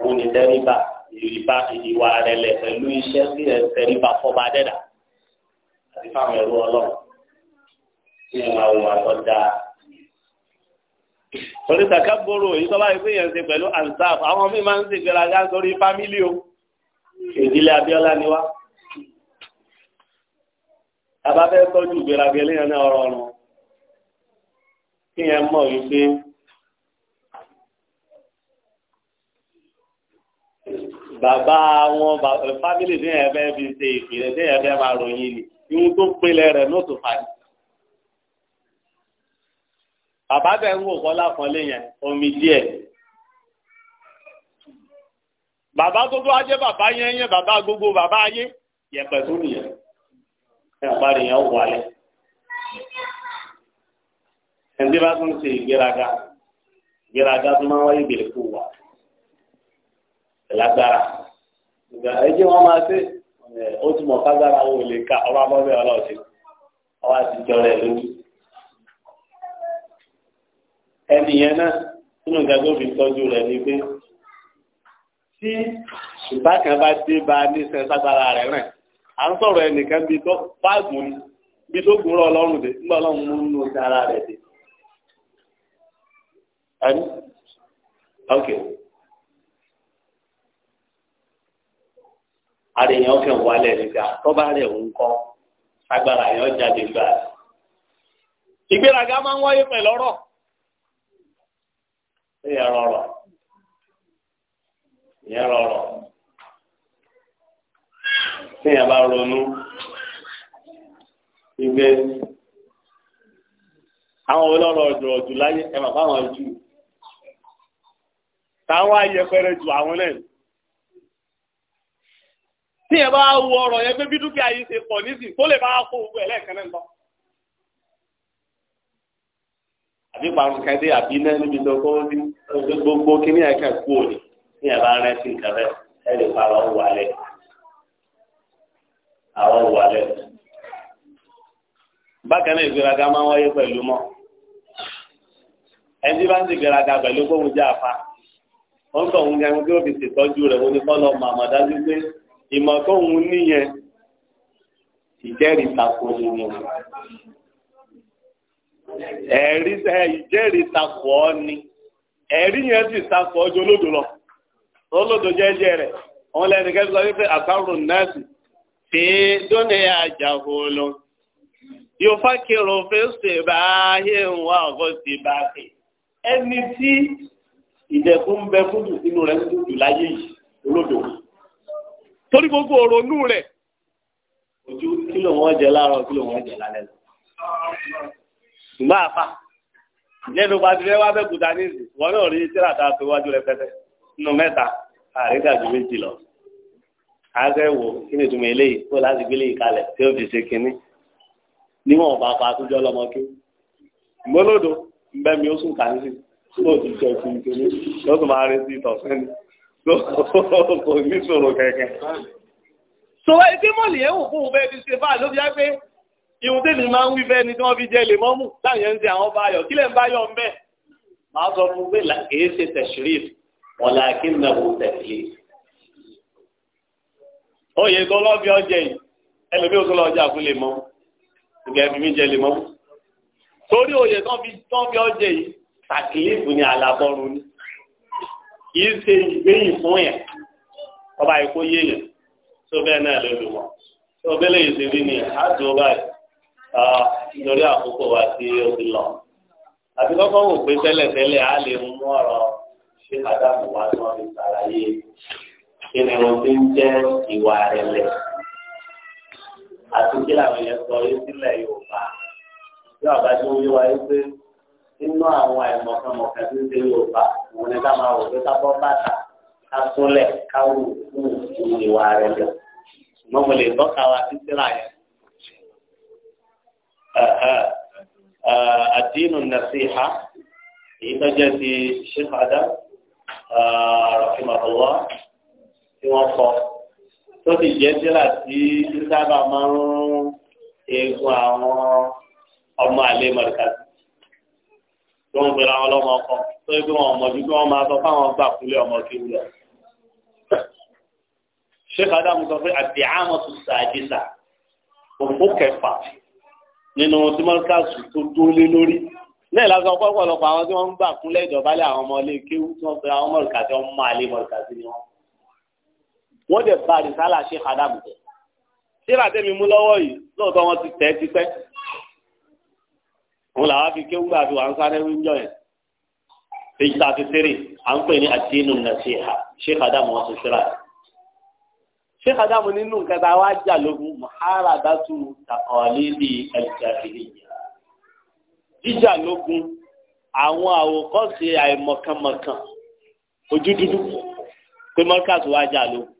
òun ní tẹríba ìrìbá ìwà rẹ̀ lẹ̀ pẹ̀lú iṣẹ́ sí ẹ̀ tẹríba fọba dẹ́dà àti fáwọn ẹ̀rú ọlọ́run kí n máa wà tó dáa. torí sàkábòrò èyí tó bá yẹ pé yẹn ṣe pẹ̀lú ansaf àwọn míì máa ń ṣe ìgbéraga nítorí fámílì o ìdílé Abíọ́lá ni wá. bàbá fẹ́ tọ́jú ìgbéraga eléyàn náà rọrùn kí yẹn mọ̀ wípé. bàbá wọn fámìlì ní ẹ̀fẹ́ fi ṣe ìpìlẹ̀ ní ẹ̀fẹ́ máa ròyìn ni ihun tó pélé rẹ̀ ló tó fani bàbá bẹ́ẹ̀ ń wò kọ́ láfọ́lé yẹn omi díẹ̀. bàbá tó tó ajé bàbá yẹn yẹn bàbá gbogbo bàbá ayé yẹpẹ̀ tó nìyẹn ẹ̀ ń parí yẹn wọ̀ alẹ́. ẹ̀ńdí bá tún ṣe ìgbéraga ìgbéraga tó máa ń wáyé ìbèrè fún wa lágbára ẹjẹ wọn máa ṣe ó tún mọ̀ kágbára wo lè ọba bọ́ bẹ́ẹ̀ ọlọ́ọ̀ṣẹ́ ọba ti jọrọ ẹ̀ lójú. ẹni yẹn náà nínú nǹkan tó fi tọ́jú rẹ̀ ni pé tí ṣùgbọ́n kan bá dé bá a ní sẹ́ńtàgbára rẹ̀ rìn à ń sọ̀rọ̀ ẹnìkan bíi tó fáàgùn ni bíi tó gùn rọ̀ ọlọ́run dé nígbà ọlọ́run mú nínú dára rẹ̀ dé. ẹni ok ara èèyàn kàn wálẹ̀ tó bá rẹ̀ ń kọ́ agbára èèyàn jáde gbà. ìgbéraga máa ń wáyé pẹ̀lú ọ̀rọ̀ ìyẹn rọrọ ìyẹn rọrọ tíyẹn bá ronú ìgbé àwọn olóró ọjọ́ ọjọ́ láyé ẹ màá fáwọn jù táwọn ayẹpẹrẹ jù àwọn náà tíyẹn bá wọ ọ̀rọ̀ yẹn pé bí dúkìá yìí ṣe pọ̀ nísìnyí kó lè bá kó owó ẹlẹ́ẹ̀kan náà lọ. nípa àrùn kẹdẹ àbí iná níbi tó kó ní gbogbo kí ní ẹkẹ kú òní ní ẹ bá rẹ sí nǹkan rẹ ẹ lè pa àwọn wàlẹ àwọn wàlẹ. bákan náà ìgbéraga máa ń wáyé pẹ̀lú mọ́ ẹni tí bá ń ti ìgbéraga pẹ̀lú gbóhùn jẹ́ àfa wọ́n tọ̀ ń gẹ́gẹ́ bí ó fi ṣètọ́jú rẹ̀ wọ́n ní kọ́ lọ mọ àmọ́ dájú pé ìmọ̀ tó níyẹn ìjẹ́rìí takò nínú ẹ̀rí ìjẹ́rìí takò ọ́ ni ẹ̀rí yẹn sì takò ọjọ́ olódò lọ olódò jẹ́jẹ́ rẹ̀ wọn lẹ́nu kẹ́sìkọ́ wípé àkàrò nọ́ọ̀sì fi dóni àjàkó lọ yóò fà kírun fèsì báyé wà ọkọ sí báyé ẹni tí ìdẹ̀kùn bẹ fúdù sínú rẹ̀ ń dùdù láyé yìí olódò torí gbogbo òrònú rẹ̀ ojú kí ló wọ́n jẹ láàárọ̀ kí ló wọ́n jẹ lálẹ́ lọ ṣùgbọ́n àfa lẹ́nu pàṣẹ wá bẹ́ẹ̀ kúta ní ìsìn wọn náà rí tíra ta tó wájú rẹpẹtẹ nínú mẹ́ta àrídàjú méjì lọ. àgbẹ̀ wò kí ni ìtumọ̀ eléyìí kó láti gbélé ìkalẹ̀ tí ó fi ṣe kínní níwọ̀n bá pa àtúnjọ lọmọ kí. ìmọ̀lódò ńbẹ́ mi ó sùn kà ń sìn tó ti jẹ fún kínní yóò tún máa retí ìtọ̀sẹ́ ni kò ní sòrò kẹ̀kẹ́. sọ ìhun tèmi máa ń wí fẹ́ ni tí wọ́n fi jẹ lè mọ́mù láyé ń ṣe àwọn bá yọ kílẹ̀ ń bá yọ ń bẹ̀. màá sọ fún pé kìí ṣe tẹ̀sírìf ọ̀là kí n nàbò tẹ̀lé. oyè tó lọ́ fi ọjẹ́ yìí ẹlòmí ò tó lọ ọjà fún lè mọ́ ìgbà ẹ̀mí mi jẹ lè mọ́. torí oyè tó fi ọjẹ́ yìí tàkìlífù ni àlàbọ̀rù ni kìí ṣe ìgbéyìn fún yẹn ọba ìkóyè yẹn tó bẹ́ẹ̀ náà lè lò wọ́n tó bẹ́ẹ̀ lè ṣe rí ni àdùn báyìí nítorí àkókò wa tí ó ti lọ àti kọ́kọ́ wò pé tẹ́lẹ̀tẹ́lẹ̀ á lè mú ọ̀rọ̀ ṣé ádámù wa tí wọ́n fi ṣàlàyé kí ni mo ti ń jẹ́ ìwà rẹ̀lẹ̀ àti kí làwọn yẹn sọ yé sílẹ̀ Yorùbá bí ọ̀gá tí ó yé wa yé pé nínú àwọn àìmọ̀kànmọ̀kàn tí ń ṣe Yorùbá òun ni ká máa wò pé ká bọ́ bàtà ká súnlẹ̀ ká wù kú ìwà rẹ̀lẹ̀ ṣùgbọ́n mo wa sí sílà yẹn àdínù nàṣíhà èyí tó jẹ́ ti رحمه الله rahimahullah tí wọ́n kọ tó sì jẹ́ sílà tí sábà máa ń eegun àwọn ọmọ àlè mọ̀lẹ́kàtì tí wọ́n gbéra wọn lọ́mọ ọkọ tó yẹ kí wọ́n mọ̀ ju kí máa sọ fáwọn gbà kúlẹ̀ ọmọ kéwù lọ. sheikh adam sọ pé àti àmọ́ tó sàájì sà òkú kẹfà nínú tí mọ́kàsù tó dúró lórí lẹ́yìn lásán pọ́pọ́lọpọ̀ àwọn tí wọ́n ń gbà kúnlẹ̀ ìdọ̀bálẹ̀ àwọn ọmọ ilé kéwú tí wọ́n fẹ́ àwọn mọ̀lùkà tí wọ́n mọ àlè mọ̀lùkà sí ni wọ́n. wọ́n dẹ̀ bá àdìsálà ṣe kàdàbù jẹ́. síra tẹ́mi mú lọ́wọ́ yìí lóòótọ́ wọn ti tẹ́ tipẹ́. òun làwọn fi kéwú gbà fi wà ń sáré wíńjọ yẹn. èyí tá a fi sẹ́rè à ń pè ní àdínù nàṣẹ́ha ṣe kàdàbù wọn ti síra sheikh adamu nínú nǹkan tá a wá jà lógun muhara dátú takọ̀ọ́lé ní al-jahiliyya jíjà lógun àwọn àwòkọ́ṣe àìmọ̀kànmọ̀kàn ojú dúdú pé mọ́kàtí wá jà lógun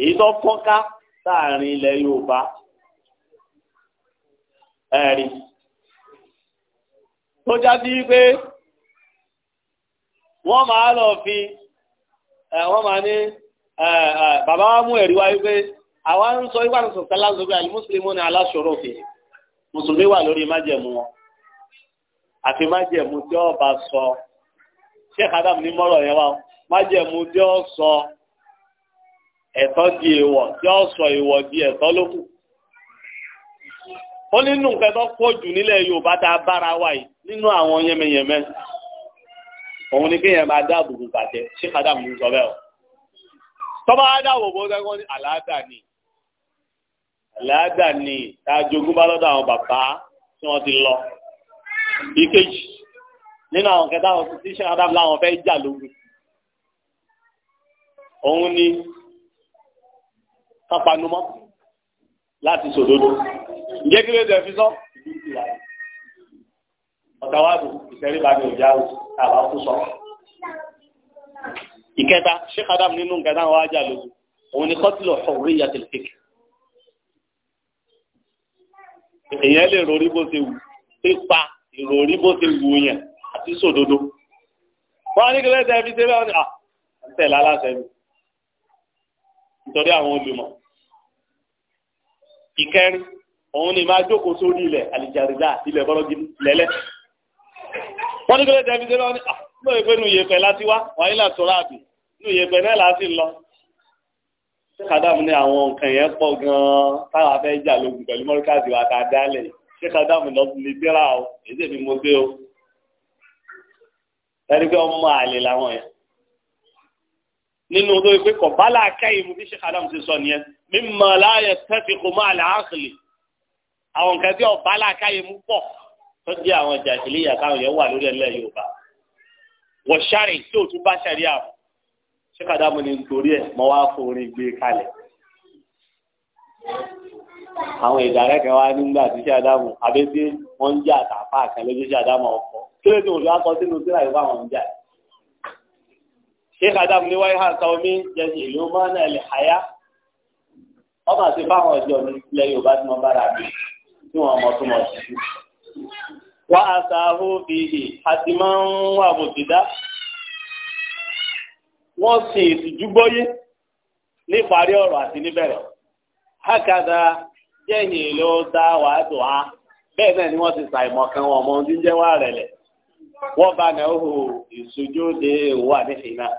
èyí tó fọ́nká láàrin ilẹ̀ yorùbá ẹ̀rí tó jáde pé wọ́n máa lọ fi wọ́n máa ní bàbá wa mú ẹ̀rí wa wípé àwa ń sọ wípé àwọn sọ̀tà láti sọ̀tà àlùmùsùlùmí ní aláṣọrọ̀ òfin mùsùlùmí wà lórí májẹ̀mú wọn àti májẹ̀mú tí ó bá sọ Sheikh Adam ní mọ́rọ̀ yẹn wa májẹ̀mú tí ó sọ ẹ̀tọ́ di èèwọ̀ tí ó sọ èèwọ̀ di ẹ̀tọ́ lókù ó nínú nǹkan tó pọ̀ jù nílẹ̀ Yorùbá tá a bára wa yìí nínú àwọn yẹmẹyẹmẹ òun ni kéèyàn máa dáàbò bò bàjẹ́ Sheikh ní sọ bẹ́ẹ̀ o tọ́ba adáwò bó sẹ́kọ́ ní àlàádà ni àlàádà ni tajogún bá lọ́dọ̀ àwọn bàbá tí wọ́n ti lọ. ìkejì nínú àwọn kẹta àwọn tí sẹ́kọ́ adáwò làwọn fẹ́ jà lógun. òun ni kápánumọ́ láti sòdodo. ǹjẹ́ kí ló dé fi sọ? ọ̀tàwádùn ìfẹ́rí bá mi ò jáwé ìkẹta sheikh adam nínú nǹkan náà wàá jà lójú òun ni kọ́tìlọ̀ ọ̀rẹ́ ìyàtọ̀ fèkì èèyàn lè rọrí bó ṣe wù pípa ìròrí bó ṣe wù yẹn àti sòdodo wọn á ní kí lẹ́sẹ̀ fi ṣe bẹ́ẹ̀ ni à ń tẹ̀lé aláṣẹ mi nítorí àwọn olùmọ̀ ìkẹrin òun ni máa jókòó sórí ilẹ̀ àlìjàrìlá ilẹ̀ bọ́lọ́gì lẹ́lẹ́ wọ́n ní kí lẹ́sẹ̀ fi ṣe bẹ́ẹ̀ à ń lóye pé nu láti wá wàá nílà àbí inú ìyẹ̀pẹ̀ náà láti lọ ṣékadáàmù ní àwọn nǹkan yẹn pọ̀ gan-an táwa fẹ́ jà lógun pẹ̀lú mọ́ríkàsì wa ta dálẹ̀ ṣékadáàmù lọ sí tíra o èdè mi mo gbé o ẹni pé ọmọ àlè làwọn yẹn nínú tó yẹ pé kọ̀bálà kẹ́yìn mu bí ṣékadáàmù ti sọ nìyẹn mímọ̀ láàyè tẹ́fì kò máa lè áàkìlì àwọn nǹkan tí ọ̀bálà kẹ́yìn mu pọ̀ tó jẹ́ àwọn jàkìlì yàtọ̀ ṣé kàdámù ni nítorí ẹ̀ mọ́ wá forí gbé kalẹ̀ àwọn ìdàrẹ́ kan wá nígbà tí ṣé àdámù àbẹ́tí wọ́n ń jà àtàfà kan lójú ṣé àdámù ọkọ̀ kí ló dé òṣù akọ sínú sílà ìwà àwọn ń jà ṣé kàdámù ní wáyé hàn sáwọn mi jẹ ìlú mọ́nà ẹ̀lẹ́ àyá ọmọ àti fáwọn ọjọ́ ní ilẹ̀ Yorùbá tí wọ́n bára mi tí wọ́n mọ̀ tó sí. wọ́n àṣà àhóbìhì àti máa ń wà bòtìdá wọ́n sì ìtìjú gbọ́yé níparí ọ̀rọ̀ àti níbẹ̀rẹ̀ hákàdá jẹ́yìn ló dá wàá dùn á bẹ́ẹ̀ náà ni wọ́n ti ṣàìmọ̀ kan wọn ọmọ ọdún jẹ́ wàá rẹ̀ lẹ̀ wọ́n bá náà hò ìsojóde wà nífẹ̀ẹ́ náà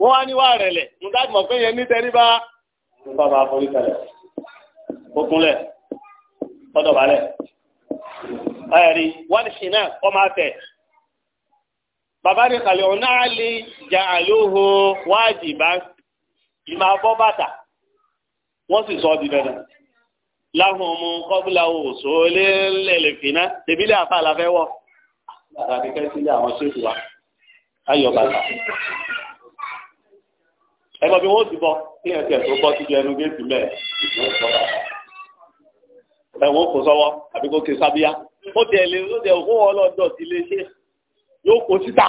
wọ́n wá ní wàá rẹ̀ lẹ̀ mo dájú pé yẹn ní tẹríba mo bá bá forí kalẹ̀ ó kúnlẹ̀ ọ̀dọ̀ balẹ̀ ẹ̀rí wọ́n ní ṣìnà ọmọ àtẹ̀ bàbá ní kàlẹ́ ọ̀nà àlè jà àlóho wáàjì bá ìmọ̀ abọ́ bàtà wọ́n sì sọ di dandan láhùn ọmọ kọ́bùlà òṣò lẹ́lẹ́fìnà tèbílẹ̀ àfa àlàfẹ́ wọ̀ àti kẹ́sílẹ̀ àwọn ṣéèkù wa ayọ̀ bàtà ẹgbẹ́ bí wọ́n ti bọ́ kí ẹ̀sẹ̀ tó bọ́ síbi ẹnu géètì mẹ́ẹ̀ ẹ̀wọ̀n kò sọ́wọ́ àbí kò ké sábíyá ó tẹ̀ lé ó tẹ̀ òkú wọn lọ́dọ̀ sí ilé yóò kó síta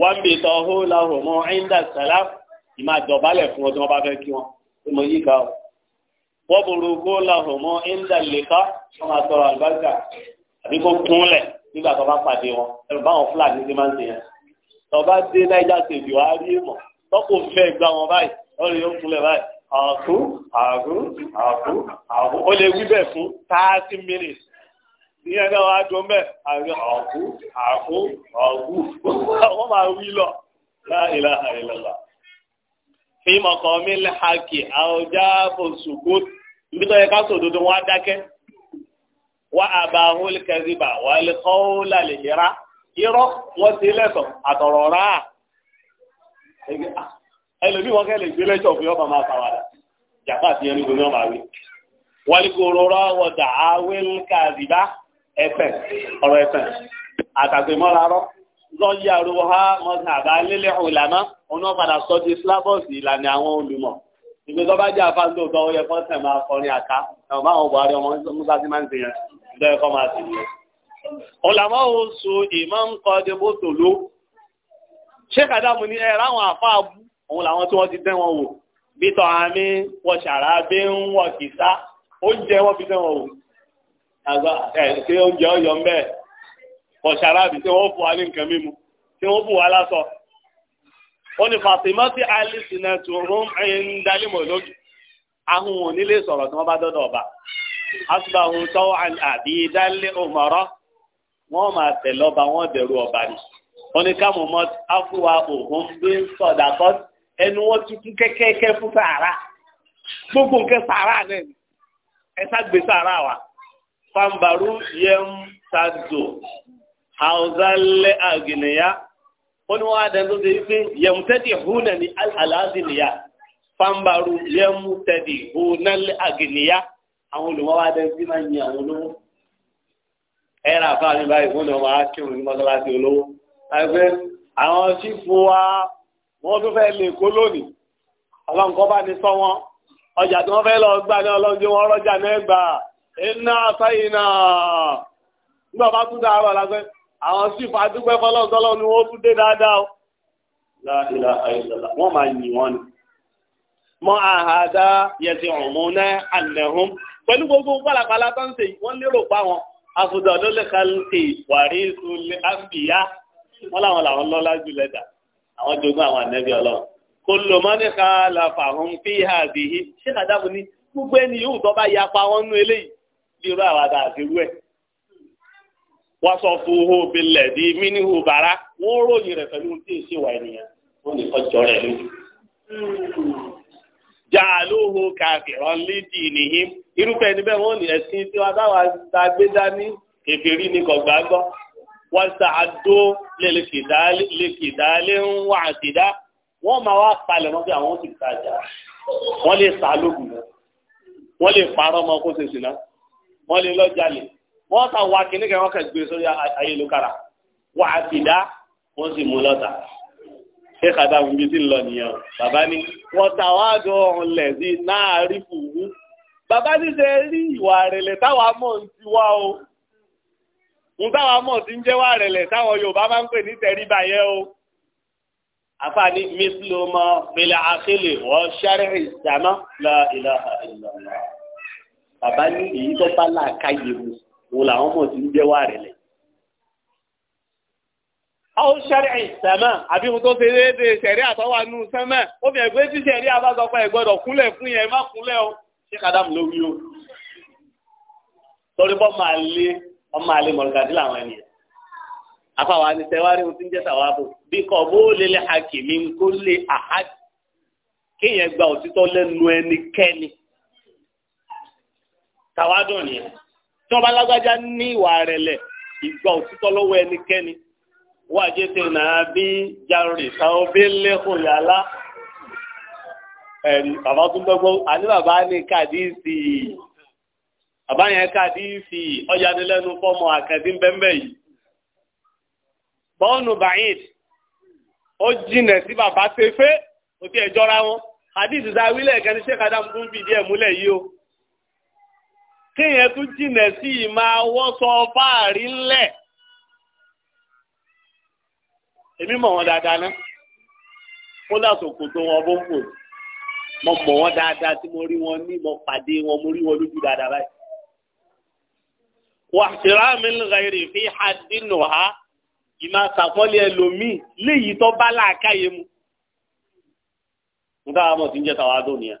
wọ́n bí tọ́ hó láhùn mọ́ ẹ̀ńdà sàlá ìmọ̀ àjọbalẹ̀ fún wọn tí wọ́n bá fẹ́ kí wọn ó mọ yíká o. wọ́n burú kó láhùn mọ́ ẹ̀ńdà lẹ́ka wọ́n máa tọrọ àlùbáríkà àbí kó kúnlẹ̀ nígbà tó bá pàdé wọn ẹ̀rù báwọn fúlàní ti máa ń sèyàn. tó bá dé náíjà sèbí wàá rí mọ̀ tọ́kù fẹ́ gbà wọn báyìí lọ́rọ̀ yóò kúnlẹ̀ báyìí àkú àkú àkú àkú ó lè wí bẹ́ẹ̀ fún thirty minutes ìyẹn náà wàá dùn bẹ́ẹ̀ àrí ọ̀kú àkú ọ̀kú wọ́n máa wí lọ láìlà àìlọ́lá. fi mọ̀kàn mi lẹ́hàkì àwùjá bòsùkú ibi tó yẹ ká sòdodo wọn á dákẹ́ wá àbáhùn kẹsìbà wà lè kọ́ lálẹ́ yẹra irọ́ wọ́n ti lẹ́sọ̀ àtọ̀rọ̀ rà á ah, ẹlòmíì wọn kẹ́ lè gbé lẹ́sọ̀ fún yọ́n máa sàwádà jàpá àti ẹnu gbòmí ọ̀ma wí. wàlíkòrò rọ̀ wọ̀dà awé ń ẹ̀fẹ̀ ọ̀rọ̀ ẹ̀fẹ̀ àtàgbèmọ́ra rọ́ lọ́yà ruha mọ́tà àbá lélẹ̀ ọ̀làmọ́ ọ̀nà padà sọ di slavos ìlànà àwọn olùmọ̀ ìgbé tó bá jẹ́ àfáàgbé òtọ́ ó yẹ fọ́n tẹ̀ máa kọrin àká náà bá àwọn buhari ọmọ musa ti máa ń ṣe yẹn bẹ́ẹ̀ ẹ̀kọ́ máa sì yẹn. ọ̀làmọ́ ò so ìmọ̀ ń kọ́ de bótò ló ṣé kàdámù ní ẹ̀ ráwọn àfáàbù òun làwọn tí wọ́n ti tẹ́ wọn wò bí tọ́ àmì wọ́n ṣàrà bí ń wọ̀ kìsá ó jẹ́ wọ́n fi tẹ́ wọn wò àgbà ẹ̀ ṣé oúnjẹ ọ̀yọ́ ń bẹ́ẹ̀ ọ̀ṣàràbì tí wọ́n fún wa ní nǹkan mímu tí wọ́n fún wa lásọ. wọ́n ní Fatima ti alice náà tún rún ẹyin dalímọ̀ lójú. ahun ò ní lè sọ̀rọ̀ tí wọ́n bá dọ́dọ̀ ọba. asùnbà ohun tó àbí dálé òmọ̀rọ̀ wọ́n máa tẹ̀lé ọba wọ́n dẹ̀rù ọba ni. wọ́n ní ká mọ̀mọ́ afúwa òhun bí ń sọ̀dà kọ́ ẹnu wọn tuntun kẹ́kẹ́kẹ́ fún sàárà. gbogbo nǹkan sàárà náà ẹ sá gbé sàárà wa pambaru yẹn tàdó àwùzálẹ àgìnìyà wọn wá dẹnu tó ṣe pé yẹn tẹdí húnà ní aláàzìnìyà pambaru yẹn tẹdí húnà ní àgìnìyà àwọn olùwọ́n wá dẹnu tí máa ń yin àwọn olówó ẹ̀rà fáwọn ìbá ìfúnni ọmọ akíhùn ní mọ́sálásí olówó àìpẹ́ àwọn ṣífù wa wọ́n tún fẹ́ lè kó lónìí ọlọ́nkọ́ bá ní sọ wọn ọjà tí wọ́n fẹ́ lọ gbà ní ọlọ́jọ́ wọn rọ́jà náà gbà iná sáyìnà nígbà bá tún dáhàrọ̀ lágbẹ́ àwọn sì fà dúpẹ́ fọlọ́sọ́lọ́ ni wọ́n tún dé dáadáa o láìlà àìlọ́lá wọ́n máa yìn wọ́n ni. mọ àhàdá yẹtì ọ̀hún náà àlẹ́hùn pẹ̀lú gbogbo pàlàpàlà tó ń ṣe wọ́n lérò pa wọn àfùdà ló lè ka lè wàrí ìsúlẹ̀ àbíyá wọ́n làwọn làwọn lọ́lá jù lẹ́dà àwọn jogún àwọn ànẹ́bí ọlọ́run kò lò mọ́ ní ká la fàhùn fi hà bìí ṣé kàdáàbò ní gbogbo ẹni yóò tọ́ bá yapa wọn nú eléyìí irú àwọn àdá àtirú ẹ̀ wọ́n sọ fún hó bilẹ̀ di míníhù bàrá wọ́n ròyìn rẹ̀ pẹ̀lú tí ì ṣe wà ènìyàn ó ní ọjọ́ rẹ̀ lójú. jàlóhùn kàfìrán lídì nìyí irúfẹ́ ẹni bẹ́ẹ̀ ní ẹ̀sìn tí wọ́n táwa ta gbé dání kèfèrí ní kọ̀gbá gbọ́ wọ́n sa àdó lèkìdálé ń wà àtìdá wọ́n máa wá palẹ̀ mọ́ bí àwọn ó sì tajà wọ́n lè sá lóògùn lè parọ́ mọ́ kó ṣe sì náà wọ́n lè lọ jalè wọ́n ta wà kíní kan wọ́n kàn gbé sórí ayélujára wà á ti dá wọ́n sì mú lọ́tà ṣé kàdá mi bíi ti ń lọ nìyẹn o bàbá ní wọ́n ta wá dùn ọ̀hún lẹ̀ sí náà rí fùwú bàbá ní ṣe rí ìwà àrẹ̀lẹ̀ táwa mọ̀ ń ti wá o ń táwa mọ̀ ti ń jẹ́ wà àrẹ̀lẹ̀ táwọn Yorùbá máa ń pè ní tẹríba yẹn o afaani mislo ma fele akele wọ́n ṣáré ìsàmá la ilaha illallah bàbá ní èyí tó bá làákà yẹ̀wò wò làwọn ọmọ ti ń jẹ́ wà rẹ̀ lẹ̀. àwọn sẹ́rí ìsẹ́mà àbí mo tó ṣe déédéé sẹ́rí àtọ́wà nù sẹ́mà ó fi ẹ̀gbẹ́ tí sẹ́rí abájọpọ̀ ẹ̀ gbọ́dọ̀ kúnlẹ̀ fún yẹn má kúnlẹ̀ o ṣé kàdámù ló wí o. torí bọ́ máa lé ọmọ àlè mọ̀lùkàdí làwọn ènìyàn afáwa ni sẹ́wárí ohun tí ń jẹ́ sàwábò bí kò bó lè lè hakì kó lè àhádì kéèyàn gba òtítọ́ lẹ́nu ẹnikẹ́ni tàwádùn nìyẹn tí wọn bá lágbájá ní ìwà rẹ̀lẹ̀ ìgbà òtítọ́ lọ́wọ́ ẹnikẹ́ni wọ́n àjẹsẹ̀ náà bí jarore sáwọn bí lẹ́kùn yàrá ẹ̀rí bàbá tún gbọ́gbọ́ àní bàbá ní kàdíìsì bàbá yẹn kàdíìsì ọ̀yanilẹ́nu fọ́mọ àkàndí bẹ́ẹ̀ yìí bọ́ọ̀nù bàyìd ó jìnà sí bàbá tẹ́fẹ́ òtí ẹ̀jọ́ra wọn àdìsí sáwílẹ̀ kẹ́ni ṣé kàdá fìdí ẹ̀ múlẹ̀ yìí o kéèyàn tún jìnà sí i máa wọ́sọ fáàrí ńlẹ̀ èmi mọ̀ wọ́n dáadáa ná mo dàsò kò tó wọn bó ń wò mo mọ̀ wọ́n dáadáa tí mo rí wọn ní mo pàdé wọn mo rí wọn lójú dáadáa báyìí. wàhálà mi ń rẹ̀rì fi àdínù ha ìmọ̀ àtàkọ́lé ẹlòmíì léyìí tó bá láàkáyé mu. nígbà wọn ti ń jẹ́ tàwa dóni yẹn.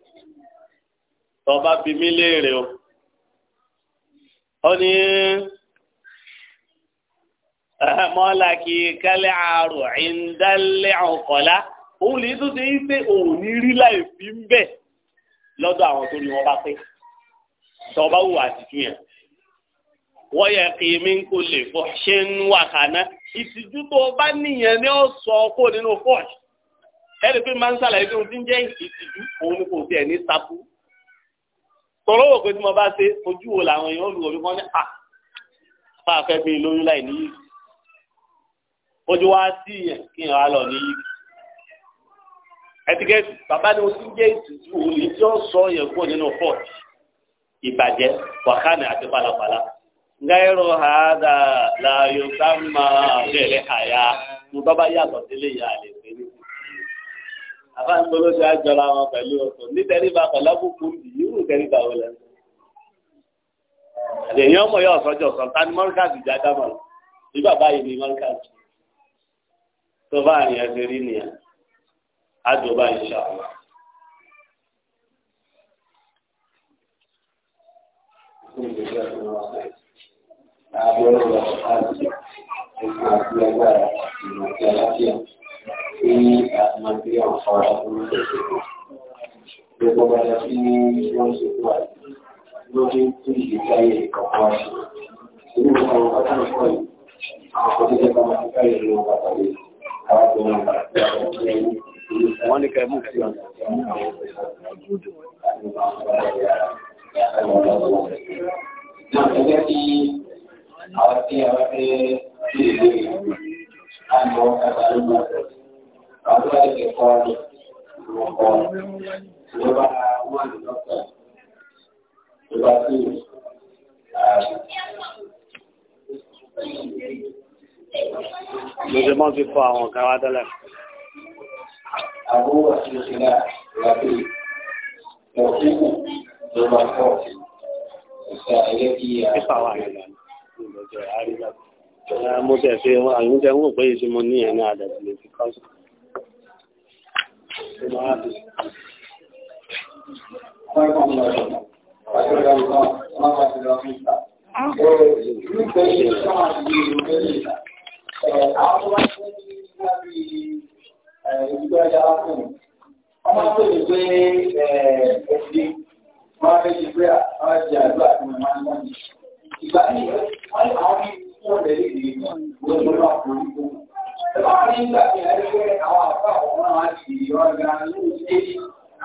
tọba bí mí léèrè o ó ní mọ́láki kálẹ̀ àrùn ìdálẹ́ ọ̀kọ̀lá òun lè tó ṣe pé òun ní rí láì fi ń bẹ̀ lọ́dọ̀ àwọn tó ní wọ́n bá pé tọba wù àtìjú yẹn wọ́n yẹ kí mi kò lè fọ́ ṣe ń wà kàná ìtìjú tó bá nìyẹn ni ó sọ kó nínú fọ́ọ̀ṣì ẹ̀rí máa ń ṣàlàyé pé ń jẹ́ ìtìjú òun kò tiẹ̀ ní sábú tọ́lọ́ wò pé tí mo bá ṣe ojú wo làwọn èèyàn olùwọ̀ mi kàn ní à fún afẹ́ mi lóyún láì níyì ojú wa sí yẹn kí n wá lọ níyì ẹtikẹ́tì bàbá ni mo ti jẹ́ ìtìjú òní tí ó sọ yẹn kúrò nínú fọ́ọ̀tì ìbàjẹ́ wàhánì àti palapala gáírò hàdà làyò sáà bẹ̀rẹ̀ àyà mo bá bá yàtọ̀ sílé ìyá àfáàgbọ́ ló ṣe àjọra wọn pẹ̀lú ọkọ̀ nítẹríba pẹ̀lú àbùkù yìí ń tẹríba wọlé. èèyàn mọ̀ yóò sọ́jọ́ sọ̀tàn ní mọ́ríkàsì já dámọ̀ ní bàbá yìí ní mọ́ríkàsì. tó bá àyàn ṣe rí nìyà àjọba ìṣà. Thank you. في المنبيع والصلاة Gbogbo ọ̀dà tí wọ́n ṣe wà lórí tí ìgbáyé ìkọ̀kọ́ ṣe. Ìlú àwọn akọ́kọ́ yìí, àwọn ọ̀dọ́ jẹ́ bá máa káyé ìlú pàtàkì, àwọn ọ̀dọ́ wọn bá wọ́n ní kẹ́ mú sí ọ̀nà. Náà ẹgbẹ́ tí àwọn tí a fẹ́ sí ìlú ìlú àmọ́ àgbàlagbà àgbà ẹ̀kọ́ ọ̀pọ̀ ìjọba wà lọ́pọ̀ ìjọba tó lóṣè mọ́ ti kọ àwọn kan wá tẹ́lẹ̀. àbúrò àti oṣù náà wà pé ọ̀sìn ló máa pọ̀ ìṣàlẹ̀ kí a. pípa wà nílẹ̀ ní ìlọ́jọ́ àríyá mo tẹ̀ fi àwọn tẹ̀ wọ́n pé ìṣe mo ní ẹ̀ ní àdàtì lè fi kọ́ sí. Ọmọ tó lè gbé ẹ̀ẹ́dì, wọ́n á fẹ́ ṣe pé àwọn ẹ̀jẹ̀ àdúrà tí mo máa ń wọ́n. Ìgbà yìí, wọ́n á rí fún ọ̀rẹ́ lèdè ló ń lọ àkórí Ìjọba ní ìgbà tí a rí pé àwọn àbá àwọn náà á di ọ̀gá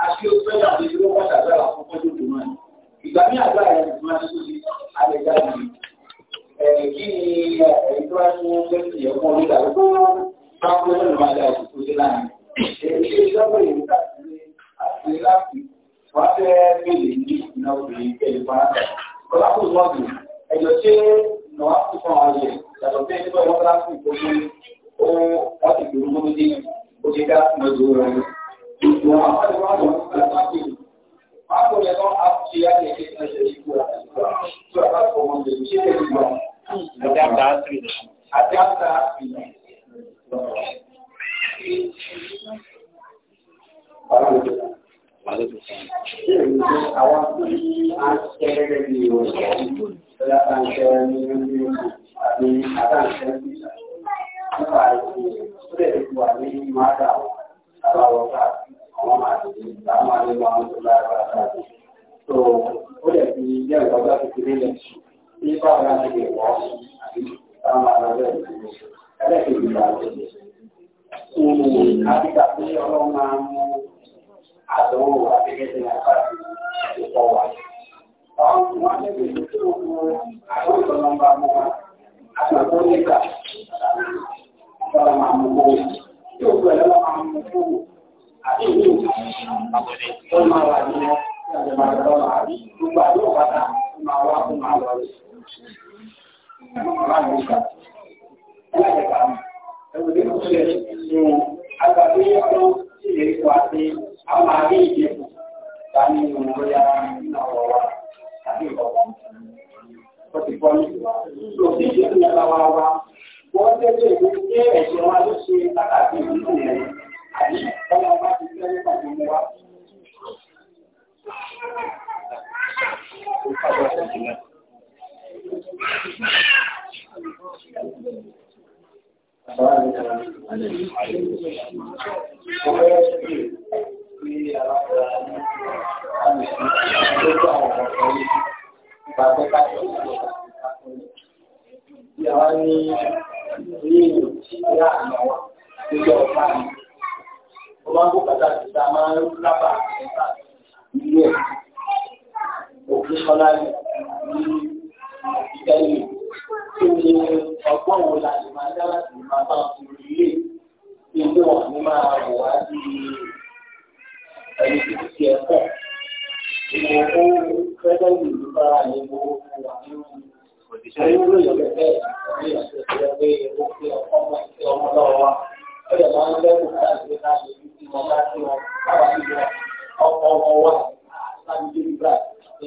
àti oṣù ẹ̀dá àti ìlú wọn ṣàgbéra fún pẹ́jọ́ tó náà. ní àgbà rẹ̀ ti máa tó di àgbẹ̀dá mi. Kí ni ìtura náà á ti fún àwọn yẹn yàtọ̀ sí ẹni tó yẹ wọ́n láti ìkó ní ó wọ́n ti gbèrú ló dé ó ti dá sí ọjọ́ rẹ̀ ní. ìgbìmọ̀ àwọn àti wọn àwọn ọmọ ìgbà tó ń bá kó yẹ kán á ti yá ní ẹgbẹ́ ìṣẹ̀lẹ̀ ìgbò àti ìgbà tó yà bá kó wọn lè ṣe é ìgbà. àti àtà àtìrì. àti àtà àtìrì. Thank you. Àwọn akẹ́rẹ́ ni òṣèlú, ọlá àṣẹ ni ọdún àti àtàṣẹ́ nípa ìlú, ó lè fi wà ní Mádà, àbáwọ̀ká, àwọn àti àwọn àlejò àwọn tó lágbàtà. So, ó lè fi jẹ́ ìgbàgbà kékeré lẹ̀ sí báwọn láti lè wọ́ àti táwọn àlọ́lẹ̀ ìlú. Ẹlẹ́kẹ̀ẹ́ ìgbà àti ìgbà. Àti ìgbà pé ọlọ́run máa ń mú àdánwò àtẹ́gẹ́sẹ̀ náà ti kọ́ wa. Àwọn ọmọ àlejò tó àwọn ìtọ́nà bá mú wa àti ọ̀pọ̀ nígbà ìtọ́nà máa mú kó yóò gbẹ̀rẹ̀ lọ́wọ́ máa mú kó àti ìlú tó máa wà ní ìjọba gbogbo àdúgbò pátá máa wá fún máa lọ rí. Láàrín ìgbà ẹlẹ́gbẹ̀ta ẹ̀wọ̀n ní kò ṣe ṣe àgbàdo yẹ kó ilé ìwà sí a máa rí ìdìbò ta nínú bóyá nínú ọ̀rọ̀ wa tàbí ìrọ̀rọ̀ ó ti bọ́ níbi wa. Lòdì ìdílé yẹn bá wá wá. Wọ́n tẹ́lẹ̀ ìwé pé ẹ̀sìn wa ló ṣe pàtàkì nínú rẹ̀. Àbí ọmọ wa ti fẹ́ nípa ìlú wa. Thank you sí alágbára ní àmì tó tó àwọn ọ̀pọ̀ yìí nípa pé ká tó tó tó bí àwa ní ilé ìlú tí ìyá àná wa tó yọ ọ̀pá mi. Ó máa ń kó pàtàkì tá a máa ń lábà ẹ̀ka ilé ẹ̀. Òfin Ṣọlá ní ìdẹ́yìn tó ní ọgbọ́n wo la lè máa dá láti máa bá ọkùnrin ilé ìgbé wọn ní máa wọ̀ wá sí ilé ẹni tí ti ẹ pọ̀ ìmọ̀ owó fẹ́lẹ́ yìí ló bára ní owó fún wa nínú ìṣòro ìlú ìyọ̀lẹ̀ bẹ́ẹ̀ ní ìṣẹ̀lẹ̀ pé owó fi ọkọ̀ mọ̀ sí ọmọ lọ́wọ́ wa ó lè máa ń lẹ́kùn káàkiri káàkiri tí wọ́n bá tí wọ́n bá tí wọ́n ọkọ̀ ọmọ wa láti dé ibà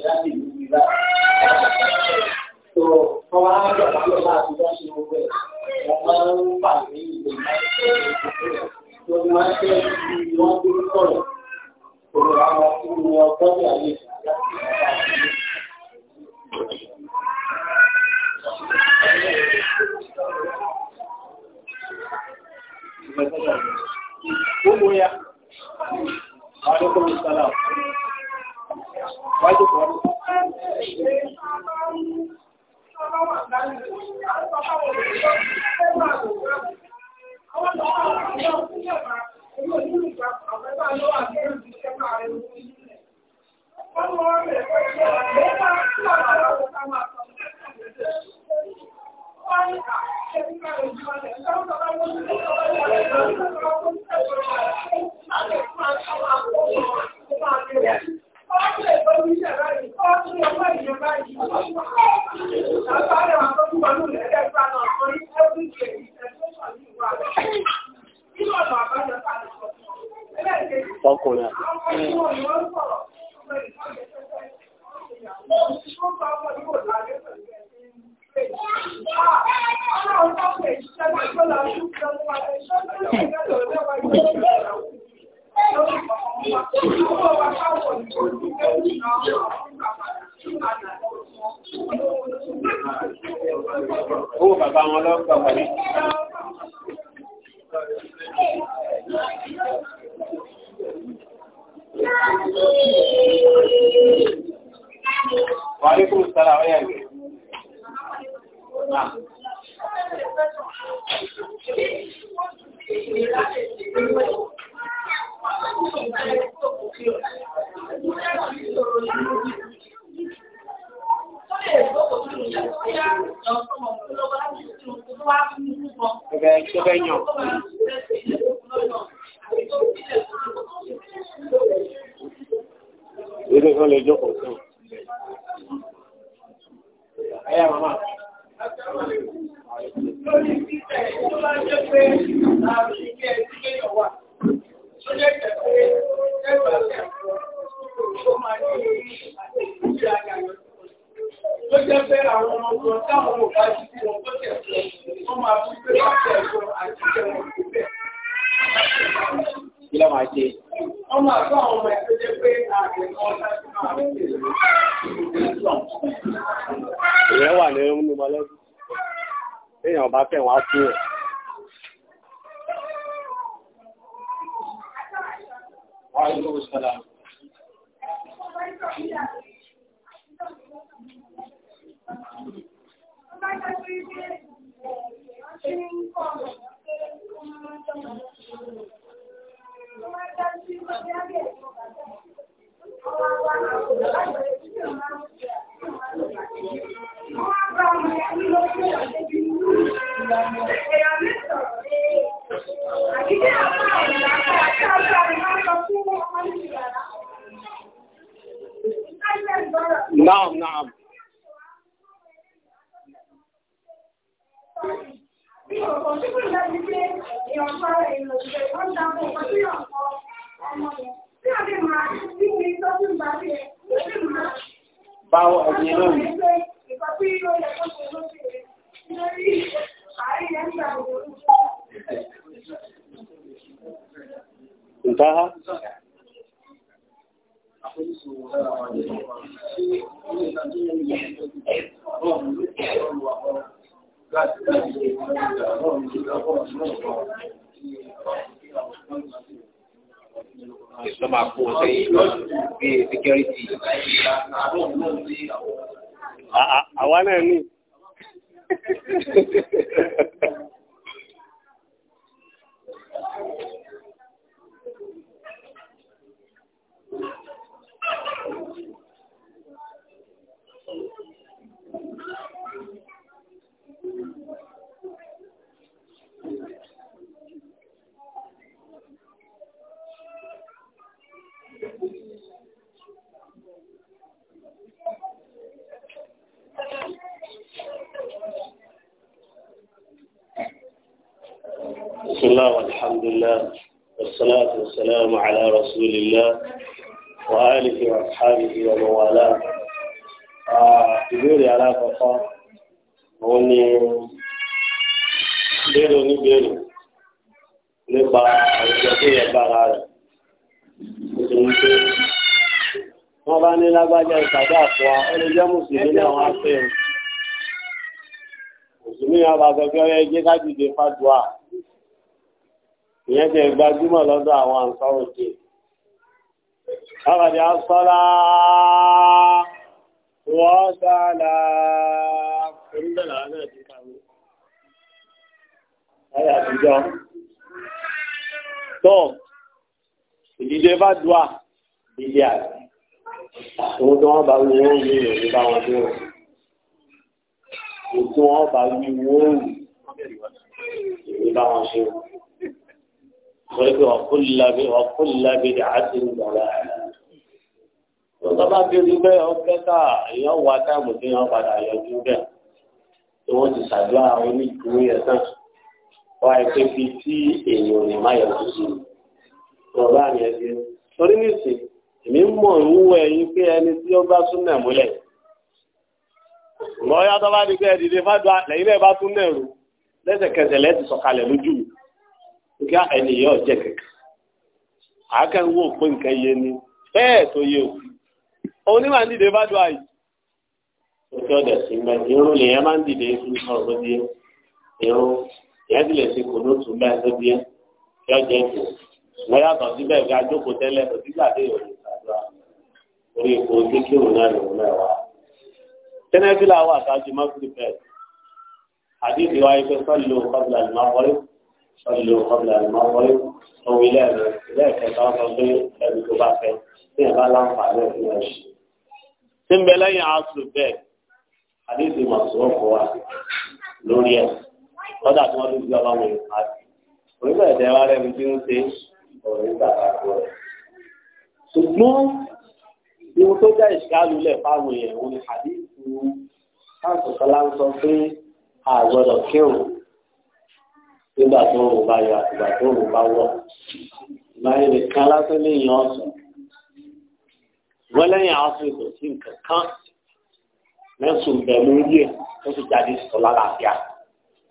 láti ìlú ibà. tó wọ́n máa ń bẹ̀rẹ̀ lọ́wọ́ láti ṣe gbogbo ẹ̀ wọ́n máa ń pàdé ìgbè máa ń ṣe ìgbè tó máa ń ṣe ìgbè wọ́n tó ń sọ̀rọ̀ òun àwọn ìlú ọgbọ́n ní ayé Gbogbo ya, àwọn ọdún kọ́mí sálà, wájú kọ́ ọdún. Thank you. Thank you. ní ká dìde fàdùà ìyẹn tẹ gbajúmọ̀ lọ́dọ̀ àwọn àǹsọ́rò ṣe. Àkàdé asọ́lá wọ́n sálà onídàlá náà ti kàwé. Láyé àtijọ́. Tó ìdíje fàdùà ìdíje àti òun tí wọ́n bá wí wọ́n wí ìròyìn bá wọn dúró. Òun tí wọ́n bá wí wọ́n wí ìbá wọn ṣe o torí pé ọ̀kúnlábí ọ̀kúnlábí dà á ti ń dọ̀la lọ́sọ̀bá bí ojú bẹ́ẹ̀ ọgbẹ́ ká èèyàn wà táàmù tí wọ́n padà yọjú bẹ́ẹ̀ tí wọ́n ti ṣàdúrà onídùúró yẹn tán wá ẹgbẹ́ bíi tí èèyàn ò ní má yọjú sí i lọ́ba mi ẹ ti torí nìsín èmi mọ̀ ń wọ ẹ̀yin pé ẹni tí ó bá súnmọ̀ múlẹ̀ lọ́yà tó bá di pé ẹ dìde fádùá lẹ́yìn náà bá súnmọ̀ rò lẹ́sẹ̀kẹsẹ̀ lẹ́sẹ̀ sọ̀kalẹ̀ lójú mi kí ènìyàn jẹ́ kẹ̀kẹ́ àákẹ́wò pé nǹkan yé ni bẹ́ẹ̀ tó yé o òun ní màá dìde bá dùn àyè òkè ọ̀dẹ̀ sí mẹ́ irun lèyàn máa ń dìde fún ọ̀rọ̀ tó díẹ̀ irun ìyẹn ti lè ṣe kò ló tún bẹ́ẹ̀ tó díẹ̀ kí ọjọ́ ìkò wọ́n yàtọ̀ síbẹ̀ bí ajókòó tẹ́lẹ̀ kò sí ìròyìn ìgbàdúrà orí ipò حديث رواية صلوا قبل المغرب صلوا قبل المغرب أو إلى ذلك تواصل بكباكة فيها لنفع في الأشياء ثم لا يعصر به حديث مصروف هو لوريا قد أتمنى أن يكون من الحد وإذا دوار يمكن تيش وإذا أقول سبحان ìwọ́n tó dá ìṣkáàlù lẹ̀ fáwọn èèyàn òun àgbọ̀dọ̀ kírun nígbà tó ń bá yọ àtìgbà tó ń bá wọ̀ báyìí nìkan lásán lè yan ọ̀sán wọ́n lẹ́yìn àwọn fún ìtò sí nǹkan kan mẹ́sùn bẹ̀ lórí ẹ̀ tó ti jáde sọ lálàáfíà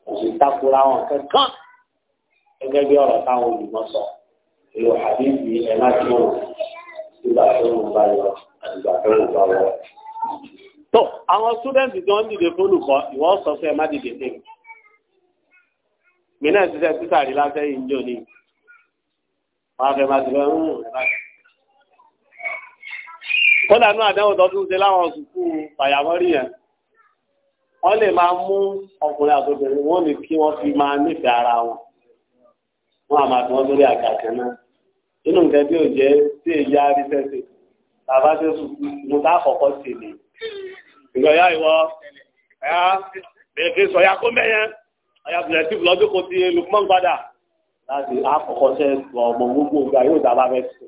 kò sì takora wọn kankan gẹ́gẹ́ bí ọ̀rọ̀ táwọn olùmọ̀ sọ èlò àbí ẹ̀ láti wọ̀ nígbà tó ń bá yọ àtìgbà tó ń bá wọ̀ tó àwọn sùdẹ́ǹtì tí wọ́n ń dìde fólùkọ́ ìwọ́n sọ fún ẹ má dìde fún mi mi náà ti sẹ́ sísàrí lásẹ̀ yìí ń jò ní wọ́n á fẹ́ má ti fẹ́ ń rún rẹ̀ báyìí. kódà náà àdáwò tó tún ṣe láwọn sùkúù fàyàmọ́rì yẹn wọ́n lè máa mú ọkùnrin àtòbìnrin wọ́n lè kí wọ́n fi máa nífẹ̀ẹ́ ara wọn wọ́n á máa fi wọ́n sórí àga kan náà inú nǹkan tí ò jẹ́ sí èyí arísẹ́sẹ̀ tàbá tẹ́sùn mo tá àkọ́kọ́ sí ni ìgbọ̀yà ìwọ ẹ̀yà bèèkè sọ̀yà kó mẹ́yẹn ọ̀yà bìlẹ̀tì lọ́dún kò ti lukman gbada láti akọ̀kọ́ sẹ́ ọmọ gbogbo ìgbà yóò dábàá bẹ́ẹ̀ sí.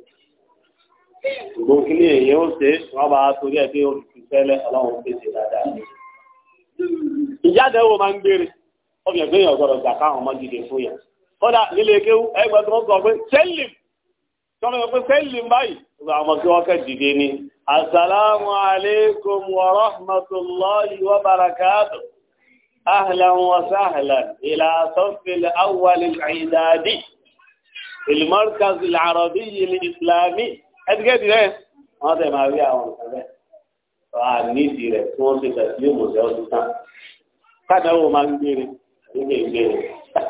gbogbo kíní èyí ó ṣe wọ́n bá torí ẹ̀ pé olùfisẹ́lẹ̀ ọlọ́run pèsè dáadáa. ìjáde wo máa ń béèrè ọ̀gbìn ẹ̀gbẹ́ yẹn ọ̀gbọ́dọ̀ gbà káwọn ọmọ gidi fún yẹn. kódà nílé kéwú ẹgbẹ́ tó ń sọ pé sẹ́lìm tọ́mọ yẹn pé sẹ́yìn lè báyìí ọgbà àwọn kí wọ́n kẹ́ dìde ni asalaamu aleykum wa rahmatulahi wa barakatu ahlan wa sahlan ila sọ́fìlì awwal ìdádi ilmarkaz ìlàrọ̀bí yìí ìsìlámì ẹ̀dígẹ́dì rẹ̀ wọ́n tẹ̀ máa rí àwọn nǹkan rẹ̀ wà nídìí tí wọ́n ti tẹ̀sí yóò mọ̀ sí ọdún tán wo máa ń gbére nígbè gbére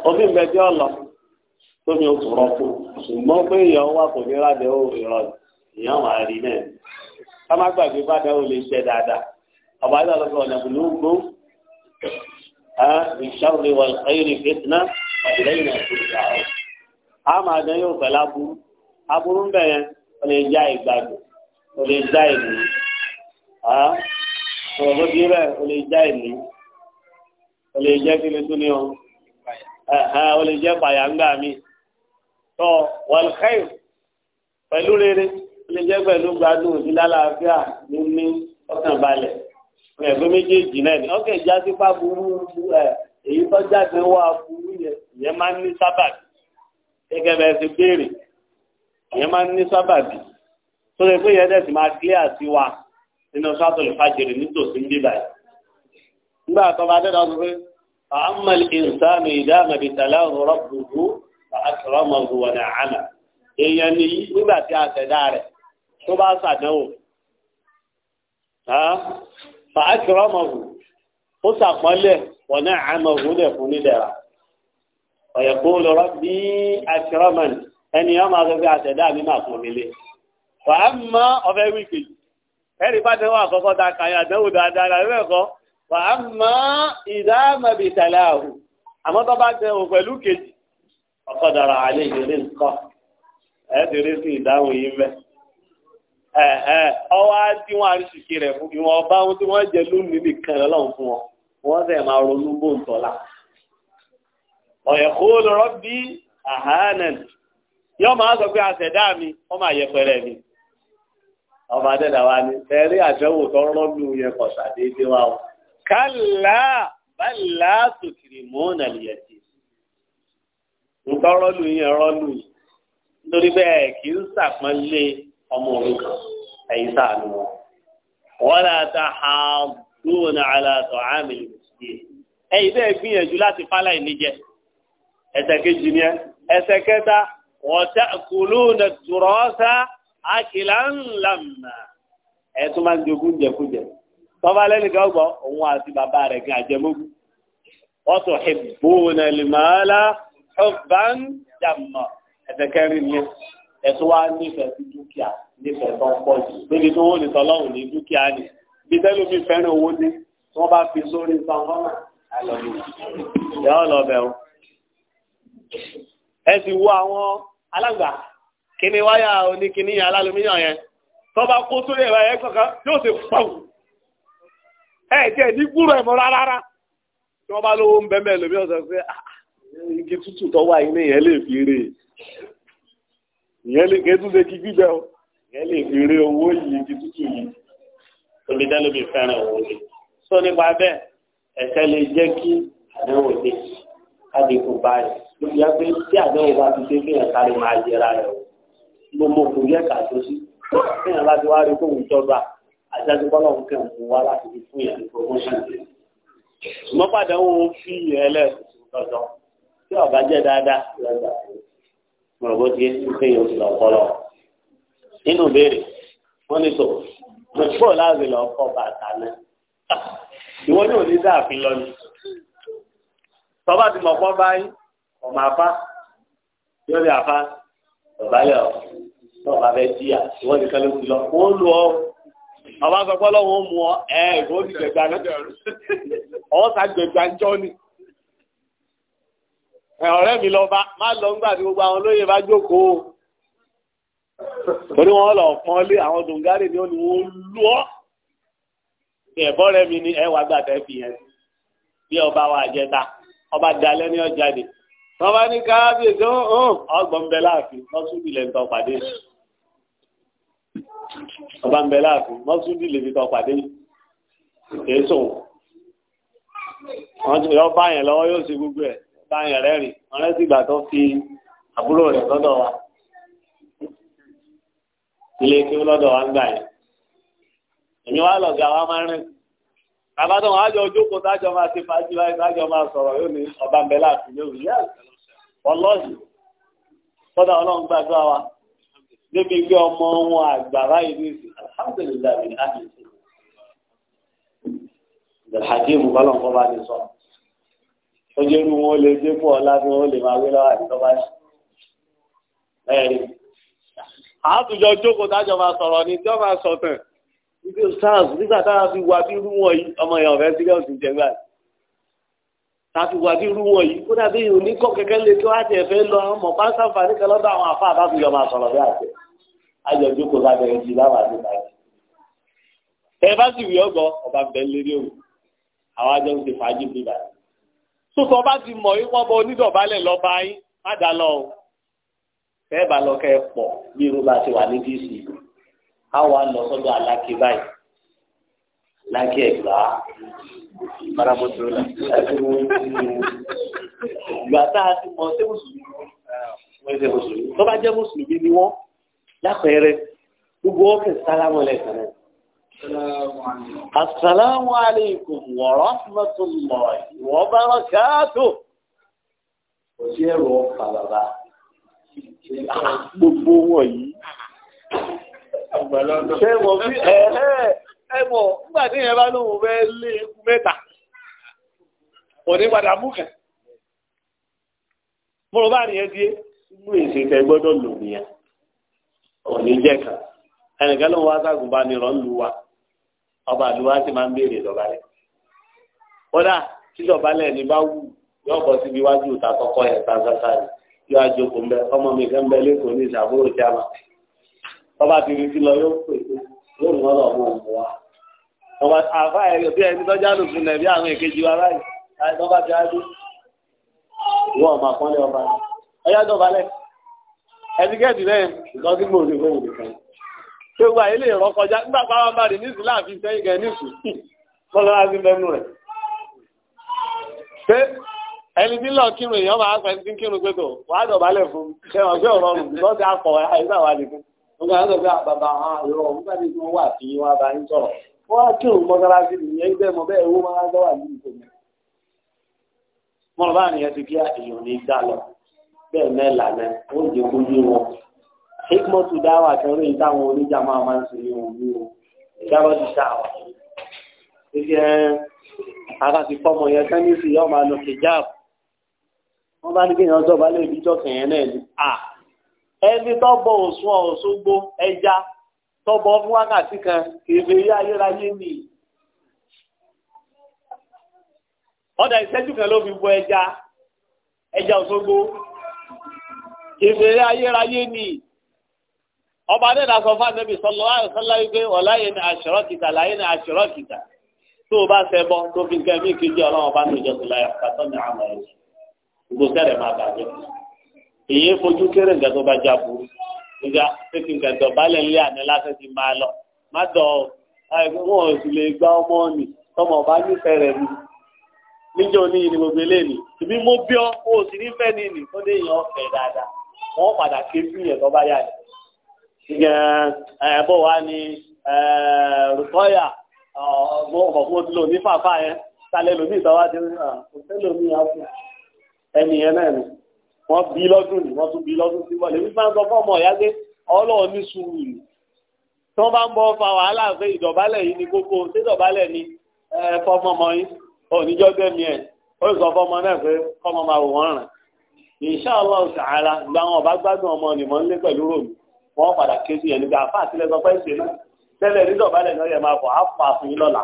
òfin bẹ̀ tí ọ tómi oṣù rọ́pò ṣùgbọ́n pé èèyàn wà kò ní rádẹ ó ìrọ̀ èèyàn wà rí náà ká má gbàgbé bá dáwọ́ lè ṣe dáadáa ọba yóò lọ sọ ọ̀nà ìlú gbó ìṣàwùrè wà lẹ́yìn fẹ́tìnà àtìlẹ́yìn àti ìṣàwọ̀ a máa yóò fẹ́ láburú aburú ń yẹn ó lè já ìgbàgbọ́ ó lè já ìlú ọ̀rọ̀ tó bẹ́ẹ̀ ó lè já ìlú ó lè jẹ́ kí ni tún ní o ó lè jẹ́ pàyà ńgbà míì tọ wàlúkẹ́yìn pẹ̀lú rere lè jẹ́ pẹ̀lú gbádùn ìdílálàáfíà níní ọkàn balẹ̀ ẹ̀gbẹ́ méjèèjì náà ni ọkàn ìjà sí pàbùrù ẹ̀ èyí tó jáde wá burú yẹn ìyẹn máa ń ní sábàbí gẹ́gẹ́ bẹ́ẹ̀ ti béèrè ìyẹn máa ń ní sábàbí tó lè pé ìyẹn dẹ̀ sì máa clear sí wa nínú sátọ̀lù fàjèrè nítòsí ń bíbà yìí nígbà tó bá dẹ́dọ̀ sọ àmàlì ìsàmì ìdáàmàbì tàlẹ́ ọ̀rọ̀ bùbù àkàrọ̀mọ̀ ìwọ̀nà àmà èèyàn ni nígbà tí a ṣẹ̀dá rẹ̀ tó bá ṣàdánwò fa àkàrọ̀mọ̀ ó ṣàpọ́nlẹ̀ wọ̀nà àmà òwúlẹ̀ fún nídẹ̀ra ọ̀yẹ̀kọ́ lọ́rọ́ bí àkàrọ̀mọ̀ ẹni ọmọ akẹ́kẹ́ àṣẹ̀dá mi máa fún mi lé fa àmà ọ̀fẹ́ wíkì ẹ̀rí bá dẹ́wọ́ àkọ́kọ́ ta kàyà àdánwò dáadáa lẹ́ẹ̀kọ́ fa àmà ìdámẹ́bìtàlẹ́ àhù àmọ́ tó bá dẹ́wọ́ ọ̀kọ́dọ̀rọ̀ àlẹ́ ìrírí nǹkan ẹ̀ ti rí sí ìdáhùn yìí mẹ́. ọwọ́ á dín wọn àríṣìkì rẹ̀ fún ìwọ̀n ọba ohun tí wọ́n jẹ lónìí nìkan lọ́lọ́run fún wọn wọ́n sì máa ronú bóńtọ́lá. ọ̀yẹ̀ kó lọ́rọ́ bí àhánàn yóò máa sọ pé àṣẹ̀dá mi wọ́n máa yẹpẹrẹ mi. ọba dẹ́dà wa ni ẹ̀rí àjẹwò tó rọ́ọ̀lù yẹn kọ̀ sàdédé wa o. kálá bá láàtò kìrìmọ́ọ̀nà lìyẹ̀d ntọrọ lu yín ẹrọ lu yín nítorí bẹ́ẹ̀ kì í sàpọnlé ọmọ òrukàn ẹ̀yin sáànù wọn. wọn là ha dúró ní aláàtọ àmì gbìyànjú láti fáláì níjẹ ẹsẹ̀ kejì ni ẹ ẹsẹ̀ kẹta wọn tẹ àkìlà ẹ máa ń jogún jẹkújẹ tọ́ba lẹ́nìkan gbọ́ òun ọ̀bán jàmọ̀ ẹ̀fẹ̀kẹ́rin ni ẹ̀tọ́ wa nífẹ̀ẹ́ sí dúkìá nífẹ̀ẹ́ tó ń pọ̀ jù níbi tó wọ́n lè tọ́lọ́run ní dúkìá ni bí tẹ́lómi fẹ́ràn owó ní tí wọ́n bá fi sórí sanfọ́nà àlọ́lù ìyá ọlọ́bẹ̀ o. ẹ sì wo àwọn alágbà kíni wáyà oníkíní alálùmíyàn yẹn tó bá kó sórí ẹ̀rọ ẹ̀ kankan yóò ṣe pàwù ẹ̀ jẹ́ ní gbúrò ẹ̀mọ́ rárá tí wọ́n bá lówó ń bẹ́ẹ̀ lómi ọ̀sán pé ah, igi tútù tó wà yín nìyẹn lè fi rè ìyẹn lè gé túnṣe kí gbígbẹ o ìyẹn lè fi rè owó yìí igi tútù yìí tóbi dá lóbi fẹ́ràn owó ni sọ nípa bẹ́ẹ̀ ẹ̀sẹ̀ lè jẹ́ kí àdéhùn dé kádìkù báyìí lóbi yá pé tí àdéhùn bá ti dé kí èèyàn kárí máa yẹra rẹ̀ o gbogbo kò yẹ ká tó sí kí bá ti wá rí kóhùn jọba àjáde bọ́lá òun kẹ́ ń wá láti fi fún ìyàtọ̀ promotion. ṣùgbọ́n fi ìyẹn lẹ̀ tí ọba jẹ dáadáa mọ̀rọ̀ bó ti kéèyàn ti lọ kọ́ lọ. nínú ìbéèrè wọ́n ní tó mọ̀tíkọ́ láàbì lọ kọ́ bàtà náà ìwọ ní òní dáàfin lọ ni tọ́ba ti mọ̀ pọ́n báyìí ọmọ afá yọrí afá ọ̀bálẹ̀ ọ̀ tọ́ba bẹ jíyà ìwọ ní kálí ti lọ ó lù ọ́ ọba sọ pé ọlọ́run ó mú ọ ẹ̀ ìwọ ní gbẹgbẹ náà ọ̀ sá gbẹgbẹ jọ́ ni ẹ ọ̀rẹ́ mi lọ bá má lọ ńgbà tí gbogbo àwọn olóyè bá jókòó torí wọn lọ pọn lé àwọn dongari ni ó ní wọn lù ọ ẹbọ rẹ mi ni ẹ wàá gbà tẹ fi yẹn bí ọba wa jẹta ọba dalẹ ní ọjàde wọn bá ní káábíyèsí ọgbọn bẹ láàfin mọsúdì lẹ ń tọ pàdé ọba ń bẹ láàfin mọsúdì lè fi tọ pàdé èso wọn ti lọ bá yẹn lọ́wọ́ yóò ṣe gbogbo ẹ. báyọ̀ rẹ̀ rìn wọn rántí ìgbà tó fi àbúrò rẹ̀ wa ilé kí ó lọ́dọ̀ wa ń gbà yẹn èmi wá wa máa rìn bàbá tó wọn á jọ ojókòó tájọ máa ṣe fàájì báyìí tájọ máa sọ̀rọ̀ yóò ní ọba ń bẹ láàfin yá ọlọ́ọ̀sì wa ọmọ wọn àgbà báyìí ní ìsìn alhamdulilayi ojú irú wọn lè dé fún ọlá tí wọn lè máa wí lọ́wọ́ àti tọ́ba ṣe. ẹ̀rí àtúnjọ jókòó tájọ máa sọ̀rọ̀ ni tí wọ́n máa sọ tàn nígbà sars nígbà tára fi wà bí irú wọn yìí ọmọ èèyàn ọ̀fẹ́ sílẹ̀ òsì jẹgbà ta fi wà bí irú wọn yìí kó dàbí oníkọ́ kẹ̀kẹ́ lè kí wọ́n á tiẹ̀ fẹ́ lọ àwọn ọmọ pásá fàní kan lọ́dọ̀ àwọn afá àbáfíyọ máa sọ̀rọ̀ bí àtẹ àjọ jókòó lábẹ́ ẹ̀jì láwọn àti báyìí tẹ bá sì wí ọgọ ọba bẹ́ẹ̀ lérí òwò àwọn àjọ ń ti fàájì bíbáyìí sọ́tọ̀ bá ti mọ̀ yín wọ́n bọ onídọ̀bálẹ̀ lọ bá yín má lọ o bẹ́ẹ̀ bá lọ kẹ́ ẹ pọ̀ bí irú bá ti wà ní dc á wà lọ sọ́dọ̀ aláké báyìí aláké ẹ̀gbá maramoto la ìgbà tá a ti mọ̀ ṣé mùsùlùmí wọ́n ṣe mùsùlùmí tó bá jẹ́ mùsùlùmí ni wọ́n lápẹẹrẹ gbogbo ọ̀kẹ́ sálámọ̀ lẹ́sẹ̀ náà. Assalamu alaikum wa rahmatullahi wa barakatuh. Kò sí lóun lé mẹ́ta? padà mú Mo bá lò ọba àdúrà sì máa ń béèrè ìdọ̀bálẹ̀ kódà tí ìdọ̀bálẹ̀ ní bá wù yóò bọ́ síbi iwájú ìta kọ́kọ́ yẹn tazasa rẹ̀ yóò àjòkò ńbẹ ọmọ mi kẹ́ ńbẹ lẹ́kọ̀ọ́ ní ìṣàbúrò tí a mọ̀ ọba ti rí sí lọ yóò pè é yóò mú ọlọ́ ọmọ òun wá ọba àfa ẹ̀ bí ẹni tọ́jú àlùfin nẹ̀ bí àwọn èkejì wa báyìí láti tọ́ bá ti á dé wọ́n ọmọ àpọ́nlé ọba ọyá dọ̀bálẹ̀ ẹtikẹ́ẹ̀tì lẹ́yìn ìkọ́sí pé wà ilé ìrọ́ kọjá nígbà pàrọ̀ bá rè ní ìsìlá àfi sẹ́yìn gẹ̀ nísù bọ́lá wá mẹ́nu rẹ̀. ẹni tí lọ kírun èèyàn máa pẹ́ tí kírun pé tó wàá dọ̀bálẹ̀ fún ṣẹ́wọ̀n pé ọ̀rọ̀ rùn lọ́ sí akọ̀ àìsàn wà hikmọ́tù dáwà kẹrù yìí táwọn oníjà máa máa ń sèyí òun ní o ìjábọ̀ ti dáwà. Ṣé ara ti fọmọ yẹn kán ní ìsìn yọ máa lọ hijab. Wọ́n bá ní kí èèyàn jọba lè bíjọ́ kẹ̀yẹ́ náà ni. Ẹni tọ́bọ̀ òsùn ọ̀ṣọ́gbó ẹja tọ́bọ̀ fún wákàtí kan kèfé yá ayérayé nì. Ọ̀dà ìṣẹ́jú kan ló fi bọ ẹja ẹja òṣogbo kèfé yá ayérayé nì ọba adéda sọ fún anabi sọlọ àìsọlá yìí pé ọláyé ni àṣírọkìtà láyé ni àṣírọkìtà tó o bá fẹ́ bọ tó fi nǹkan mí kejì Ọlọ́run ọba tó jọ sílẹ̀ kàtọ ní àmọ́ ẹ gbogbo sẹrẹ máa bàjẹ́ èyí fojú kéré nǹkan tó bá já burú nígbà pé kí nǹkan tó bá lẹ ń lé àná lásán ti máa lọ má dọ àìgbọ́n ò sì lè gbá ọmọ nì tọmọ ọba nífẹ̀ẹ́ rẹ ni níjọ ní ìní gbogbo eléyìí tìbí mo bí ọ o sì nífẹ̀ẹ́ ní ìní tó dé ìyàn ọ̀fẹ́ dáadáa wọn padà ké ẹ̀bọ̀ wa ni rùkọ́yà ọ̀gbọ́n lò ní fàfà yẹn sálẹ̀ lòmí ìtawá ti rí ọ̀sẹ̀ lòmí àpò ẹni yẹn náà ni wọ́n bí lọ́dún ni wọ́n tún bí lọ́dún sí wọlé wípé wọ́n sọ fún ọmọ ìyá pé ọlọ́ọ̀ ní sùúrù ni tí wọ́n bá ń bọ́ fa wàhálà pé ìdọ̀bálẹ̀ yìí ni gbogbo ṣé ni fọmọmọ yín oníjọ́ gbẹ̀mí ẹ̀ ó sọ fọmọ náà pé kọ́mọ máa wò wọ́n rìn insha Allah ta'ala ìgbà wọn gbádùn ọmọ nìmọ̀ ń lé pẹ̀lú ròmí wọ́n padà ké sí ẹni bí àfa àtìlẹ́ sọ pé ṣe náà tẹ́lẹ̀ ní dọ̀bálẹ̀ náà yẹ máa bọ̀ fún lọ́la.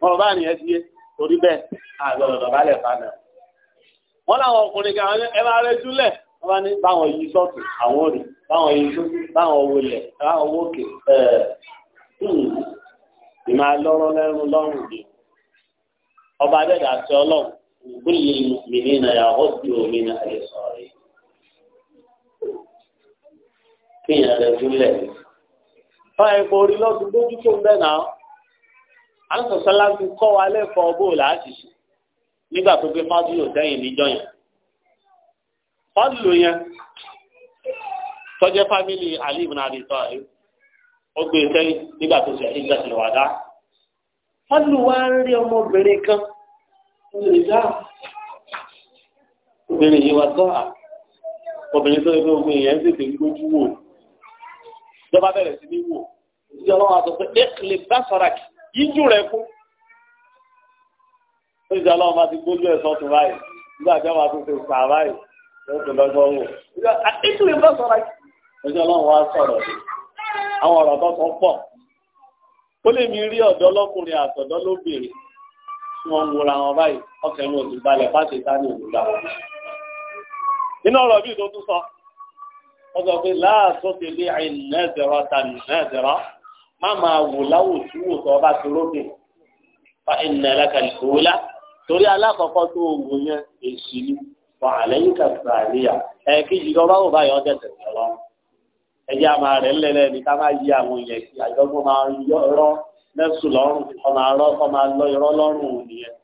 wọn bá nìyẹn ti yé torí bẹ́ẹ̀ àgbọ̀dọ̀ dọ̀bálẹ̀ fana. wọ́n láwọn ọkùnrin kan ẹ máa rẹ júlẹ̀ wọ́n bá ní báwọn yí sọ́ọ̀tù àwọn òrì báwọn yí báwọn báwọn wókè hmm, lẹ́rú lọ́rùn bí ọba àti ọlọ́run kéèyàn lè dúlẹ̀. Báyọ̀ ipò orí lọ́dún lójú tó ń bẹ̀ náà. Alásọ̀sálá ti kọ́ wa lẹ́kọ̀ọ́ bó láti ṣe nígbà tó gbé fájú yóò sẹ́yìn níjọ́ yẹn. Fájú yẹn tọ́jẹ́ fámìlì Ali ibn Abi Talib ó gbé e sẹ́yìn nígbà tó ṣe ìjà sílẹ̀ wà dá. Fájú wa ń rí ọmọbìnrin kan lè dá. Obìnrin yìí wá tọ́ à. Obìnrin tó yẹ kó gbé yẹn ń gbójú wò ìjọba bẹ̀rẹ̀ sí ní wò ìjọba ọlọ́run àti ọ̀sẹ̀ ẹ̀kìlẹ̀ bá sọ̀rọ̀ kì yíjú rẹ̀ kú. ó ti ọlọ́run máa ti gbójú ẹ̀ sọ́tún báyìí nígbà tí wọ́n ti fà báyìí ló ti lọ́jọ́ wò. ẹ̀kìlẹ̀ bá sọ̀rọ̀ kì ìjọba ọlọ́run wá sọ̀rọ̀ àwọn ọ̀rọ̀ tó tún pọ̀ ó lè mi rí ọ̀dọ́ lọ́kùnrin àtọ̀dọ́ lóbìnrin tí wọ́n ń wora wọn báyìí ọkẹ́ wọn ò balẹ̀ fáṣetá ní òwúrọ̀ àwọn. ọ̀rọ̀ bíi tó tún sọ ọgbà pé láàtọ́ ti lé àìnẹ́zẹ̀rọ tàìnẹ́zẹ̀rọ má máa wò láwòsí wò tó ọba tó lóde fa ìnẹ̀lẹ̀ kàlùkòólá torí alákọ̀ọ́kọ́ tó wò yẹn èsì ni wà lẹ́yìn kàtà àríyá ẹ kéjì kan bá wò báyọ̀ tẹ̀sẹ̀ lọ ẹjẹ́ máa rẹ̀ ńlẹ̀lẹ̀ ní ká máa yí àwọn yẹn kí àjọgbọ́n máa rọ́ lẹ́sùn lọ́rùn kọ́ máa rọ́ kọ́ máa lọ irọ́ lọ́rùn nìyẹn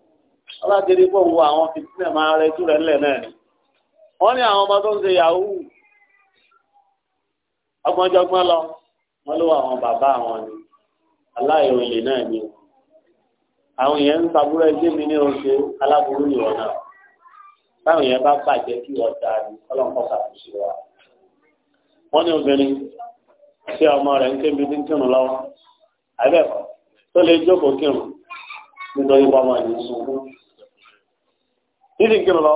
ọlá ti rí pọ̀ wo àwọn fìtínẹ̀ máa rẹ̀ tú rẹ̀ ńlẹ̀ náà ni wọ́n ní àwọn ọmọ tó ń ṣe yahoo ọgbọ́njọ́gbọ́n lọ wọ́n ló wà àwọn bàbá àwọn ni aláìròyìn náà ni àwọn èèyàn ń saburú ẹgbẹ́ mi ní oṣù aláburú ìwọ̀n náà táwọn èèyàn bá bàjẹ́ kí wọ́n dá ní ọlọ́nkọ́ kàtúnṣe wa. wọ́n ní obìnrin tí ọmọ rẹ̀ ń kébi ní kírun lọ́wọ́ àbẹ̀kọ́ tó lè jókòó kírun nítorí pọ́mọ ní sunkún. nídìí kírun lọ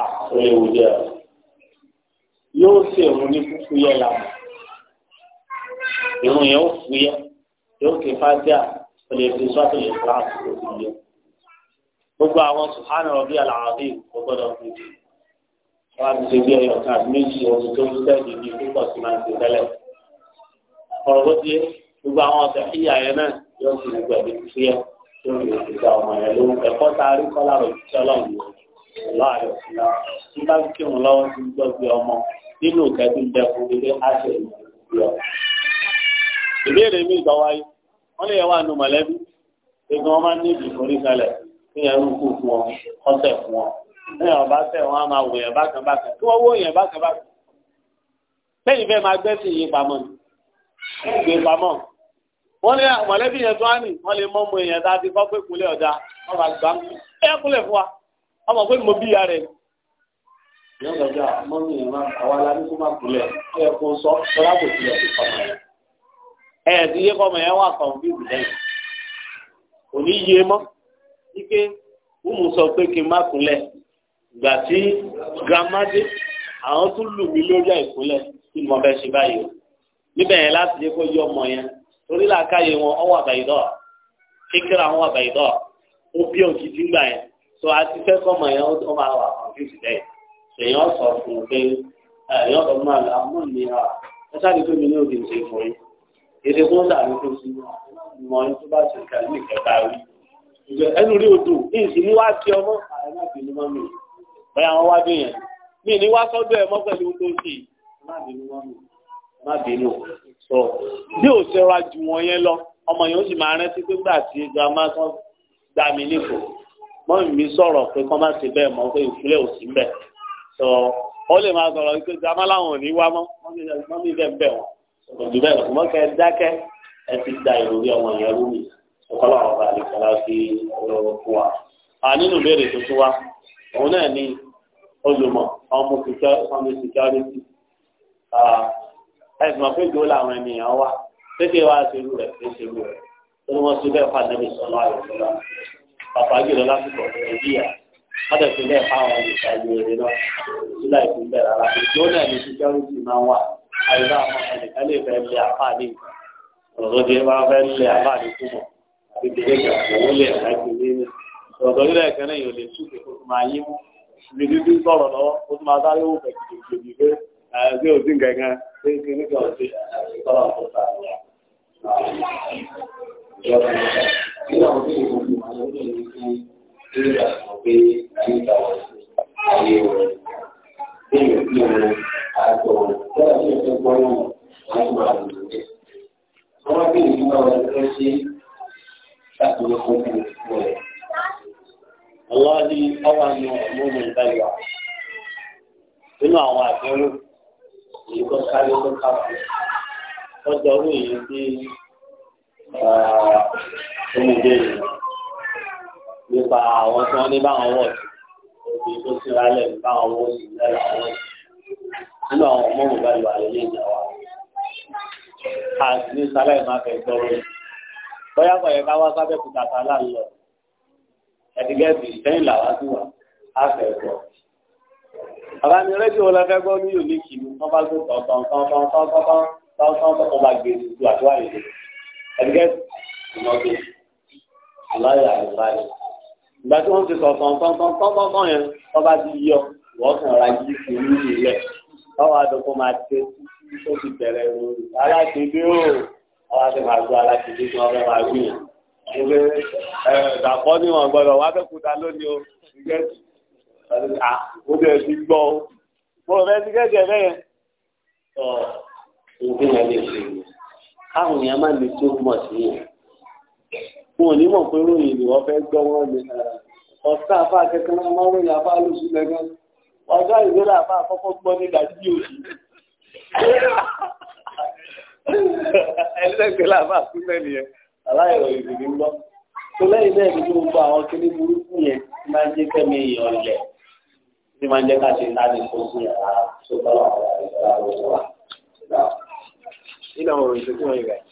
àwọn ewu jẹ́ ẹ̀rọ yóò ṣe òun ní fúfú yẹ lànà irun yẹn ó fú yẹ yóò ké fásíà kò lè fi sọ́tò lè fà á sí òbí yẹ gbogbo àwọn sùhánà ọbí àlàáfíà kò gbọdọ̀ fún mi wọ́n á ṣe bí ẹyọ kan méjì oṣù tó ń tẹ̀lé ní púpọ̀ sí máa ń ṣe tẹ́lẹ̀ ọ̀rọ̀ bó gbogbo àwọn ọ̀sẹ̀ ìyá yẹn náà yóò ṣe gbogbo ẹ̀mí fúfú yóò lè fi gba ọmọ yẹn lóhùn ẹ̀kọ́ tá a rí kọ́ láàrọ̀ ìṣẹ́ ọlọ́run yìí láàrin òṣìlá tí bá ń kírun lọ́wọ́ tí ń gbọ́ bí ọmọ nínú ìkẹ́jú ń bẹ fún ilé àṣẹ ìlú ọ. ìbéèrè mi ìgbà wáyé wọ́n lè wà nù mọ̀lẹ́bí gbogbo wọn máa ń ní ìforí kalẹ̀ kí ẹ ń kú fún ọ ọ̀sẹ̀ fún ọ. ní ọba tẹ wọn á máa wò yẹn bákan bákan kí wọ́n wò yẹn bákan bákan. sẹ́yìn fẹ́ máa gbẹ́ sí iye pamọ́ ni gbé pamọ́. wọ́n lé mọ̀lẹ́bí yẹn tó á nì wọ́n lè mọ́ ọmọ èèyàn tá a pé kulẹ̀ ọ̀dà wọ́n bá gbà ń kú. ẹ kúlẹ̀ fún wa ọmọ pé mo bí ìyá rẹ̀ yóò lọ gbà mọ́mí ẹ̀ máa àwa la ní kó má kulẹ̀ ẹ̀ kó sọ lọ́la kò tilẹ̀ kó kọ́ mọ́ ẹ̀ ti yé kọ́ mọ́ ẹ̀ wà kàn bí ìbùdó yìí kò ní yé mọ́ ike wúmu sọ pé kí n má kulẹ̀ gbà tí gramadi àwọn tún lù mí lórí àìkúlẹ̀ tí mo bẹ́ ṣe báyìí o níbẹ̀ yẹn láti yẹ kó yí ọmọ yẹn torí làákàyè wọn ọwọ́ àbàyídọ́ kíkìrà wọn àbàyídọ́ ó bí òkìtì ń yẹn tó a ti mọ̀ yẹn ó máa wà kọ̀ǹfíìsì bẹ́ẹ̀ ṣèyàn sọ fún un pé ẹ̀yàn sọ fún àlọ́ àmọ́ ní a ẹ pé mi ní òde ìṣe fún yín èdè kó ń sàmì fún sí mọ ní tó bá ṣe ìkà ìkẹta rí ẹnu rí odò ní ìsinmi wá sí ọmọ àyàn náà bínú mọ́ mi àwọn wá dé yẹn mi ní wá sọ́dọ̀ ẹ̀ mọ́ tó sì má bínú sọ bí ò ṣe ra jù wọ́n yẹn lọ ọmọ yẹn ó sì máa rántí pé gbà tí gbàmá kan gbà mí nípò mọ́mí mi sọ̀rọ̀ pé kọ́ má ṣe bẹ́ẹ̀ mọ́ pé ìfúnlẹ̀ ò sí bẹ́ẹ̀ sọ ọ lè máa sọ̀rọ̀ pé jama ò ní wá mọ́ mọ́mí bẹ́ẹ̀ bẹ́ẹ̀ wọn òjò bẹ́ẹ̀ lọ kẹ́ dákẹ́ ẹ ti da ìròrí ọmọ yẹn rú mi ọkọlọ àwọn ọba àlejòlá fi ọlọ́wọ́ fún wa. a nínú ìbéèrè tuntun wa òun náà ni olùmọ̀ ọmọ security ẹ̀sùn ọ̀fẹ́jọ́ pàpà jùlọ lásìkò nàìjíríà lọ́dọ̀ tó lẹ́ẹ̀ fáwọn olùsàyè rẹ̀ lọ sílá ìpínlẹ̀ rárá tó náà ní síkẹ́rìtì máa wà àyíká àwọn ẹnìkan lè fẹ́ lé àfáàní ọ̀rọ̀ tí wọ́n fẹ́ lé àfáàní fún mọ̀ àti tẹ̀lé kan owó lè rà ìpínlẹ̀ ní ọ̀dọ̀ ilé ẹ̀kẹ́ náà yóò lè túkè kó tó máa yí mú ibi dídí sọ̀rọ̀ lọ́wọ́ ó tó máa sáré wò fẹ̀ kìkìkì ìjọba ìjọba nígbà wọn bí ìwọ̀n ìwọ̀n àwọn ọdún yìí fún nínú ìbéèrè nípa àwọn tí wọ́n ní báwọn wọ̀ sí ibi tó síra lẹ̀ ní báwọn wọ̀ sí lẹ́la wọ̀ sí nínú àwọn ọmọ òun báyìí wà lórí ìjà wa a ní sálẹ̀ máa fẹ́ gbọ́rọ̀ bóyá pọ̀ yẹ ká wá sábẹ́ kúta ta láàlọ́ ẹ̀dígẹ́bì sẹ́yìn làwa sí wa á fẹ́ gbọ́. bàbá mi rédíò la fẹ́ gbọ́ ní yòóní kìíní wọ́n bá gbé tọ̀tọ̀ tọ̀tọ̀ tọ̀tọ̀ tọ̀tọ̀ tọ̀tọ̀ tọ̀tọ̀ bá gbé ju àtúwáyé lọ ẹgbẹ́ ìmọ̀gbìn aláyà àlùbáyà ìgbà tí wọ́n ti sọ fọ̀nfọ̀nfọ̀nfọ̀n yẹn wọ́n ti yọ wọ́n kàn ra yí sí ní ilẹ̀ àdókò máa tẹ tó fi bẹ̀rẹ̀ lórí alákìndé o àwa ti máa gbọ́ alákìndé tí wọ́n fẹ́ máa wí yẹn ìwé ẹ̀ dàpọ̀ ni wọ́n gbọ́dọ̀ wá fẹ́ kúta lónìí o ìgbẹ́ ó bẹ̀rẹ̀ sí gbọ́ o mo fẹ́ sí kẹ́kẹ́ bẹ́yẹn. yẹn lè ṣe ìwé káwọn èèyàn máa lè tó mọ̀ sí yẹn wọn ò mọ̀ pé ròyìn ni fẹ́ gbọ́ wọn lè ọ̀sán afá akẹ́kọ̀ọ́ náà wọ́n ròyìn afá lóṣù lẹ́gán ọjọ́ ìgbéra afá àkọ́kọ́ gbọ́ ní dàbí òsì ẹlẹ́gbẹ̀lá afá àtúnṣe nìyẹn aláìrọ̀ ìdìbò ń gbọ́ tó lẹ́yìn náà ní gbogbo àwọn kiri burúkú yẹn máa ń jẹ́ kẹ́mi èèyàn lẹ̀ máa ń jẹ́ ká ṣe ńlá ní kó sí ẹ̀ nínú àwọn ọ̀rọ̀ ìṣòkò wọn rẹ̀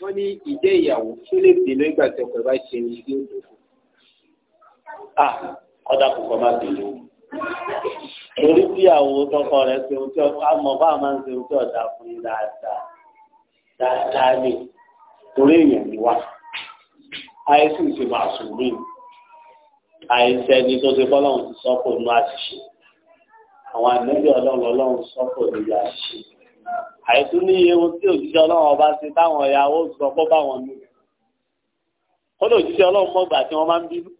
wọ́n ní ìjẹ́ ìyàwó tó lè bínú ìgbà tí ọkọ bá ṣe ní ilé òdòdó. a ọ̀dà kòkó má bínú torí tí àwọn tọkọ rẹ ṣe ohun tí ọkọ àmọ́ bá máa ń ṣe ohun tí ọ̀dà fún yín dáadáa dáadáa ni torí èèyàn ni wá àìsí ìṣe máa sùn mí àìsí ẹni tó ṣe fọlọ́run ti sọ́kò nínú àṣìṣe àwọn ànábì àìsú ní iye ohun tí òjíṣẹ́ ọlọ́run ọba ṣe táwọn ìyàwó sọ pọ́ bá wọn nù kọ́dọ̀ òjíṣẹ́ ọlọ́run mọ́gbà tí wọ́n máa ń bínú.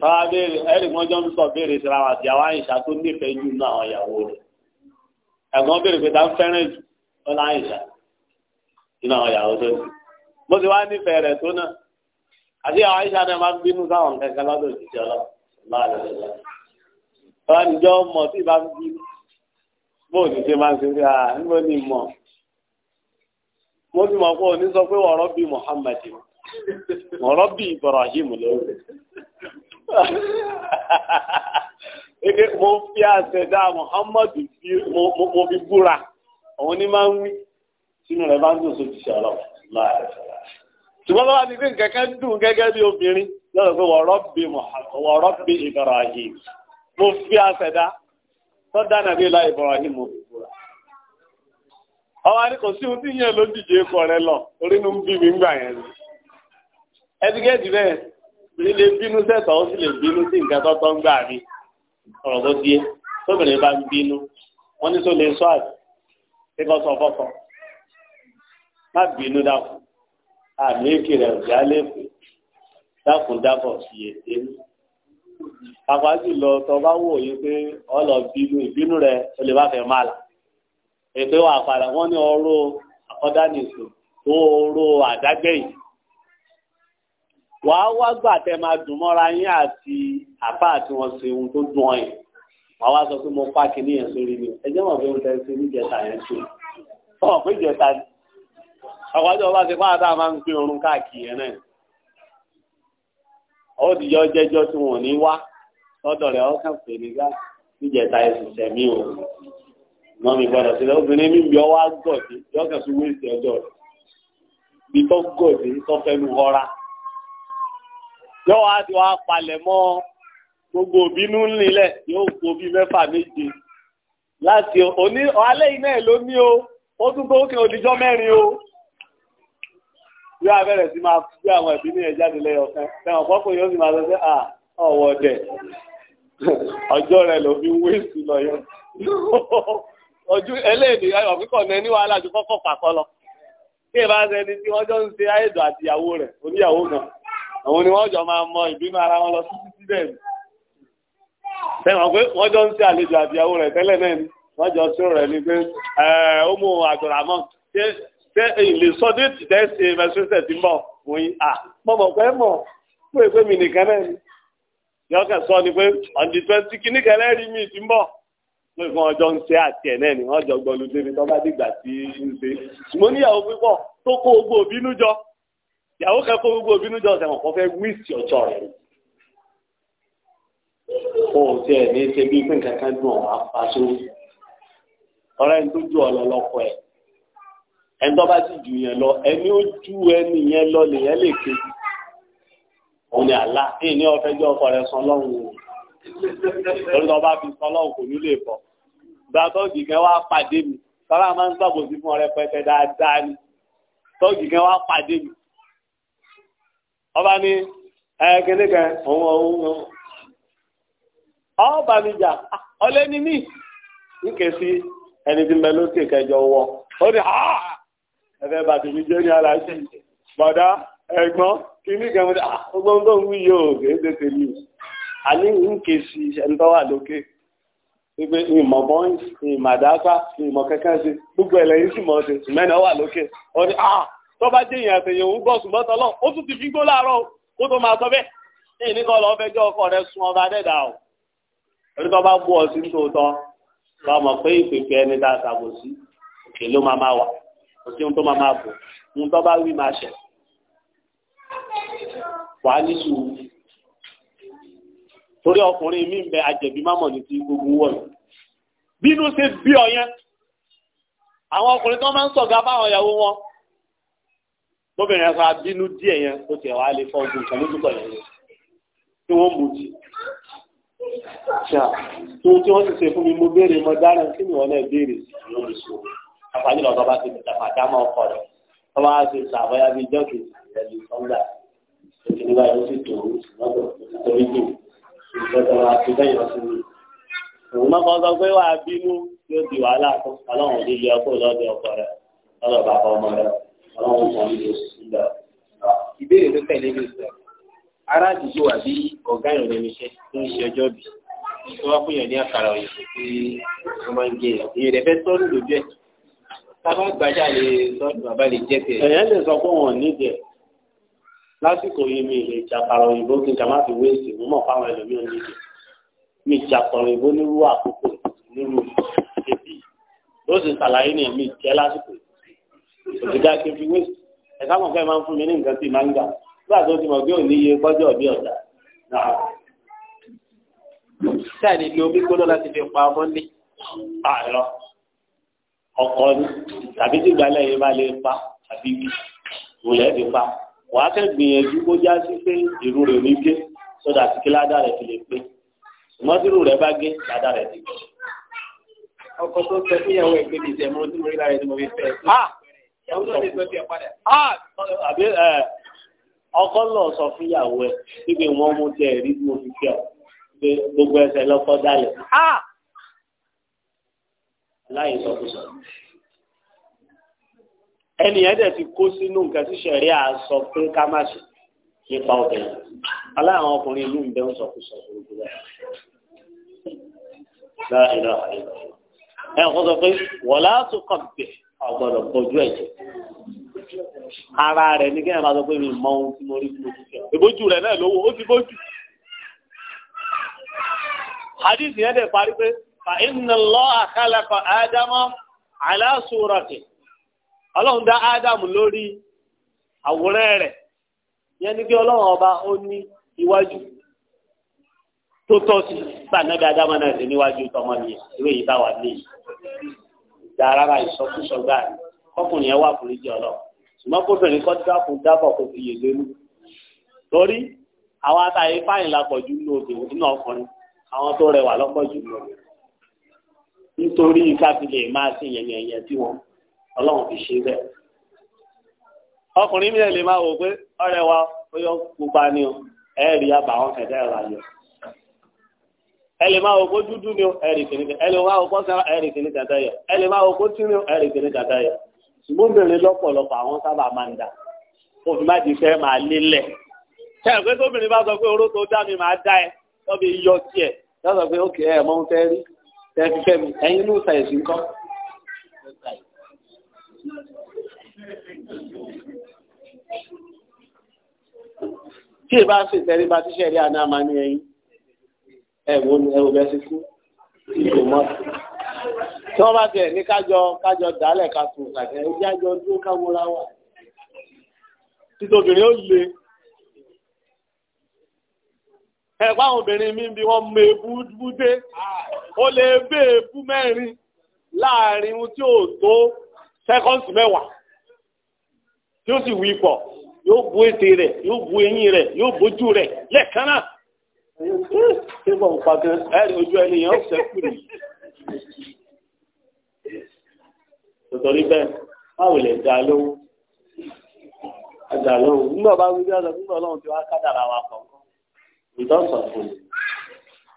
Báwa béèrè ẹ̀rì wọn jọ ń sọ béèrè síra wọn àti àwọn àyìnṣà tó nífẹ̀ẹ́ jù nínú àwọn ìyàwó rẹ̀. Ẹ̀gbọ́n béèrè pé ta ń fẹ́ràn jù wọn láyìnṣà nínú àwọn ìyàwó tó ti. Mo ti wá nífẹ̀ẹ́ rẹ̀ tó náà. Àti àwọn àyìnṣà náà máa ń bínú bó ní ṣe máa ń ṣe sí à níbo ni mọ̀ mo ti mọ̀ pé òní sọ pé wọ́n rọ́bì Muhammad wọ́n rọ́bì Ibrahim lórí eke mo fi àṣẹdá Muhammad mo fi búra òun ni máa ń wí sínú rẹ̀ bá ń dùn sójú sí ọlọ́run láàrin ṣùgbọ́n bá wà ní pé nǹkan dùn gẹ́gẹ́ bí obìnrin lọ́dọ̀ pé wọ́n rọ́bì Ibrahim mo fi àṣẹdá tó dá nàbí ilá Ibrahim òbúra ọwọ́ àríkò sí ohun tí yẹn ló dìje kọ rẹ lọ orí nu ń bí mi gbà yẹn ni ẹtikẹ́tì bẹ́ẹ̀ mi lè bínú sẹ́tọ̀ ó sì lè bínú sí nǹkan tó tọ́ ń gbà mí ọ̀rọ̀ tó di tóbìnrin bá ń bínú wọ́n ní tó lè sọ àti kíkọ́ sọ fọ́fọ́ má bínú dákun àmì èkìrẹ̀ òjá lè pè dákun dábọ̀ fi mi pàápàá jùlọ tó bá wò yí pé ọlọ bínú ìbínú rẹ o lè má fẹ́ má la èpè wà padà wọn ní ọ̀rọ̀ àkọdánìsò tó ọ̀rọ̀ àdágbẹ̀yìn wàá wá gbà tẹ máa dùn mọ́ra yín àti àbá àti wọn ṣe ohun tó dùn ọyìn wàá wá sọ pé mo pa kìnìún yẹn sórí mi ẹ jẹ́ mọ̀ pé mo tẹ́ sí níjẹta yẹn tó ọ̀ fún ìjẹta ni àwọn àjọ bá ti pàdé àwọn máa ń gbé orun káàkiri yẹn náà ó dìjọ́ jẹ́jọ́ tí wọ́n ní wá sọ́dọ̀ rẹ̀ ọkàn pè ní gá níjẹta ẹ̀sùn sẹ̀mí o mọ́ mi gbọ́dọ̀ sílẹ̀ obìnrin mi bí ọwọ́ gọ̀dí yọkàn sí wíìsì ọjọ́ rẹ̀ bí tó gòdì tó fẹnu họra yóò wá di wá palẹ̀ mọ́ gbogbo òbínú ńlẹ̀ yóò kó bí mẹ́fà méje láti òní alẹ́ iná ẹ̀ ló ní o ó tún tó kẹ́ òdìjọ́ mẹ́rin o. yóò abẹ́rẹ́ sí máa fi àwọn ẹ̀bí ní ẹ̀jáde lẹ́yọ̀ kan pọ́pọ̀ yóò sì máa lọ sí à ọ̀wọ́ ọ̀dẹ̀ ọjọ́ rẹ̀ ló fi wé sí lọ ojú ní wàhálà ju pàkọ́ lọ kí ẹ bá ṣe ẹni tí wọ́n jọ ń ṣe àti ìyàwó rẹ̀ oníyàwó mọ ìbínú ara wọn lọ sí bẹ́ẹ̀ ni pé wọ́n jọ ń ṣe àlejò àti ìyàwó rẹ̀ tẹ́lẹ̀ náà ni wọ́n jọ sí ṣé ilé sọ déètì tẹ́ ṣe mẹsírísẹ̀ tí ń bọ̀ fún mọ̀ pé mọ̀ pé pé mi nìkan náà ni yọ kàn sọ ni pé ọ̀dì twenty kìíní kan lẹ́rìí mi ti ń pé fún ọjọ́ ń ṣe àti ẹ̀ náà ni wọ́n jọ gbọ́ lóde mi tó bá dìgbà tí ń ṣe ṣùgbọ́n níyàwó pípọ̀ tó kó gbogbo òbínú jọ ìyàwó kan kó gbogbo òbínú jọ ṣẹ̀wọ̀n kan fẹ́ wíìsì ọjọ́ rẹ̀ kó tiẹ̀ ní ṣe bí pé nǹkan kan dùn ọ̀ ẹ̀ńtọ́ bá sì jù yẹn lọ ẹni ó ju ẹni yẹn lọ nìyẹn lè ké òun ni àlá èyí ní ọ̀fẹ́jọ́ ọkọ rẹ̀ sọ lọ́hùn o lórí ọba fi sọ lọ́hùn kò ní lè bọ̀ gba tọ́ọ̀gì kan wá pàdé mi tọ́lá máa ń sọ̀bù sí fún ọ̀rẹ́ pẹ́tẹ́ dáadáa ni tọ́ọ̀gì kan wá pàdé mi ọba ní ẹ kíní kan òun òun ọba mi jà ọlẹ́ni mi ń ẹni tí ń kẹjọ wọ ó ní ha ẹ̀fẹ́ bàtì mi jẹ́ ní aláṣẹ bọ̀dá ẹ̀gbọ́n kìíní gẹ̀mọ́dá ọgbọ́n tó ń wí yóò gẹ́gẹ́ tèmi àní ń ké sí ẹ̀ńtọ́ wà lókè wípé ìmọ̀ bọ́ǹsì ìmọ̀ àdáká ìmọ̀ kẹ́kẹ́ sí gbogbo ẹ̀ lẹ́yìn sì mọ̀ ọ́ sí mẹ́nà wà lókè ó ní ah tó bá jẹ́ ìyàn àtẹ̀yẹ̀ òun bọ̀ sùn mọ́tọ́ lọ́n ó tún ti fi gbó láàárọ̀ ó tó máa sọ bẹ́ẹ̀ ní ìníkọ́ lọ́ọ́ fẹ́ jẹ́ ọkọ rẹ sun ọba dẹ́dà o onítọ́ bá bú ọ sí nítòótọ́ lọ́mọ pé ìpèpè ẹni tá a sàbòsí òkè ló máa máa wà kò sí ohun tó máa máa bò ohun tó bá wí máa ṣẹ wàá ní sùúrù torí ọkùnrin mi ń bẹ àjẹbí má mọ̀ ní ti gbogbo wọ̀ yìí bínú ṣe bí ọyẹn àwọn ọkùnrin tó máa ń sọ̀gá báwọn ìyàwó wọn lóbìnrin ẹ̀fà bínú díẹ̀ yẹn ó tiẹ̀ wá lè fọ́ ogun ìtàn lójúkọ̀ yẹn tí wọ́n mú ti tí wọ́n sì ṣe fún mi mo béèrè mo dára kí ni wọ́n náà béèrè sí ìyọ́nù ìṣòro àpàjù lọ́tọ́ bá ti fi tàpá dámọ̀ ọkọ rẹ̀ wọ́n bá ti sàbọ̀yá bíi jọ́ọ̀kì ìrẹ̀lẹ̀ sọ́ńdà òkè nígbà yóò sì tó lọ́dọ̀ torí jù àti bẹ́ẹ̀ yọ sí mi. òun náà kọ́ sọ pé wà á bínú tí ó di wàhálà tó ọlọ́run ò ní lé ọkọ lọ́dọ̀ ọkọ rẹ̀ lọ́dọ̀ bàbá ọmọ rẹ̀ ọlọ́run kò ní lè sí ìbéèrè tó tẹ̀lé mi sọ ará àdúgbò àbí ọ̀gá ìrọ̀lẹ́ tábà gbàjà lè lọ́dún bàbá lè jẹ́ tiẹ̀. ẹ̀yẹ́ lè sọ pé wọ́n nídìí ẹ̀ lásìkò yìí mi lè jàpàrọ̀ òyìnbó kí n kà má fi wéèsì mú mọ̀ fáwọn ẹlòmíràn nídìí mi jàpàrọ̀ òyìnbó nírú àkókò nírú èdè ó sì ṣàlàyé ní ẹ̀mí jẹ́ lásìkò òṣìṣẹ́ kí n fi wéèsì ẹ̀ka mọ̀ fẹ́ máa ń fún mi ní nǹkan tí máa ń gbà nígbà tó ti mọ̀ pé ò ní iye kọ́jọ́ ọ̀bí ọ̀dà náà. sáà ni ilé omi gbóná láti fi pa ọmọ ní àárọ̀ ọkọ ni tàbí tí ìgbàlẹ̀ yìí bá lè pa àbí ìwòlẹ̀ ti pa wàá kẹ́ gbìyànjú kó já sí pé ìrú rẹ̀ ní gé sódà tí kí ládàá rẹ̀ fi lè pé ìmọ̀tìrú rẹ̀ bá gé ládàá rẹ̀ ti gé. ọkọ tó sọ fún ìyàwó ẹgbẹ́ mi sẹ mo tí mo rí lára ẹni mo fi fẹ́ ìyàwó tó ti sọ fún ẹ padà. ọkọ lọ sọ fún ìyàwó ẹ níbi wọn mú tẹ ẹ rí bí mo fi fẹ́ ọ gbogbo ẹsẹ̀ lọkọ dálẹ̀ láyé sọkúsọ ẹnìyẹn dẹ̀ ti kó sínú nǹkan tí sẹ̀rí à sọ pé ká má ṣe nípa obìnrin aláwọn ọkùnrin ìlú ń bẹ́ ń sọkúsọ gbogbo rẹ̀ láìlọ àìlọ ẹ̀ kó sọ pé wọ́lá tó kàn bẹ̀ ọ̀gbọ́dọ̀ bójú ẹ̀jẹ̀ ara rẹ̀ ní kí ẹ̀ máa sọ pé mi mọ ohun tí mo rí fún ojú ẹ̀ ìbójú rẹ̀ náà lówó ó ti bójú. hadith yẹn dẹ̀ parí pé فإن الله خلق آدم على صورته ọlọ́run dá ádámù lórí àwòrán rẹ̀ yẹn ni pé ọlọ́run ọba ó ní iwájú tó tọ́ sí gbànàbí ádámù náà sí níwájú tọmọ ni ìwé yìí bá wà ní ìdá rárá ìsọkúsọ gbáà ọkùnrin yẹn wà fún ìdí ọlọ́run ṣùgbọ́n kóbìnrin kọ́ dákun dábọ̀ kó fi yè lónìí torí àwọn àtàyè fáyìn la nínú obìnrin nínú ọkùnrin àwọn tó rẹwà lọ́pọ̀ nínú obìnrin nítorí káfílẹ̀ máa ṣe yẹ̀yẹ̀yẹ̀ tí wọn ọlọ́run fi ṣe bẹ́ẹ̀. ọkùnrin mìíràn lè máa wò pé ọ̀rẹ́ wa ó pupa ni o ẹ rí àbàwọn kẹtẹ ẹ rà ẹ lè máa wò pé dúdú ni o ẹ rí kìnnìkan ẹ lè máa wò pé sẹ́wọ̀n ẹ rí kìnnìkan tẹ yọ ẹ lè máa wò pé tí ni o ẹ rí kìnnìkan tẹ yọ. ṣùgbọ́n obìnrin lọ́pọ̀lọpọ̀ àwọn sábà máa ń dà kó fi má di fẹ́ máa lélẹ̀. ṣé ẹ̀ pé tóbìnrin bá sọ pé oró tó dá mi máa dá tẹ́ẹ̀fì fẹ́mi ẹ̀yin ló ta ẹ̀sìn kan. tí ì bá ṣe ìtẹ́rí bá tíṣẹ́ rí àná máa ní ẹyin ẹ̀wò ẹ̀wò bẹ́ẹ̀ ti kú ìgò mọ́. tí wọ́n bá tiẹ̀ ní kájọ kájọ dálẹ̀ ká tún kàkẹ́ ẹ̀jẹ̀ àjọ dúró ká múra wà. títóbìnrin ó le ẹ̀pá obìnrin mi bí wọ́n mọ ebú búdé ó lè bẹ́ ebú mẹ́rin láàrin ohun tí ó tó sẹ́kọ́ǹsì mẹ́wàá tí ó sì wí pọ̀ yóò bu ètè rẹ̀ yóò bu eyín rẹ̀ yóò bójú rẹ̀ lẹ́ẹ̀kan náà ṣé wọ́n pa gan ẹ̀rí ojú ẹni yẹn ó sẹ́kù ni. tòtòrí bẹ́ẹ̀ báwo lè dá lóhùn. Àgbà nígbà bá wí bí wọ́n sọ fún ọlọ́run tí wọ́n á kádàrà wa pọ̀ ìdọ́sọ̀ fún mi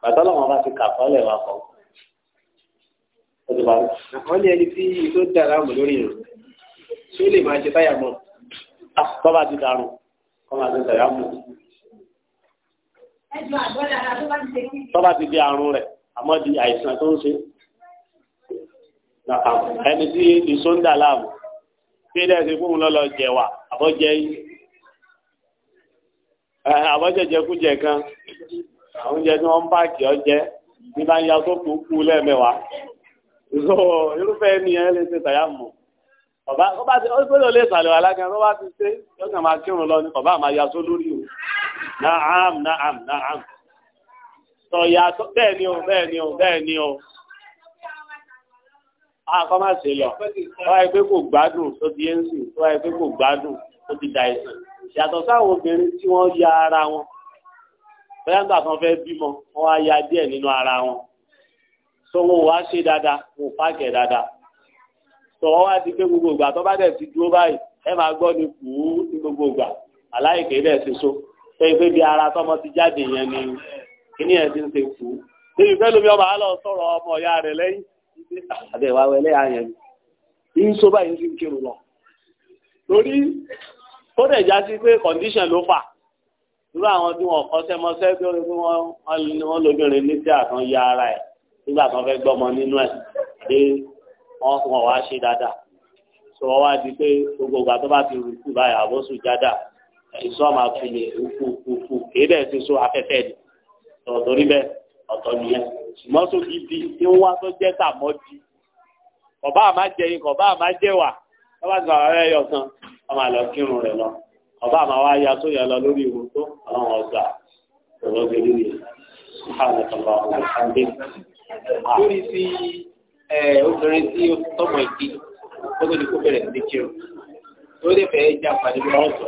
bàtà lọ́wọ́ bá ti kà kọ́lẹ̀ wa kọ́ wọ́n ní ẹni tí tó dára mọ̀ lórí rẹ̀ tí ó lè máa ṣe táyà mọ́ bọ́bá ti dàrú bọ́bá ti tàyà mọ́ bọ́bá ti di àrùn rẹ̀ àmọ́ di àìsàn tó ń ṣe ẹni tí ìsọ́ndà láàmú tí ilé ẹ̀sìn fóun lọ́lọ́ jẹ̀wà àbọ̀jẹ́ yìí àbọ̀jẹ̀jẹkújẹ kan oúnjẹ tí wọ́n ń ọjẹ́ ní bá ń ya sókù kú lẹ́ẹ̀mẹ́wàá so irúfẹ́ ènìyàn lè ṣe tàyà mọ̀ ọba ọba ti ọdún tó lè sàlẹ̀ wà lágan ọba ti ṣe yọkàn máa kírun lọ ní ọba àmà ya só lórí o naam naam naam sọ yàtọ̀ bẹ́ẹ̀ ni o bẹ́ẹ̀ ni o bẹ́ẹ̀ ni o akọ́ máa ṣe lọ tọ́wá ẹgbẹ́ kò gbádùn tó ti yẹn sìn tọ́wá ẹgbẹ́ kò gbádùn tó ti da ẹ̀sìn yàtọ̀ sáwọn obìnrin tí wọ́n ya ara wọn bóyá nígbà kan fẹ́ bímọ wọ́n á ya díẹ̀ nínú ara wọn tó wọn ò wá ṣe dáadáa wọn ò pààkẹ́ dáadáa tó wọn wá di pé gbogbo ìgbà tó bá dẹ̀ ti dúró báyìí ẹ máa gbọ́ ni kù ú ní gbogbo ìgbà aláìké dẹ̀ ṣe so tó yẹ pé bí ara tọmọ ti jáde yẹn ni kíní ẹ̀ ti ń ṣe kù ú níbi fẹ́ lómi ọba á sọ̀rọ̀ ọmọ ìyá rẹ̀ lẹ́yìn tó dẹ̀ já sí pé condition ló fà irú àwọn tí wọn kọ́ṣẹ́ mọṣẹ́ tó rí pé wọ́n lóbìnrin ní sí àtàn ya ara ẹ̀ nígbà kan fẹ́ gbọ́mọ nínú ẹ̀ pé wọ́n wá ṣe dáadáa tó wọ́n wá di pé gbogbo ìgbà tó bá ti rú kú báyà àbó sùn jáda ìṣọ́ máa fi lè kú kú kú kéé dẹ̀ ti so afẹ́fẹ́ ni tọ̀tọ̀rí bẹ́ẹ̀ ọ̀tọ̀ nìyẹn ṣùgbọ́n tó gidi tí ń wá tó jẹ́ tàmọ́dì kọ̀bá àmá jẹyìn kọ̀bá àmá jẹwàá ọba gba ọ̀rẹ́ yọ kan ọmọ àlọ kírun rẹ lọ ọba àmà wa ya tó yẹ lọ lórí ìwò tó àwọn ọgbà òwò gbèrú yẹ lórí ti obìnrin tí ó tọmọ ìdí ó tó di kó bẹ̀rẹ̀ sí kírun ó lè fẹ́ já pàdé bí wọn sọ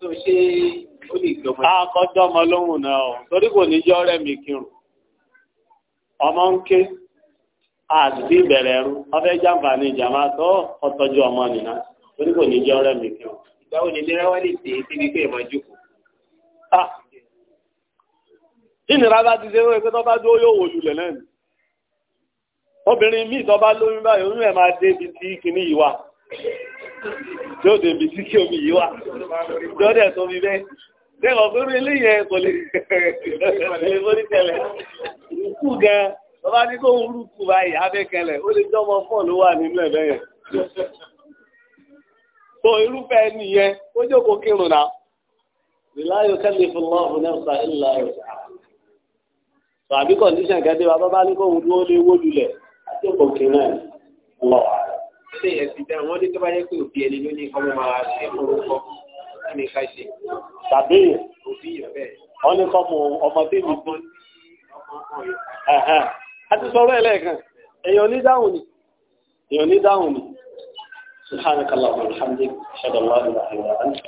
tó ṣe ó lè gbé ọmọ. akọjọ́ ọmọ lóhùn náà torí kò ní jọ́ rẹ̀ mi kírun ọmọ ń ké àtúntì ìbẹ̀rẹ̀ ẹ̀rú ọfẹ́ jàǹfààní ìjàmbá tó ọtọ́jú ọmọ nìyà torí kò ní jẹ́ ọ̀rẹ́ mi kí wọn. ìgbà wo ni ìlera wá lè dé síbi pé ìmọ̀ jókòó. ìnira ah! bá ti ṣe wípé tó bá dúró yóò wò lulẹ̀ náà ni. obìnrin míì tó bá lóyún báyìí oyún ẹ̀ máa débi tí kinní yìí wà yóò débi tí kí omi yìí wà yóò dẹ̀ tóbi bẹ́ẹ̀ lẹ́kọ̀ọ́ pé orí eléyìí ẹ̀ kò lè [LAUGHS] kò lè forí tẹ̀lẹ̀ ikú gan-an bàbá ní kó ń rúkú báyìí abẹ́kẹlẹ̀ ó lè jọmọ fún ló wà nínú ẹ̀bẹ̀ yẹn. tó irúfẹ́ ẹni yẹn ó jókòó kírun náà. ìláyò kẹ́lẹ́ fún lọ́ọ̀fù nẹ́fà ńlá rẹ̀. sọ àbí kọ̀ǹdíṣàn kẹ́tẹ́ bàbá bá ní kó ń dúró lé wó lulẹ̀ àjókòó kírun náà lọ. ṣé ẹ̀sìn dáa wọ́n ní tó bá yẹ pé òbí ẹni ló ní kọ́mọ́ máa ṣe orúkọ kí ni ká ṣe. tàbí òbí a ti sọ̀rọ̀ ẹlẹ́ẹ̀kan èèyàn ní dáhùn ni èèyàn ní dáhùn ni subhanakallah walhamdulillah shadallah ilaha illa anta